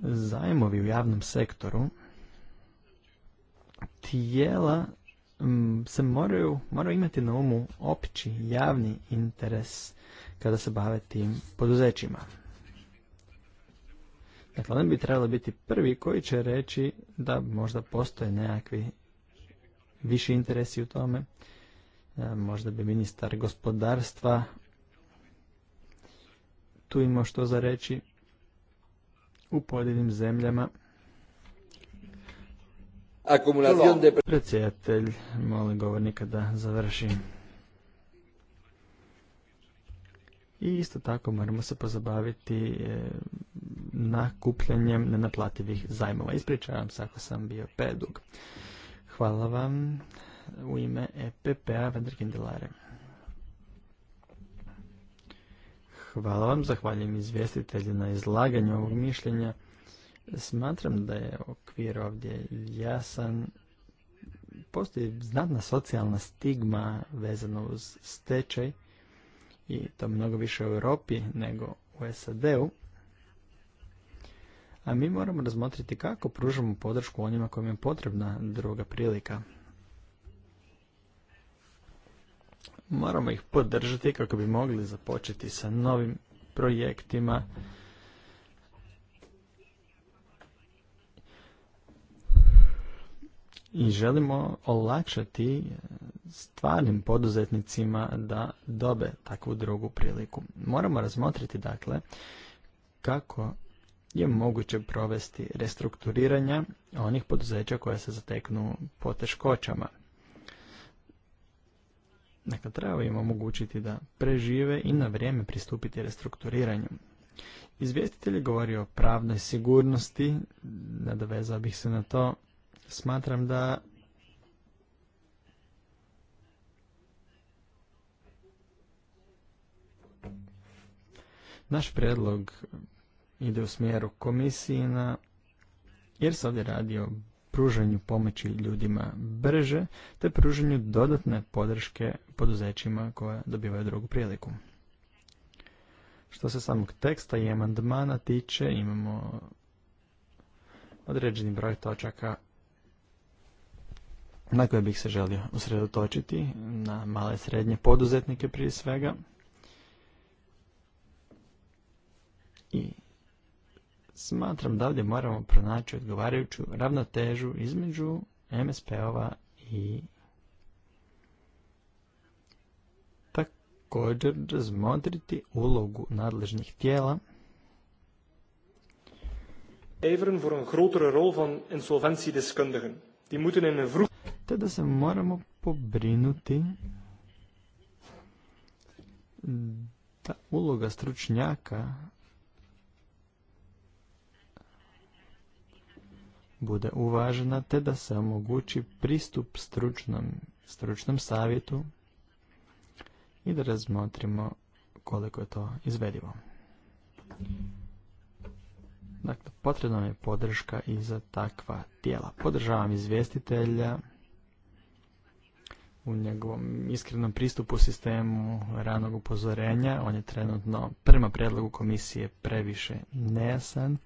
zajmovi u javnom sektoru tijela mm, se moraju, moraju imati na umu opći, javni interes kada se bave tim poduzećima. Dakle, oni bi trebali biti prvi koji će reći da možda postoje nekakvi viši interesi u tome. E, možda bi ministar gospodarstva tu imao što za reći u pojedinim zemljama akumulacijom de... Predsjedatelj, molim govornika da završi. I isto tako moramo se pozabaviti e, nakupljanjem nenaplativih zajmova. Ispričavam se ako sam bio pedug. Hvala vam u ime EPP-a Vendrkindelare. Hvala vam, zahvaljujem izvjestitelju na izlaganju ovog mišljenja. Smatram da je okvir ovdje jasan. Postoji znatna socijalna stigma vezana uz stečaj i to mnogo više u Europi nego u SAD-u. A mi moramo razmotriti kako pružamo podršku onima kojima je potrebna druga prilika. Moramo ih podržati kako bi mogli započeti sa novim projektima i želimo olakšati e, stvarnim poduzetnicima da dobe takvu drugu priliku. Moramo razmotriti dakle kako je moguće provesti restrukturiranja onih poduzeća koja se zateknu po teškoćama. Dakle, treba im omogućiti da prežive i na vrijeme pristupiti restrukturiranju. Izvjestitelj je govorio o pravnoj sigurnosti, nadovezao bih se na to, smatram da naš predlog ide u smjeru komisije na jer se ovdje radi o pružanju pomoći ljudima brže te pružanju dodatne podrške poduzećima koja dobivaju drugu priliku. Što se samog teksta i amandmana tiče, imamo određeni broj točaka na koje bih se želio usredotočiti, na male i srednje poduzetnike prije svega. I smatram da ovdje moramo pronaći odgovarajuću ravnotežu između MSP-ova i također razmotriti ulogu nadležnih tijela voor een grotere rol van insolventiedeskundigen. Die moeten in een vroeg te da se moramo pobrinuti da uloga stručnjaka bude uvažena te da se omogući pristup stručnom, stručnom savjetu i da razmotrimo koliko je to izvedivo. Dakle, potrebna je podrška i za takva tijela. Podržavam izvjestitelja u njegovom iskrenom pristupu sistemu ranog upozorenja. On je trenutno prema predlogu komisije previše nejasan.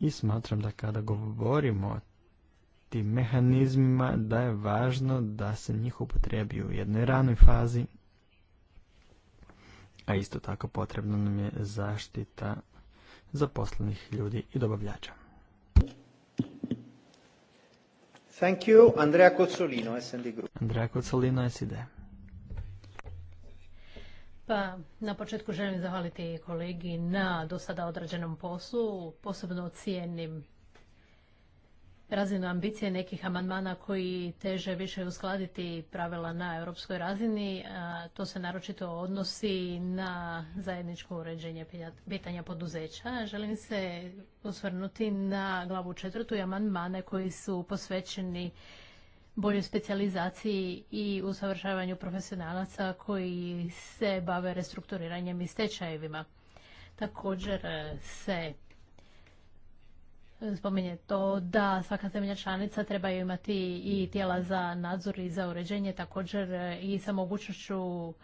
I smatram da kada govorimo o tim mehanizmima, da je važno da se njih upotrebi u jednoj ranoj fazi, a isto tako potrebna nam je zaštita zaposlenih ljudi i dobavljača. Thank you. Andrea Cozzolino, S&D Group. Andrea Cozzolino, S&D. Pa, na početku želim zahvaliti kolegi na do sada odrađenom poslu. Posebno cijenim razinu ambicije nekih amandmana koji teže više uskladiti pravila na europskoj razini. to se naročito odnosi na zajedničko uređenje pitanja poduzeća. Želim se osvrnuti na glavu četvrtu i amandmane koji su posvećeni boljoj specijalizaciji i usavršavanju profesionalaca koji se bave restrukturiranjem i stečajevima. Također se spominje to da svaka zemlja članica trebaju imati i tijela za nadzor i za uređenje također e, i sa mogućnošću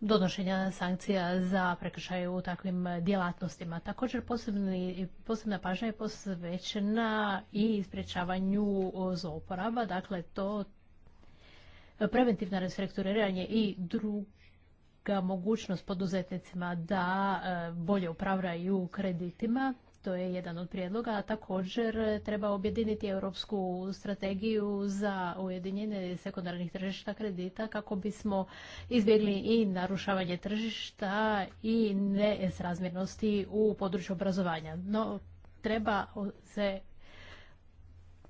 donošenja sankcija za prekršaje u takvim e, djelatnostima. Također posebna pažnja je posvećena i sprječavanju zlouporaba, dakle to e, preventivno restrukturiranje i druga mogućnost poduzetnicima da bolje upravljaju kreditima to je jedan od prijedloga, a također treba objediniti europsku strategiju za ujedinjenje sekundarnih tržišta kredita kako bismo izbjegli i narušavanje tržišta i nesrazmjernosti u području obrazovanja. No, treba se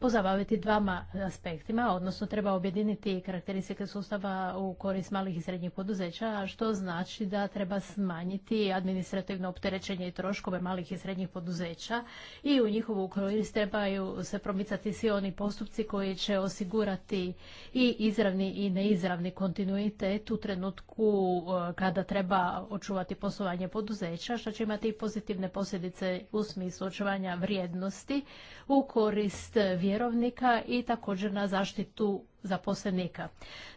pozabaviti dvama aspektima, odnosno treba objediniti karakteristike sustava u korist malih i srednjih poduzeća, što znači da treba smanjiti administrativno opterećenje i troškove malih i srednjih poduzeća i u njihovu korist trebaju se promicati svi oni postupci koji će osigurati i izravni i neizravni kontinuitet u trenutku e, kada treba očuvati poslovanje poduzeća, što će imati i pozitivne posljedice u smislu očuvanja vrijednosti u korist vjerovnosti vjerovnika i također na zaštitu zaposlenika.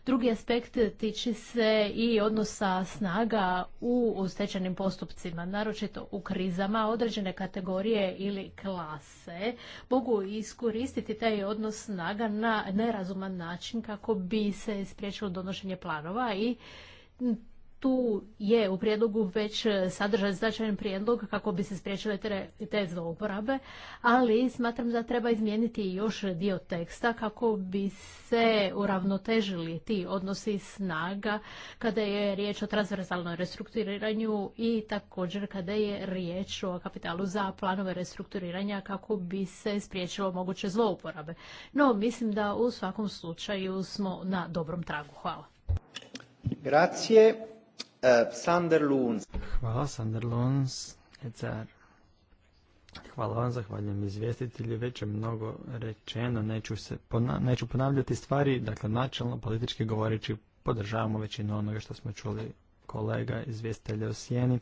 Drugi aspekt tiče se i odnosa snaga u stečajnim postupcima, naročito u krizama. Određene kategorije ili klase mogu iskoristiti taj odnos snaga na nerazuman način kako bi se spriječilo donošenje planova i tu je u prijedlogu već sadržaj značajan prijedlog kako bi se spriječile te, zlouporabe, ali smatram da treba izmijeniti još dio teksta kako bi se uravnotežili ti odnosi snaga kada je riječ o transversalnom restrukturiranju i također kada je riječ o kapitalu za planove restrukturiranja kako bi se spriječilo moguće zlouporabe. No, mislim da u svakom slučaju smo na dobrom tragu. Hvala. Grazie. Eh, Sander Luns. Hvala, Sander Luns. Hvala vam, zahvaljujem izvjestitelju, već je mnogo rečeno, neću, se pona neću ponavljati stvari, dakle načelno politički govoreći podržavamo većinu onoga što smo čuli kolega izvjestitelja o sjeni.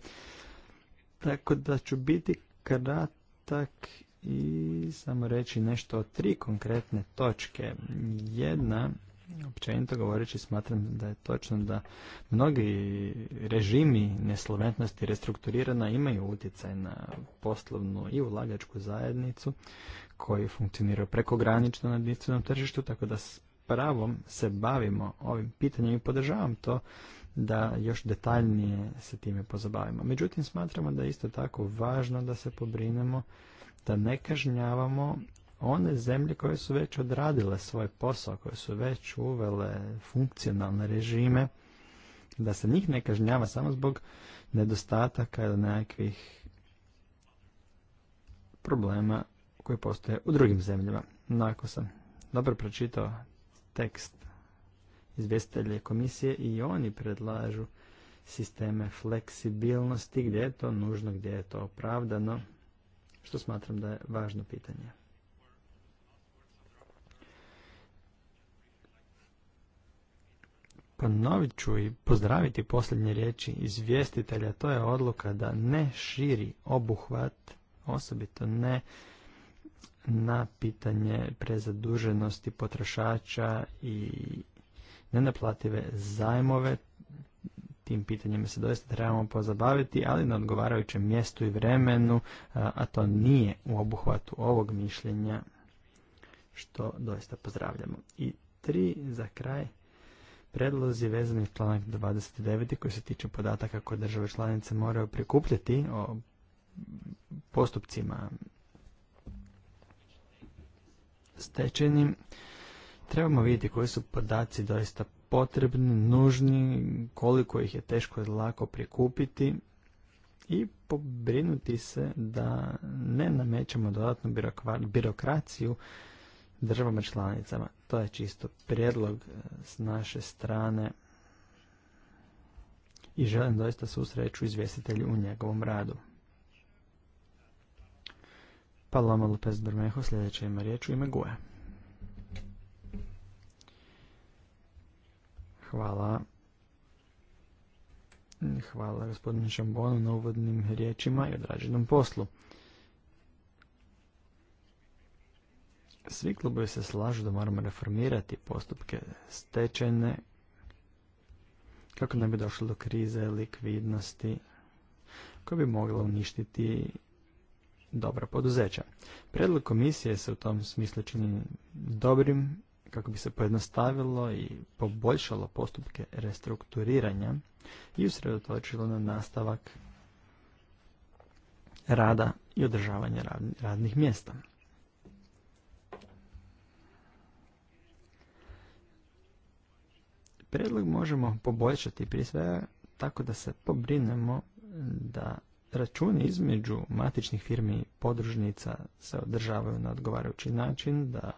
Tako da ću biti kratak i samo reći nešto o tri konkretne točke. Jedna općenito govoreći smatram da je točno da mnogi režimi nesloventnosti restrukturirana imaju utjecaj na poslovnu i ulagačku zajednicu koji funkcionira prekogranično na jedinstvenom tržištu, tako da s pravom se bavimo ovim pitanjem i podržavam to da još detaljnije se time pozabavimo. Međutim, smatramo da je isto tako važno da se pobrinemo da ne kažnjavamo one zemlje koje su već odradile svoj posao, koje su već uvele funkcionalne režime, da se njih ne kažnjava samo zbog nedostataka ili nekakvih problema koji postoje u drugim zemljama. No, sam dobro pročitao tekst izvjestitelje komisije i oni predlažu sisteme fleksibilnosti gdje je to nužno, gdje je to opravdano, što smatram da je važno pitanje. Ponovit ću i pozdraviti posljednje riječi izvjestitelja, to je odluka da ne širi obuhvat, osobito ne na pitanje prezaduženosti potrošača i nenaplative zajmove. Tim pitanjima se doista trebamo pozabaviti, ali na odgovarajućem mjestu i vremenu, a to nije u obuhvatu ovog mišljenja, što doista pozdravljamo. I tri za kraj predlozi vezani članak 29. koji se tiče podataka koje države članice moraju prikupljati o postupcima stečenim. Trebamo vidjeti koji su podaci doista potrebni, nužni, koliko ih je teško i lako prikupiti i pobrinuti se da ne namećemo dodatnu birokraciju državama članicama. To je čisto prijedlog e, s naše strane i želim doista susreću izvjestitelju u njegovom radu. Paloma Lopez Bermejo sljedeća ima riječ u ime Gue. Hvala. Hvala gospodinu Šambonu na uvodnim riječima i odrađenom poslu. Svi klubovi se slažu da moramo reformirati postupke stečajne kako ne bi došlo do krize likvidnosti koja bi mogla uništiti dobra poduzeća. Predlog komisije se u tom smislu čini dobrim kako bi se pojednostavilo i poboljšalo postupke restrukturiranja i usredotočilo na nastavak rada i održavanje radnih mjesta. Predlog možemo poboljšati prije svega tako da se pobrinemo da računi između matičnih firmi i podružnica se održavaju na odgovarajući način, da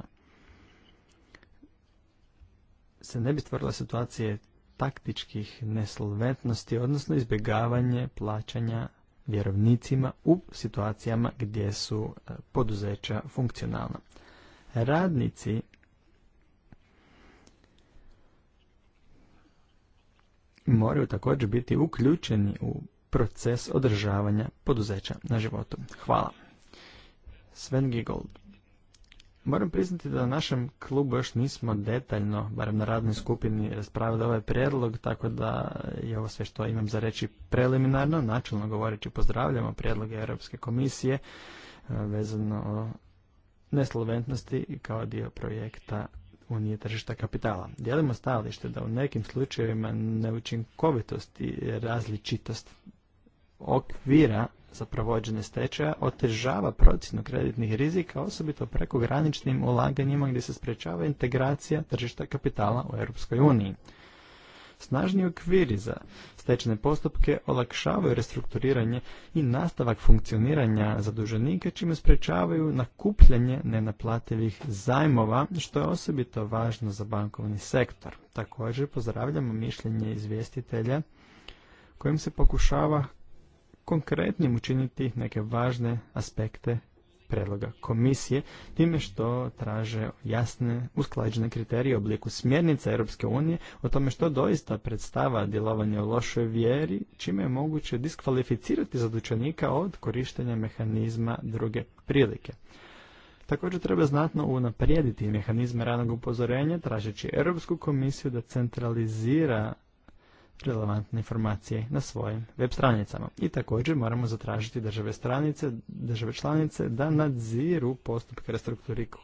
se ne bi stvorila situacije taktičkih nesolventnosti, odnosno izbjegavanje plaćanja vjerovnicima u situacijama gdje su e, poduzeća funkcionalna. Radnici moraju također biti uključeni u proces održavanja poduzeća na životu. Hvala. Sven Gigold. Moram priznati da na našem klubu još nismo detaljno, barem na radnoj skupini, raspravili ovaj prijedlog, tako da je ovo sve što imam za reći preliminarno. Načelno govoreći pozdravljamo prijedloge Europske komisije eh, vezano o nesloventnosti kao dio projekta unije tržišta kapitala. Dijelimo stajalište da u nekim slučajevima neučinkovitost i različitost okvira za provođenje stečaja otežava procjenu kreditnih rizika, osobito preko graničnim ulaganjima gdje se sprečava integracija tržišta kapitala u Europskoj uniji. Snažni okviri za stečne postupke olakšavaju restrukturiranje i nastavak funkcioniranja zaduženika, čime sprečavaju nakupljanje nenaplativih zajmova, što je osobito važno za bankovni sektor. Također pozdravljamo mišljenje izvjestitelja kojim se pokušava konkretnim učiniti neke važne aspekte predloga komisije, time što traže jasne, usklađene kriterije u obliku smjernica Europske unije o tome što doista predstava djelovanje u lošoj vjeri, čime je moguće diskvalificirati zadučenika od korištenja mehanizma druge prilike. Također treba znatno unaprijediti mehanizme ranog upozorenja, tražeći Europsku komisiju da centralizira relevantne informacije na svojim web stranicama. I također moramo zatražiti države stranice, države članice da nadziru postupke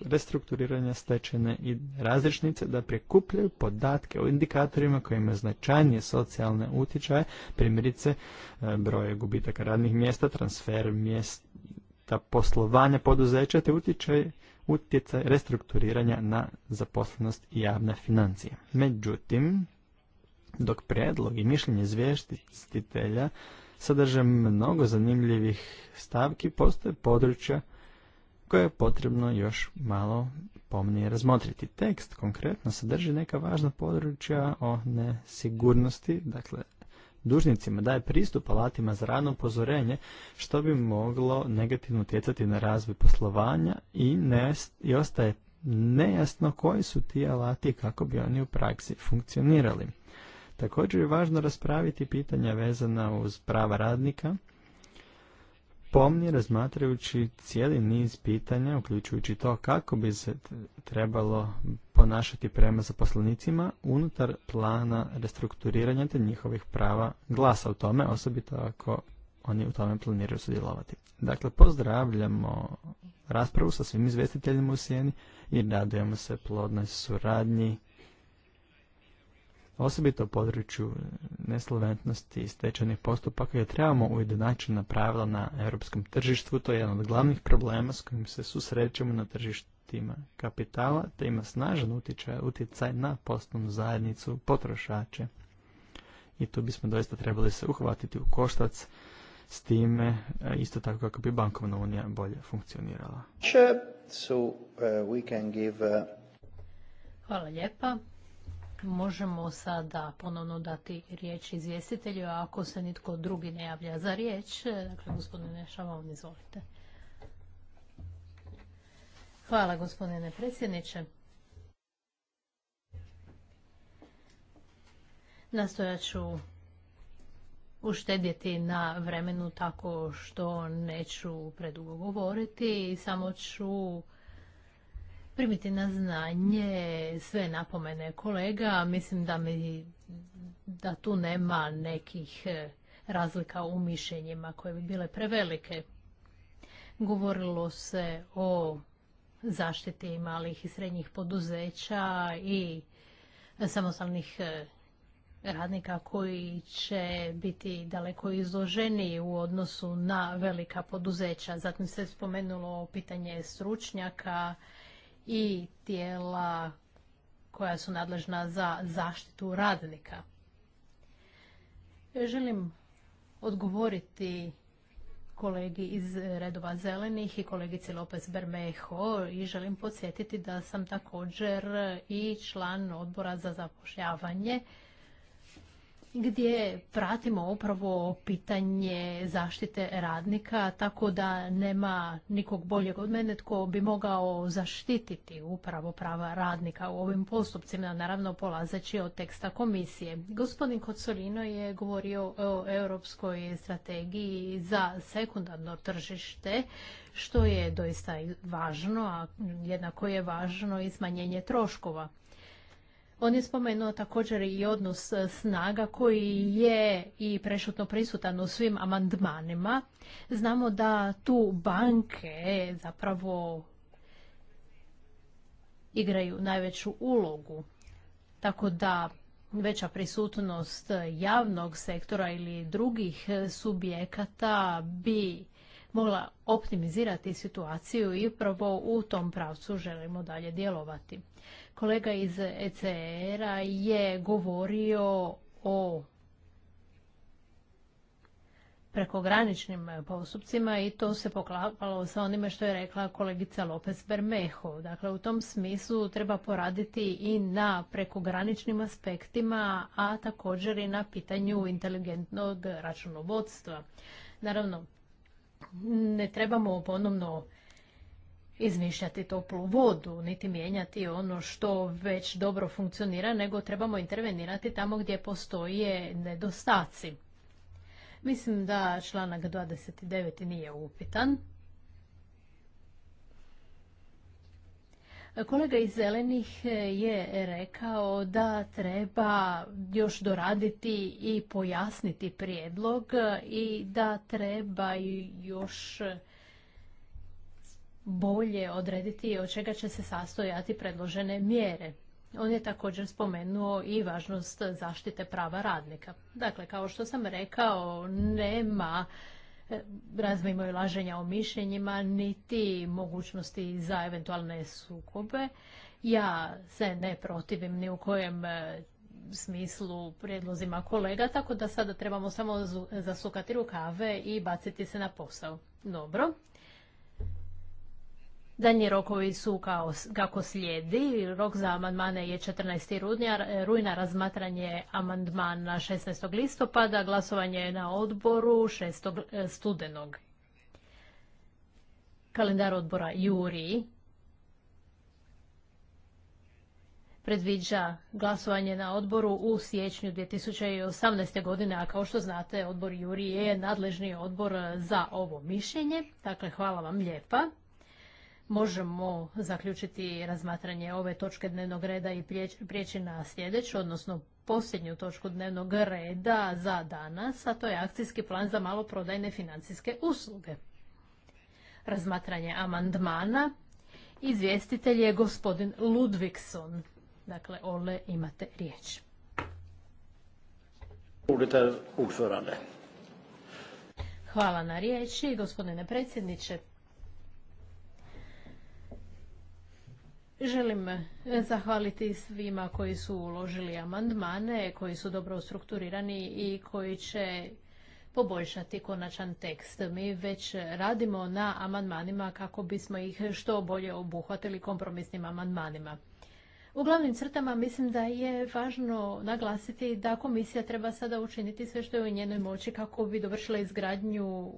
restrukturiranja stečene i različnice, da prikupljaju podatke o indikatorima koji imaju značajnije socijalne utjecaje, primjerice e, broje gubitaka radnih mjesta, transfer mjesta poslovanja poduzeća te utjecaj utjecaj restrukturiranja na zaposlenost i javne financije. Međutim, dok prijedlog i mišljenje zvještitelja sadrže mnogo zanimljivih stavki, postoje područja koje je potrebno još malo pomnije razmotriti. Tekst konkretno sadrži neka važna područja o nesigurnosti, dakle dužnicima daje pristup alatima za rano upozorenje što bi moglo negativno utjecati na razvoj poslovanja i, i ostaje nejasno koji su ti alati kako bi oni u praksi funkcionirali. Također je važno raspraviti pitanja vezana uz prava radnika, pomni razmatrajući cijeli niz pitanja, uključujući to kako bi se trebalo ponašati prema zaposlenicima unutar plana restrukturiranja te njihovih prava glasa u tome, osobito ako oni u tome planiraju sudjelovati. Dakle, pozdravljamo raspravu sa svim izvestiteljima u Sijeni i radujemo se plodnoj suradnji osobito u području nesloventnosti i stečajnih postupaka je trebamo na pravila na europskom tržištu. To je jedan od glavnih problema s kojim se susrećemo na tržištima kapitala, te ima snažan utjecaj na poslovnu zajednicu potrošače. I tu bismo doista trebali se uhvatiti u koštac s time, e, isto tako kako bi bankovna unija bolje funkcionirala. Uh, uh, Hvala lijepa. Možemo sada ponovno dati riječ izvjestitelju, a ako se nitko drugi ne javlja za riječ, e, dakle, gospodine Šavon, izvolite. Hvala, gospodine predsjedniče. Nastojat ću uštedjeti na vremenu tako što neću predugo govoriti i samo ću primiti na znanje sve napomene kolega. Mislim da, mi, da tu nema nekih e, razlika u mišljenjima koje bi bile prevelike. Govorilo se o zaštiti malih i srednjih poduzeća i samostalnih e, radnika koji će biti daleko izloženi u odnosu na velika poduzeća. Zatim se spomenulo pitanje stručnjaka i tijela koja su nadležna za zaštitu radnika. Želim odgovoriti kolegi iz redova zelenih i kolegici Lopez Bermejo i želim podsjetiti da sam također i član odbora za zapošljavanje gdje pratimo upravo pitanje zaštite radnika tako da nema nikog boljeg od mene tko bi mogao zaštititi upravo prava radnika u ovim postupcima, naravno polazeći od teksta komisije. Gospodin Kocolino je govorio o europskoj strategiji za sekundarno tržište, što je doista važno, a jednako je važno i smanjenje troškova. On je spomenuo također i odnos e, snaga koji je i prešutno prisutan u svim amandmanima. Znamo da tu banke zapravo igraju najveću ulogu. Tako da veća prisutnost javnog sektora ili drugih subjekata bi mogla optimizirati situaciju i upravo u tom pravcu želimo dalje djelovati. Kolega iz ECR-a je govorio o prekograničnim postupcima i to se poklapalo sa onime što je rekla kolegica Lopez Bermeho. Dakle, u tom smislu treba poraditi i na prekograničnim aspektima, a također i na pitanju inteligentnog računovodstva. Naravno, ne trebamo ponovno izmišljati toplu vodu, niti mijenjati ono što već dobro funkcionira, nego trebamo intervenirati tamo gdje postoje nedostaci. Mislim da članak 29. nije upitan. Kolega iz Zelenih je rekao da treba još doraditi i pojasniti prijedlog i da treba još bolje odrediti od čega će se sastojati predložene mjere. On je također spomenuo i važnost zaštite prava radnika. Dakle, kao što sam rekao, nema e, razmimo i laženja o mišljenjima, niti mogućnosti za eventualne sukobe. Ja se ne protivim ni u kojem e, smislu prijedlozima kolega, tako da sada trebamo samo zasukati rukave i baciti se na posao. Dobro, Danji rokovi su kao, kako slijedi. Rok za amandmane je 14. rujna, rujna razmatranje amandmana 16. listopada, glasovanje je na odboru 6. E, studenog. Kalendar odbora Juri predviđa glasovanje na odboru u siječnju 2018. godine, a kao što znate odbor Juri je nadležni odbor za ovo mišljenje. Dakle, hvala vam lijepa možemo zaključiti razmatranje ove točke dnevnog reda i prijeći na sljedeću, odnosno posljednju točku dnevnog reda za danas, a to je akcijski plan za maloprodajne financijske usluge. Razmatranje amandmana. Izvjestitelj je gospodin Ludvikson. Dakle, Ole, imate riječ. Er Hvala na riječi, gospodine predsjedniče. Želim eh, zahvaliti svima koji su uložili amandmane, koji su dobro strukturirani i koji će poboljšati konačan tekst. Mi već radimo na amandmanima kako bismo ih što bolje obuhvatili kompromisnim amandmanima. U glavnim crtama mislim da je važno naglasiti da komisija treba sada učiniti sve što je u njenoj moći kako bi dovršila izgradnju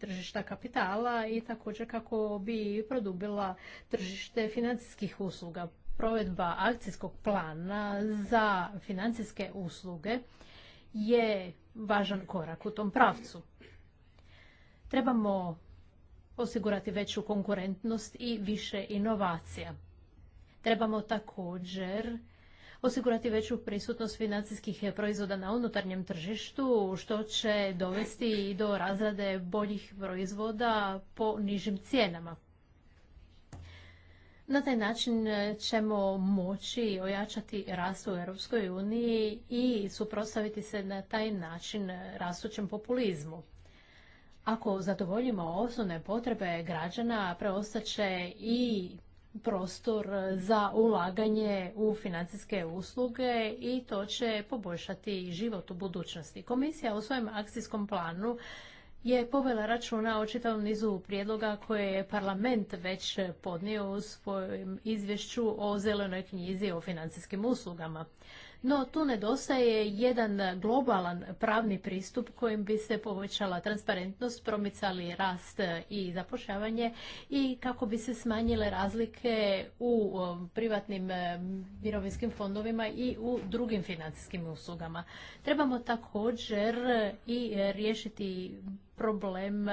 tržišta kapitala i također kako bi produbila tržište financijskih usluga. Provedba akcijskog plana za financijske usluge je važan korak u tom pravcu. Trebamo osigurati veću konkurentnost i više inovacija. Trebamo također osigurati veću prisutnost financijskih proizvoda na unutarnjem tržištu, što će dovesti i do razrade boljih proizvoda po nižim cijenama. Na taj način ćemo moći ojačati rast u Europskoj uniji i suprotstaviti se na taj način rastućem populizmu. Ako zadovoljimo osnovne potrebe građana, preostaće i prostor za ulaganje u financijske usluge i to će poboljšati život u budućnosti. Komisija u svojem akcijskom planu je povela računa o čitavom nizu prijedloga koje je parlament već podnio u svojem izvješću o zelenoj knjizi o financijskim uslugama. No tu nedostaje jedan globalan pravni pristup kojim bi se povećala transparentnost, promicali rast e, i zapošljavanje i kako bi se smanjile razlike u e, privatnim e, mirovinskim fondovima i u drugim financijskim uslugama. Trebamo također i riješiti problem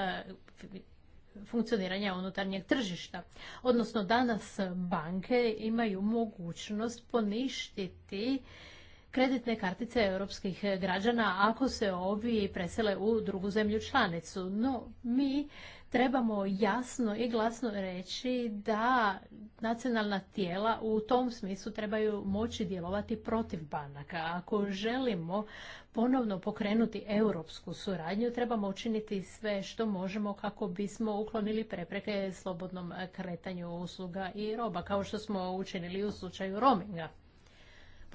funkcioniranja unutarnjeg tržišta. Odnosno danas banke imaju mogućnost poništiti kreditne kartice europskih građana ako se ovi presele u drugu zemlju članicu. No, mi trebamo jasno i glasno reći da nacionalna tijela u tom smislu trebaju moći djelovati protiv banaka. Ako želimo ponovno pokrenuti europsku suradnju, trebamo učiniti sve što možemo kako bismo uklonili prepreke slobodnom kretanju usluga i roba, kao što smo učinili u slučaju roaminga.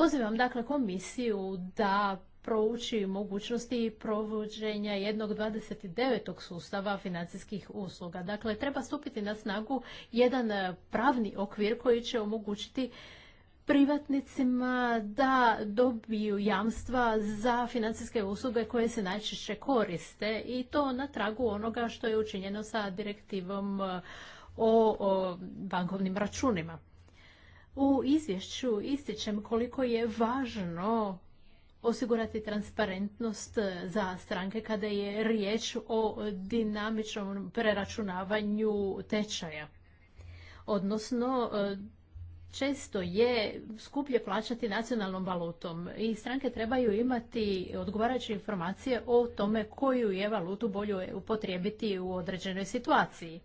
Pozivam dakle komisiju da prouči mogućnosti provođenja jednog 29. sustava financijskih usluga. Dakle, treba stupiti na snagu jedan e, pravni okvir koji će omogućiti privatnicima da dobiju jamstva za financijske usluge koje se najčešće koriste i to na tragu onoga što je učinjeno sa direktivom e, o, o bankovnim računima. U izvješću ističem koliko je važno osigurati transparentnost za stranke kada je riječ o dinamičnom preračunavanju tečaja. Odnosno, e, često je skuplje plaćati nacionalnom valutom i stranke trebaju imati odgovarajuće informacije o tome koju je valutu bolje upotrijebiti u određenoj situaciji.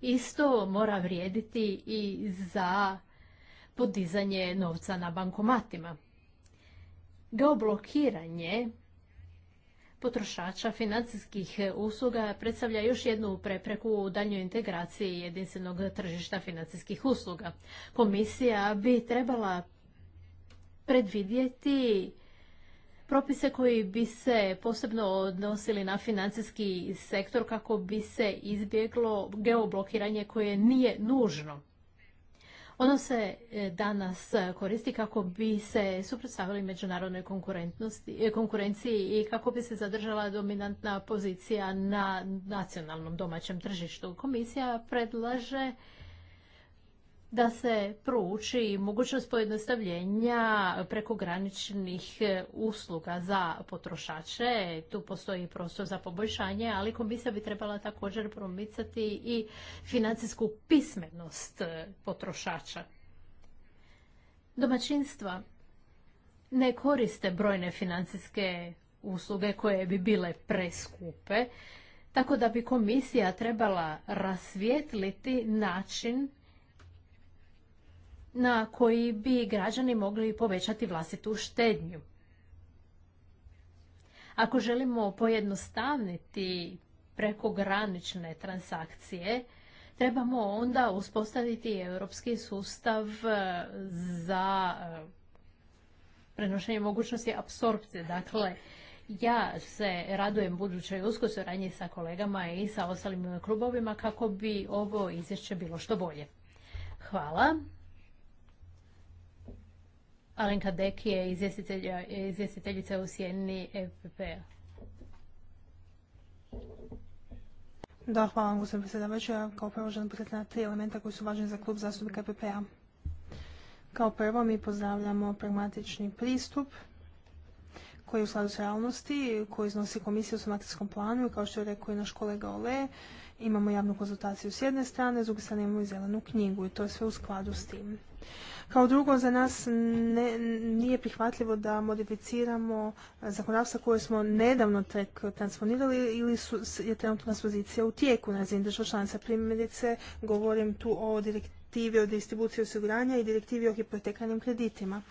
Isto mora vrijediti i za podizanje novca na bankomatima. Geoblokiranje potrošača financijskih usluga predstavlja još jednu prepreku u daljnjoj integraciji jedinstvenog tržišta financijskih usluga. Komisija bi trebala predvidjeti propise koji bi se posebno odnosili na financijski sektor kako bi se izbjeglo geoblokiranje koje nije nužno. Ono se e, danas e, koristi kako bi se suprotstavili međunarodnoj e, konkurenciji i kako bi se zadržala dominantna pozicija na nacionalnom domaćem tržištu. Komisija predlaže da se prouči mogućnost pojednostavljenja prekograničnih e, usluga za potrošače. Tu postoji prostor za poboljšanje, ali komisija bi trebala također promicati i financijsku pismenost e, potrošača. Domaćinstva ne koriste brojne financijske usluge koje bi bile preskupe, tako da bi komisija trebala rasvijetliti način na koji bi građani mogli povećati vlastitu štednju. Ako želimo pojednostavniti prekogranične transakcije, trebamo onda uspostaviti europski sustav e, za e, prenošenje mogućnosti apsorpcije. Dakle, ja se radujem budućoj uskoj suradnji sa kolegama i sa ostalim klubovima kako bi ovo izvješće bilo što bolje. Hvala. Alenka Dek je izvjestiteljica u sjeni EPP-a. Da, hvala vam gospodin predsjedavajući. kao prvo želim na tri elementa koji su važni za klub zastupnika EPP-a. Kao prvo mi pozdravljamo pragmatični pristup koji je u skladu s realnosti, koji iznosi komisiju u svom planu i kao što je rekao i naš kolega Ole, imamo javnu konzultaciju s jedne strane, zbog druge strane imamo i zelenu knjigu i to je sve u skladu s tim. Kao drugo, za nas ne, nije prihvatljivo da modificiramo zakonodavstva koje smo nedavno tek transponirali ili su, je trenutno transpozicija u tijeku na razini država članica. Primjerice, govorim tu o direktivi o distribuciji osiguranja i direktivi o hipotekarnim kreditima.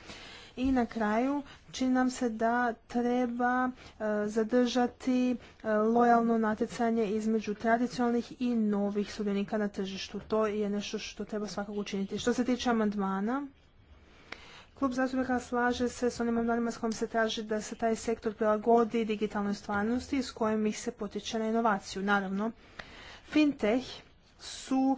I na kraju čini nam se da treba e, zadržati e, lojalno natjecanje između tradicionalnih i novih sudionika na tržištu. To je nešto što treba svakako učiniti. Što se tiče amandmana, Klub zastupnika slaže se s onim amandmanima s kojim se traži da se taj sektor prilagodi digitalnoj stvarnosti s kojim ih se potiče na inovaciju. Naravno, fintech su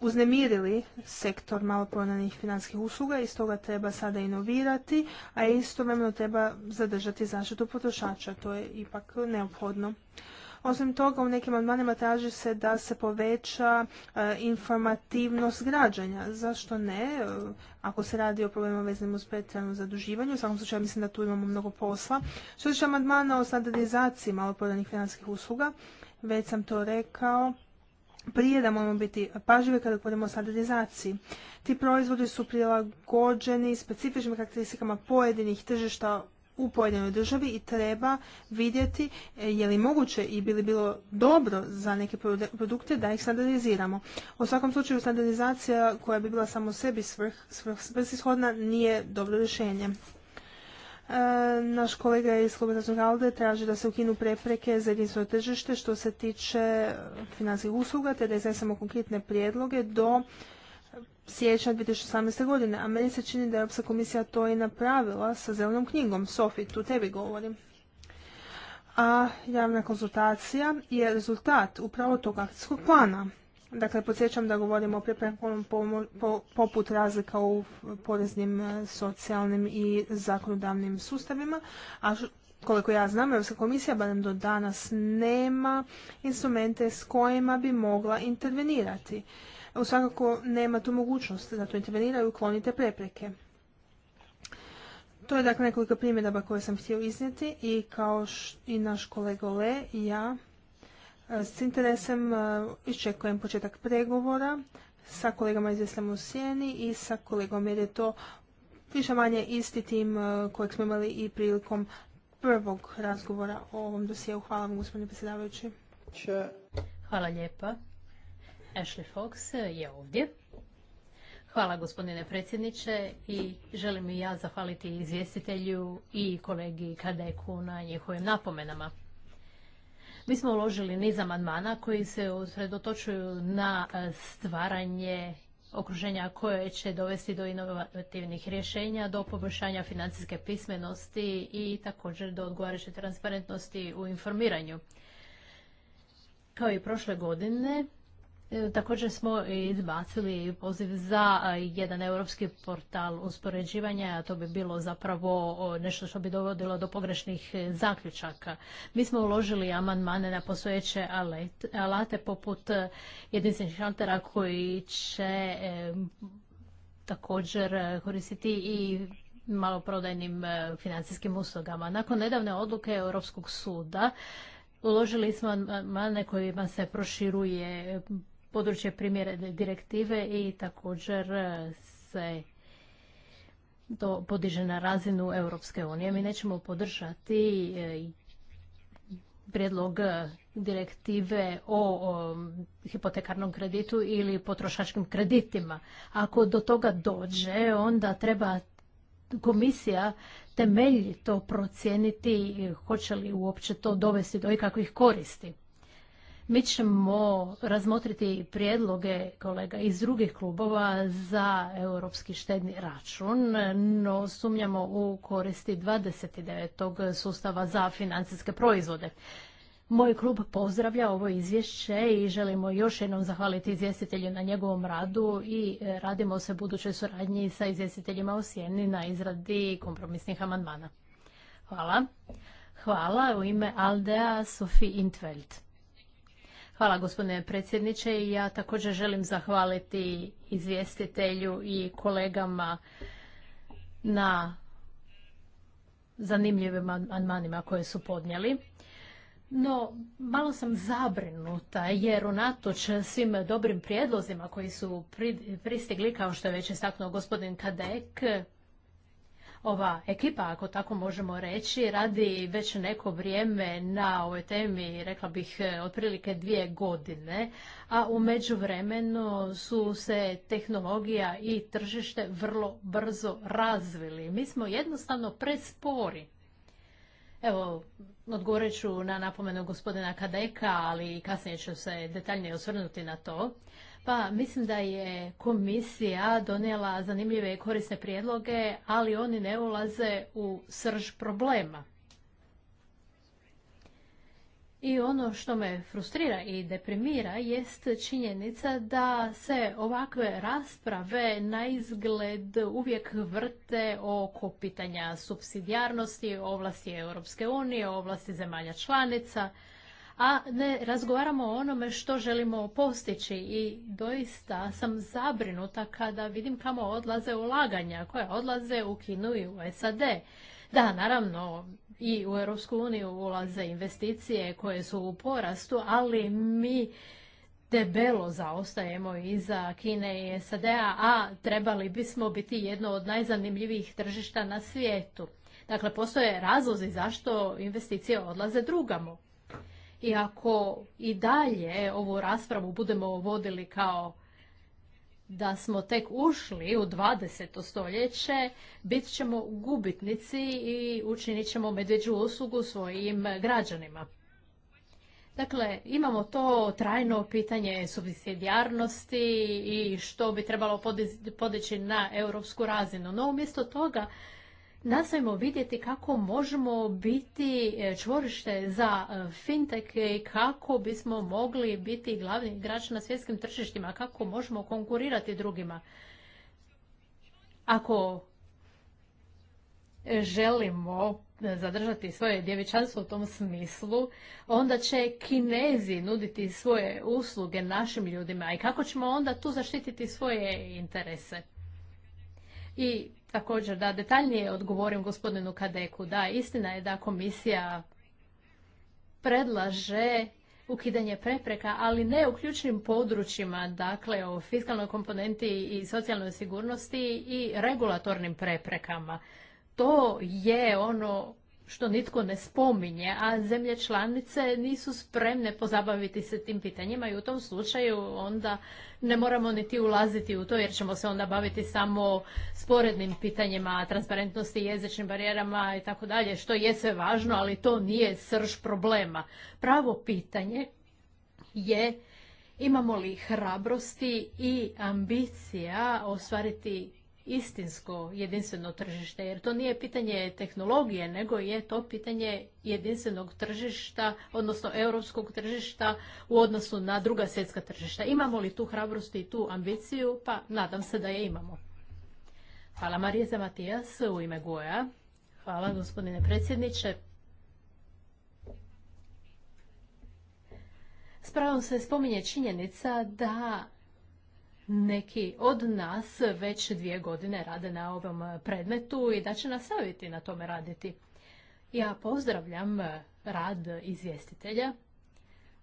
uznemirili sektor maloprodajnih financijskih usluga i stoga treba sada inovirati, a istovremeno treba zadržati zaštitu potrošača. To je ipak neophodno. Osim toga, u nekim amandmanima traži se da se poveća eh, informativnost građanja. Zašto ne? ako se radi o problemu veznim uz pretjerano zaduživanje, u svakom slučaju mislim da tu imamo mnogo posla. Što se amandmana o standardizaciji maloprodajnih finanskih usluga, već sam to rekao, prije da moramo biti pažljivi kada govorimo o standardizaciji. Ti proizvodi su prilagođeni specifičnim karakteristikama pojedinih tržišta u pojedinoj državi i treba vidjeti e, je li moguće i bi li bilo dobro za neke produkte da ih standardiziramo. U svakom slučaju standardizacija koja bi bila samo sebi svrsishodna nije dobro rješenje. Naš kolega iz Kluba Zazoralde traži da se ukinu prepreke za jedinstveno tržište što se tiče financijskih usluga, te da iznesemo konkretne prijedloge do siječnja 2018. godine. A meni se čini da je Europska komisija to i napravila sa zelenom knjigom. Sofi, tu tebi govorim. A javna konzultacija je rezultat upravo tog akcijskog plana. Dakle, podsjećam da govorimo o preprekom poput razlika u poreznim, e, socijalnim i zakonodavnim sustavima, a koliko ja znam, Europska komisija barem do danas nema instrumente s kojima bi mogla intervenirati. U Svakako nema tu mogućnost da to interveniraju i uklonite prepreke. To je dakle nekoliko primjedaba koje sam htio iznijeti i kao i naš kolega Le i ja E, s interesem e, iščekujem početak pregovora sa kolegama izvjesnom u Sjeni i sa kolegom jer je to više manje isti tim e, kojeg smo imali i prilikom prvog razgovora o ovom dosijelu. Hvala vam gospodine predsjedavajući. Hvala lijepa. Ashley Fox je ovdje. Hvala gospodine predsjedniče i želim i ja zahvaliti izvjestitelju i kolegi Kadeku na njihovim napomenama. Mi smo uložili niz amandmana koji se usredotočuju na e, stvaranje okruženja koje će dovesti do inovativnih rješenja, do poboljšanja financijske pismenosti i također do odgovarajuće transparentnosti u informiranju. Kao i prošle godine, E, također smo izbacili poziv za jedan europski portal uspoređivanja, a to bi bilo zapravo nešto što bi dovodilo do pogrešnih e, zaključaka. Mi smo uložili amandmane na postojeće alate poput e, jedinstvenih šaltera koji će također koristiti i maloprodajnim financijskim uslugama. Nakon nedavne odluke Europskog suda uložili smo amandmane kojima se proširuje područje primjere direktive i također e, se to podiže na razinu Europske unije. Mi nećemo podržati e, prijedlog direktive o hipotekarnom kreditu ili potrošačkim kreditima. Ako do toga dođe, onda treba komisija temeljito procijeniti hoće li uopće to dovesti do ikakvih koristi. Mi ćemo razmotriti prijedloge kolega iz drugih klubova za europski štedni račun, no sumnjamo u koristi 29. sustava za financijske proizvode. Moj klub pozdravlja ovo izvješće i želimo još jednom zahvaliti izvjestitelju na njegovom radu i radimo se budućoj suradnji sa izvjestiteljima u Sjeni na izradi kompromisnih amandmana. Hvala. Hvala u ime Aldea Sofi Intveld. Hvala gospodine predsjedniče i ja također želim zahvaliti izvjestitelju i kolegama na zanimljivim anmanima koje su podnijeli. No, malo sam zabrinuta jer unatoč svim dobrim prijedlozima koji su pristigli, kao što je već istaknuo gospodin Kadek, ova ekipa, ako tako možemo reći, radi već neko vrijeme na ovoj temi, rekla bih, e, otprilike dvije godine, a u međuvremenu su se tehnologija i tržište vrlo brzo razvili. Mi smo jednostavno prespori. Evo, odgovorit ću na napomenu gospodina Kadeka, ali kasnije ću se detaljnije osvrnuti na to. Pa mislim da je komisija donijela zanimljive i korisne prijedloge, ali oni ne ulaze u srž problema. I ono što me frustrira i deprimira jest činjenica da se ovakve rasprave na izgled uvijek vrte oko pitanja subsidijarnosti, ovlasti Europske unije, ovlasti zemalja članica – a ne razgovaramo o onome što želimo postići i doista sam zabrinuta kada vidim kamo odlaze ulaganja koje odlaze u Kinu i u SAD. Da, naravno, i u Europsku uniju ulaze investicije koje su u porastu, ali mi debelo zaostajemo iza Kine i SAD-a, a trebali bismo biti jedno od najzanimljivijih tržišta na svijetu. Dakle, postoje razlozi zašto investicije odlaze drugamo. I ako i dalje e, ovu raspravu budemo vodili kao da smo tek ušli u 20. stoljeće, bit ćemo gubitnici i učinit ćemo medveđu uslugu svojim građanima. Dakle, imamo to trajno pitanje subsidijarnosti i što bi trebalo podići na europsku razinu. No, umjesto toga nastojimo vidjeti kako možemo biti e, čvorište za e, fintech i kako bismo mogli biti glavni igrač na svjetskim tržištima, kako možemo konkurirati drugima. Ako e, želimo zadržati svoje djevičanstvo u tom smislu, onda će Kinezi nuditi svoje usluge našim ljudima i kako ćemo onda tu zaštititi svoje interese. I također da detaljnije odgovorim gospodinu Kadeku. Da, istina je da komisija predlaže ukidanje prepreka, ali ne u ključnim područjima, dakle o fiskalnoj komponenti i socijalnoj sigurnosti i regulatornim preprekama. To je ono što nitko ne spominje, a zemlje članice nisu spremne pozabaviti se tim pitanjima i u tom slučaju onda ne moramo niti ulaziti u to jer ćemo se onda baviti samo sporednim pitanjima transparentnosti, jezičnim barijerama i tako dalje, što je sve važno, ali to nije srž problema. Pravo pitanje je imamo li hrabrosti i ambicija ostvariti istinsko jedinstveno tržište, jer to nije pitanje tehnologije, nego je to pitanje jedinstvenog tržišta, odnosno europskog tržišta u odnosu na druga svjetska tržišta. Imamo li tu hrabrost i tu ambiciju? Pa nadam se da je imamo. Hvala Matija, Matijas u ime Goja. Hvala gospodine predsjedniče. S pravom se spominje činjenica da neki od nas već dvije godine rade na ovom predmetu i da će nastaviti na tome raditi. Ja pozdravljam rad izvjestitelja,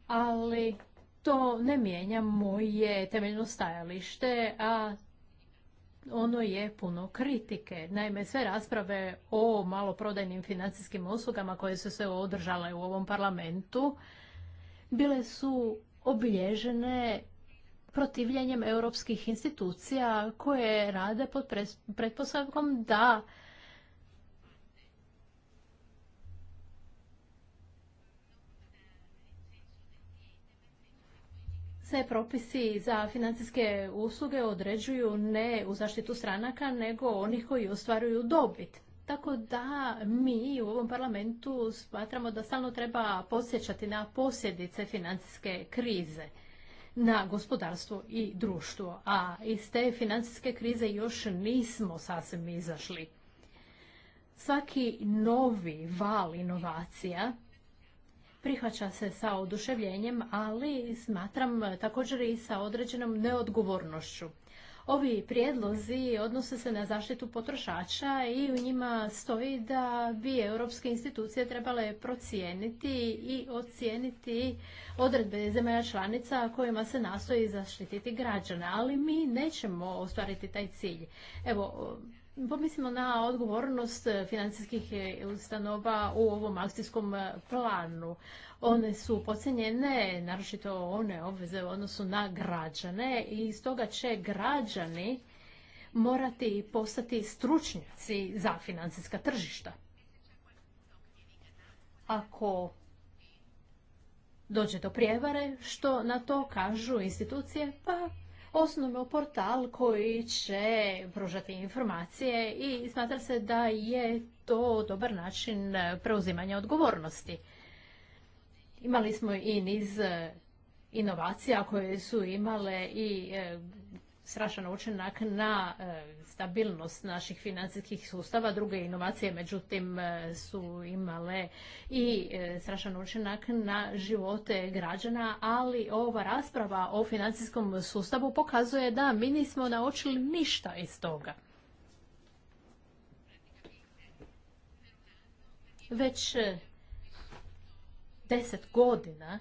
ali to ne mijenja moje temeljno stajalište, a ono je puno kritike. Naime, sve rasprave o maloprodajnim financijskim uslugama koje su se održale u ovom parlamentu bile su obilježene protivljenjem europskih institucija koje rade pod pretpostavkom da se propisi za financijske usluge određuju ne u zaštitu stranaka, nego onih koji ostvaruju dobit. Tako da mi u ovom parlamentu smatramo da stalno treba posjećati na posljedice financijske krize na gospodarstvo i društvo, a iz te financijske krize još nismo sasvim izašli. Svaki novi val inovacija prihvaća se sa oduševljenjem, ali smatram također i sa određenom neodgovornošću. Ovi prijedlozi odnose se na zaštitu potrošača i u njima stoji da bi europske institucije trebale procijeniti i ocijeniti odredbe zemlja članica kojima se nastoji zaštititi građana, ali mi nećemo ostvariti taj cilj. Evo, pomislimo na odgovornost financijskih e, ustanova u ovom akcijskom e, planu. One su pocenjene, naročito one obveze u odnosu na građane i stoga će građani morati postati stručnjaci za financijska tržišta. Ako dođe do prijevare, što na to kažu institucije, pa osnovno portal koji će pružati informacije i smatra se da je to dobar način preuzimanja odgovornosti. Imali smo i niz inovacija koje su imale i e, strašan učinak na e, stabilnost naših financijskih sustava. Druge inovacije, međutim, e, su imale i e, strašan učinak na živote građana, ali ova rasprava o financijskom sustavu pokazuje da mi nismo naučili ništa iz toga. Već deset godina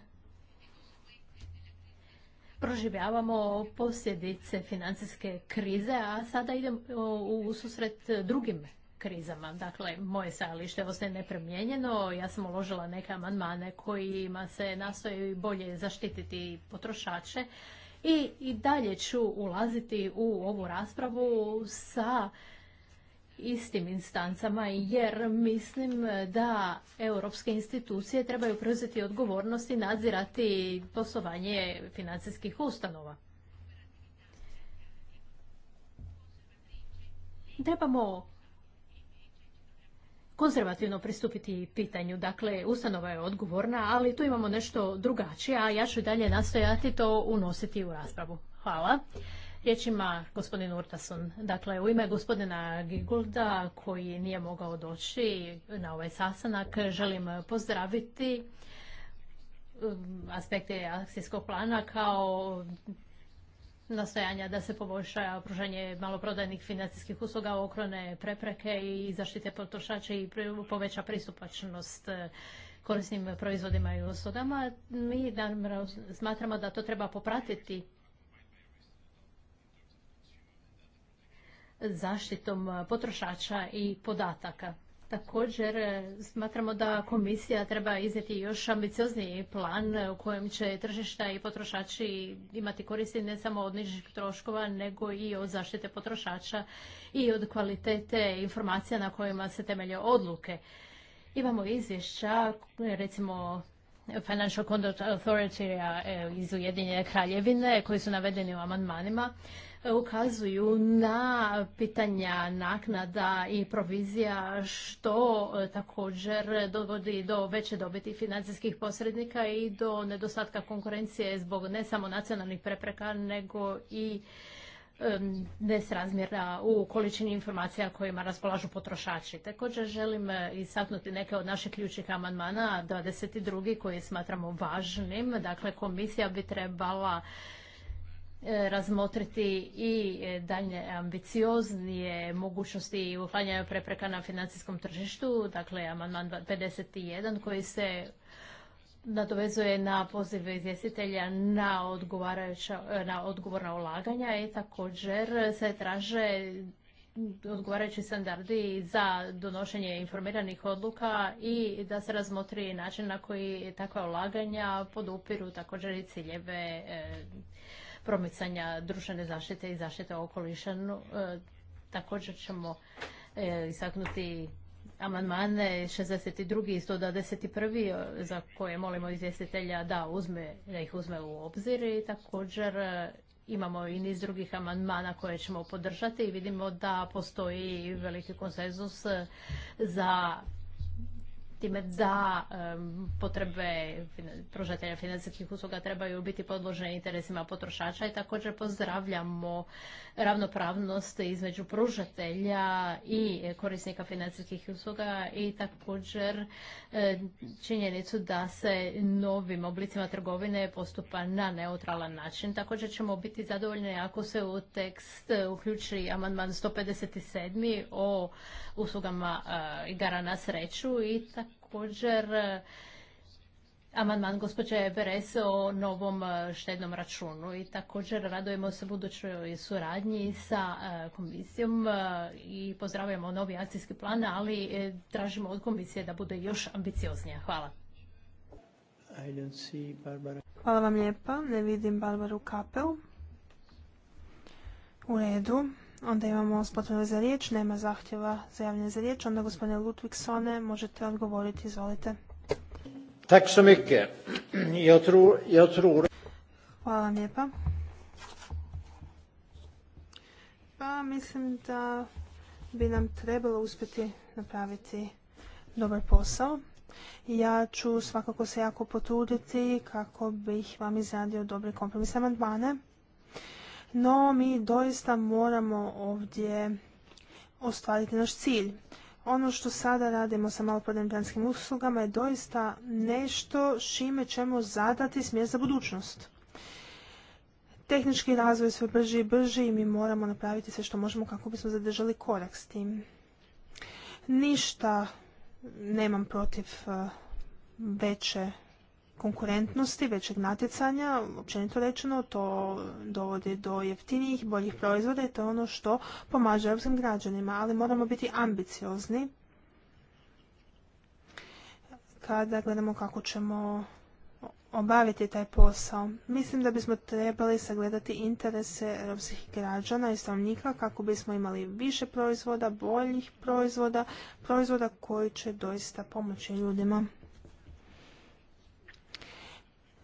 proživljavamo posljedice financijske krize, a sada idemo u susret drugim krizama. Dakle, moje stajalište sve nepremijenjeno. Ja sam uložila neke amandmane kojima se nastoji bolje zaštititi potrošače i, i dalje ću ulaziti u ovu raspravu sa istim instancama jer mislim da europske institucije trebaju preuzeti odgovornost i nadzirati poslovanje financijskih ustanova. Trebamo konzervativno pristupiti pitanju. Dakle, ustanova je odgovorna, ali tu imamo nešto drugačije, a ja ću dalje nastojati to unositi u raspravu. Hvala ima gospodin Urtasun. Dakle, u ime gospodina Gigulda, koji nije mogao doći na ovaj sasanak, želim pozdraviti um, aspekte akcijskog plana kao nastojanja da se poboljša pružanje maloprodajnih financijskih usluga, okrone prepreke i zaštite potrošača i poveća pristupačnost e, korisnim proizvodima i uslugama. Mi smatramo da to treba popratiti zaštitom potrošača i podataka. Također e, smatramo da komisija treba iznijeti još ambiciozniji plan u kojem će tržišta i potrošači imati koristi ne samo od nižih troškova nego i od zaštite potrošača i od kvalitete informacija na kojima se temelje odluke. Imamo izvješća, recimo Financial Conduct Authority e, iz Ujedinjene kraljevine koji su navedeni u amandmanima ukazuju na pitanja naknada i provizija što e, također dovodi do veće dobiti financijskih posrednika i do nedostatka konkurencije zbog ne samo nacionalnih prepreka nego i e, nesrazmjera u količini informacija kojima raspolažu potrošači. Također želim e, istaknuti neke od naših ključnih amandmana, 22. koji smatramo važnim. Dakle, komisija bi trebala E, razmotriti i e, dalje ambicioznije mogućnosti uklanjanja prepreka na financijskom tržištu, dakle amandman 51 koji se nadovezuje na pozive izvjestitelja na, odgovarajuća, e, na odgovorna ulaganja i također se traže odgovarajući standardi za donošenje informiranih odluka i da se razmotri način na koji takva ulaganja podupiru također i ciljeve promicanja društvene zaštite i zaštite okoliša. E, također ćemo e, istaknuti amandmane 62. i 121. E, za koje molimo izvjestitelja da, uzme, da ih uzme u obzir i također imamo i niz drugih amandmana koje ćemo podržati i vidimo da postoji veliki konsenzus za time da potrebe pružatelja financijskih usluga trebaju biti podložene interesima potrošača i također pozdravljamo ravnopravnost između pružatelja i korisnika financijskih usluga i također e, činjenicu da se novim oblicima trgovine postupa na neutralan način. Također ćemo biti zadovoljni ako se u tekst uključi amandman 157. o uslugama e, igara na sreću i također također e, amandman gospođe Beres o novom e, štednom računu i također radujemo se budućoj suradnji sa e, komisijom i pozdravljamo novi akcijski plan, ali tražimo od komisije da bude još ambicioznija. Hvala. Hvala vam lijepa. Ne vidim Barbaru Kapel. U redu. Onda imamo spotrebe za riječ, nema zahtjeva za javljanje za riječ. Onda gospodine Ludvigsone, možete odgovoriti, izvolite. Tak so mycket. Jag Hvala vam lijepa. Pa, mislim da bi nam trebalo uspjeti napraviti dobar posao. Ja ću svakako se jako potruditi kako bih vam izradio dobre kompromisne amandmane no mi doista moramo ovdje ostvariti naš cilj. Ono što sada radimo sa maloprodajnim planskim uslugama je doista nešto šime ćemo zadati smjer za budućnost. Tehnički razvoj sve brži i brži i mi moramo napraviti sve što možemo kako bismo zadržali korak s tim. Ništa nemam protiv eh, veće konkurentnosti, većeg natjecanja, općenito rečeno, to dovodi do jeftinijih, boljih proizvoda i to je ono što pomaže europskim građanima, ali moramo biti ambiciozni kada gledamo kako ćemo obaviti taj posao. Mislim da bismo trebali sagledati interese europskih građana i stanovnika kako bismo imali više proizvoda, boljih proizvoda, proizvoda koji će doista pomoći ljudima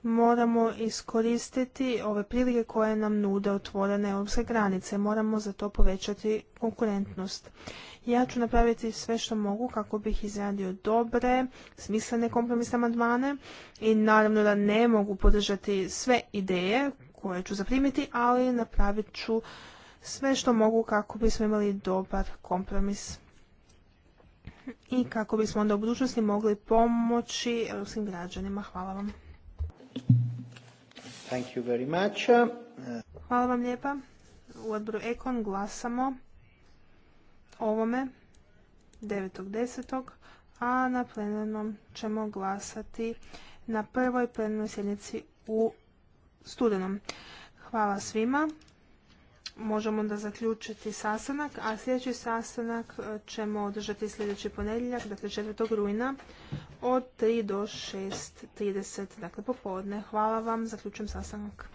moramo iskoristiti ove prilike koje nam nude otvorene europske granice. Moramo za to povećati konkurentnost. Ja ću napraviti sve što mogu kako bih izradio dobre, smislene kompromisne amandmane i naravno da ne mogu podržati sve ideje koje ću zaprimiti, ali napravit ću sve što mogu kako bismo imali dobar kompromis i kako bismo onda u budućnosti mogli pomoći europskim građanima. Hvala vam. Thank you Hvala vam lijepa. U odboru Ekon glasamo ovome 9.10. a na plenarnom ćemo glasati na prvoj plenarnoj sjednici u studenom. Hvala svima možemo onda zaključiti sastanak, a sljedeći sastanak e, ćemo održati sljedeći ponedjeljak, dakle 4. rujna od 3 do 6.30, dakle popodne. Hvala vam, zaključujem sastanak.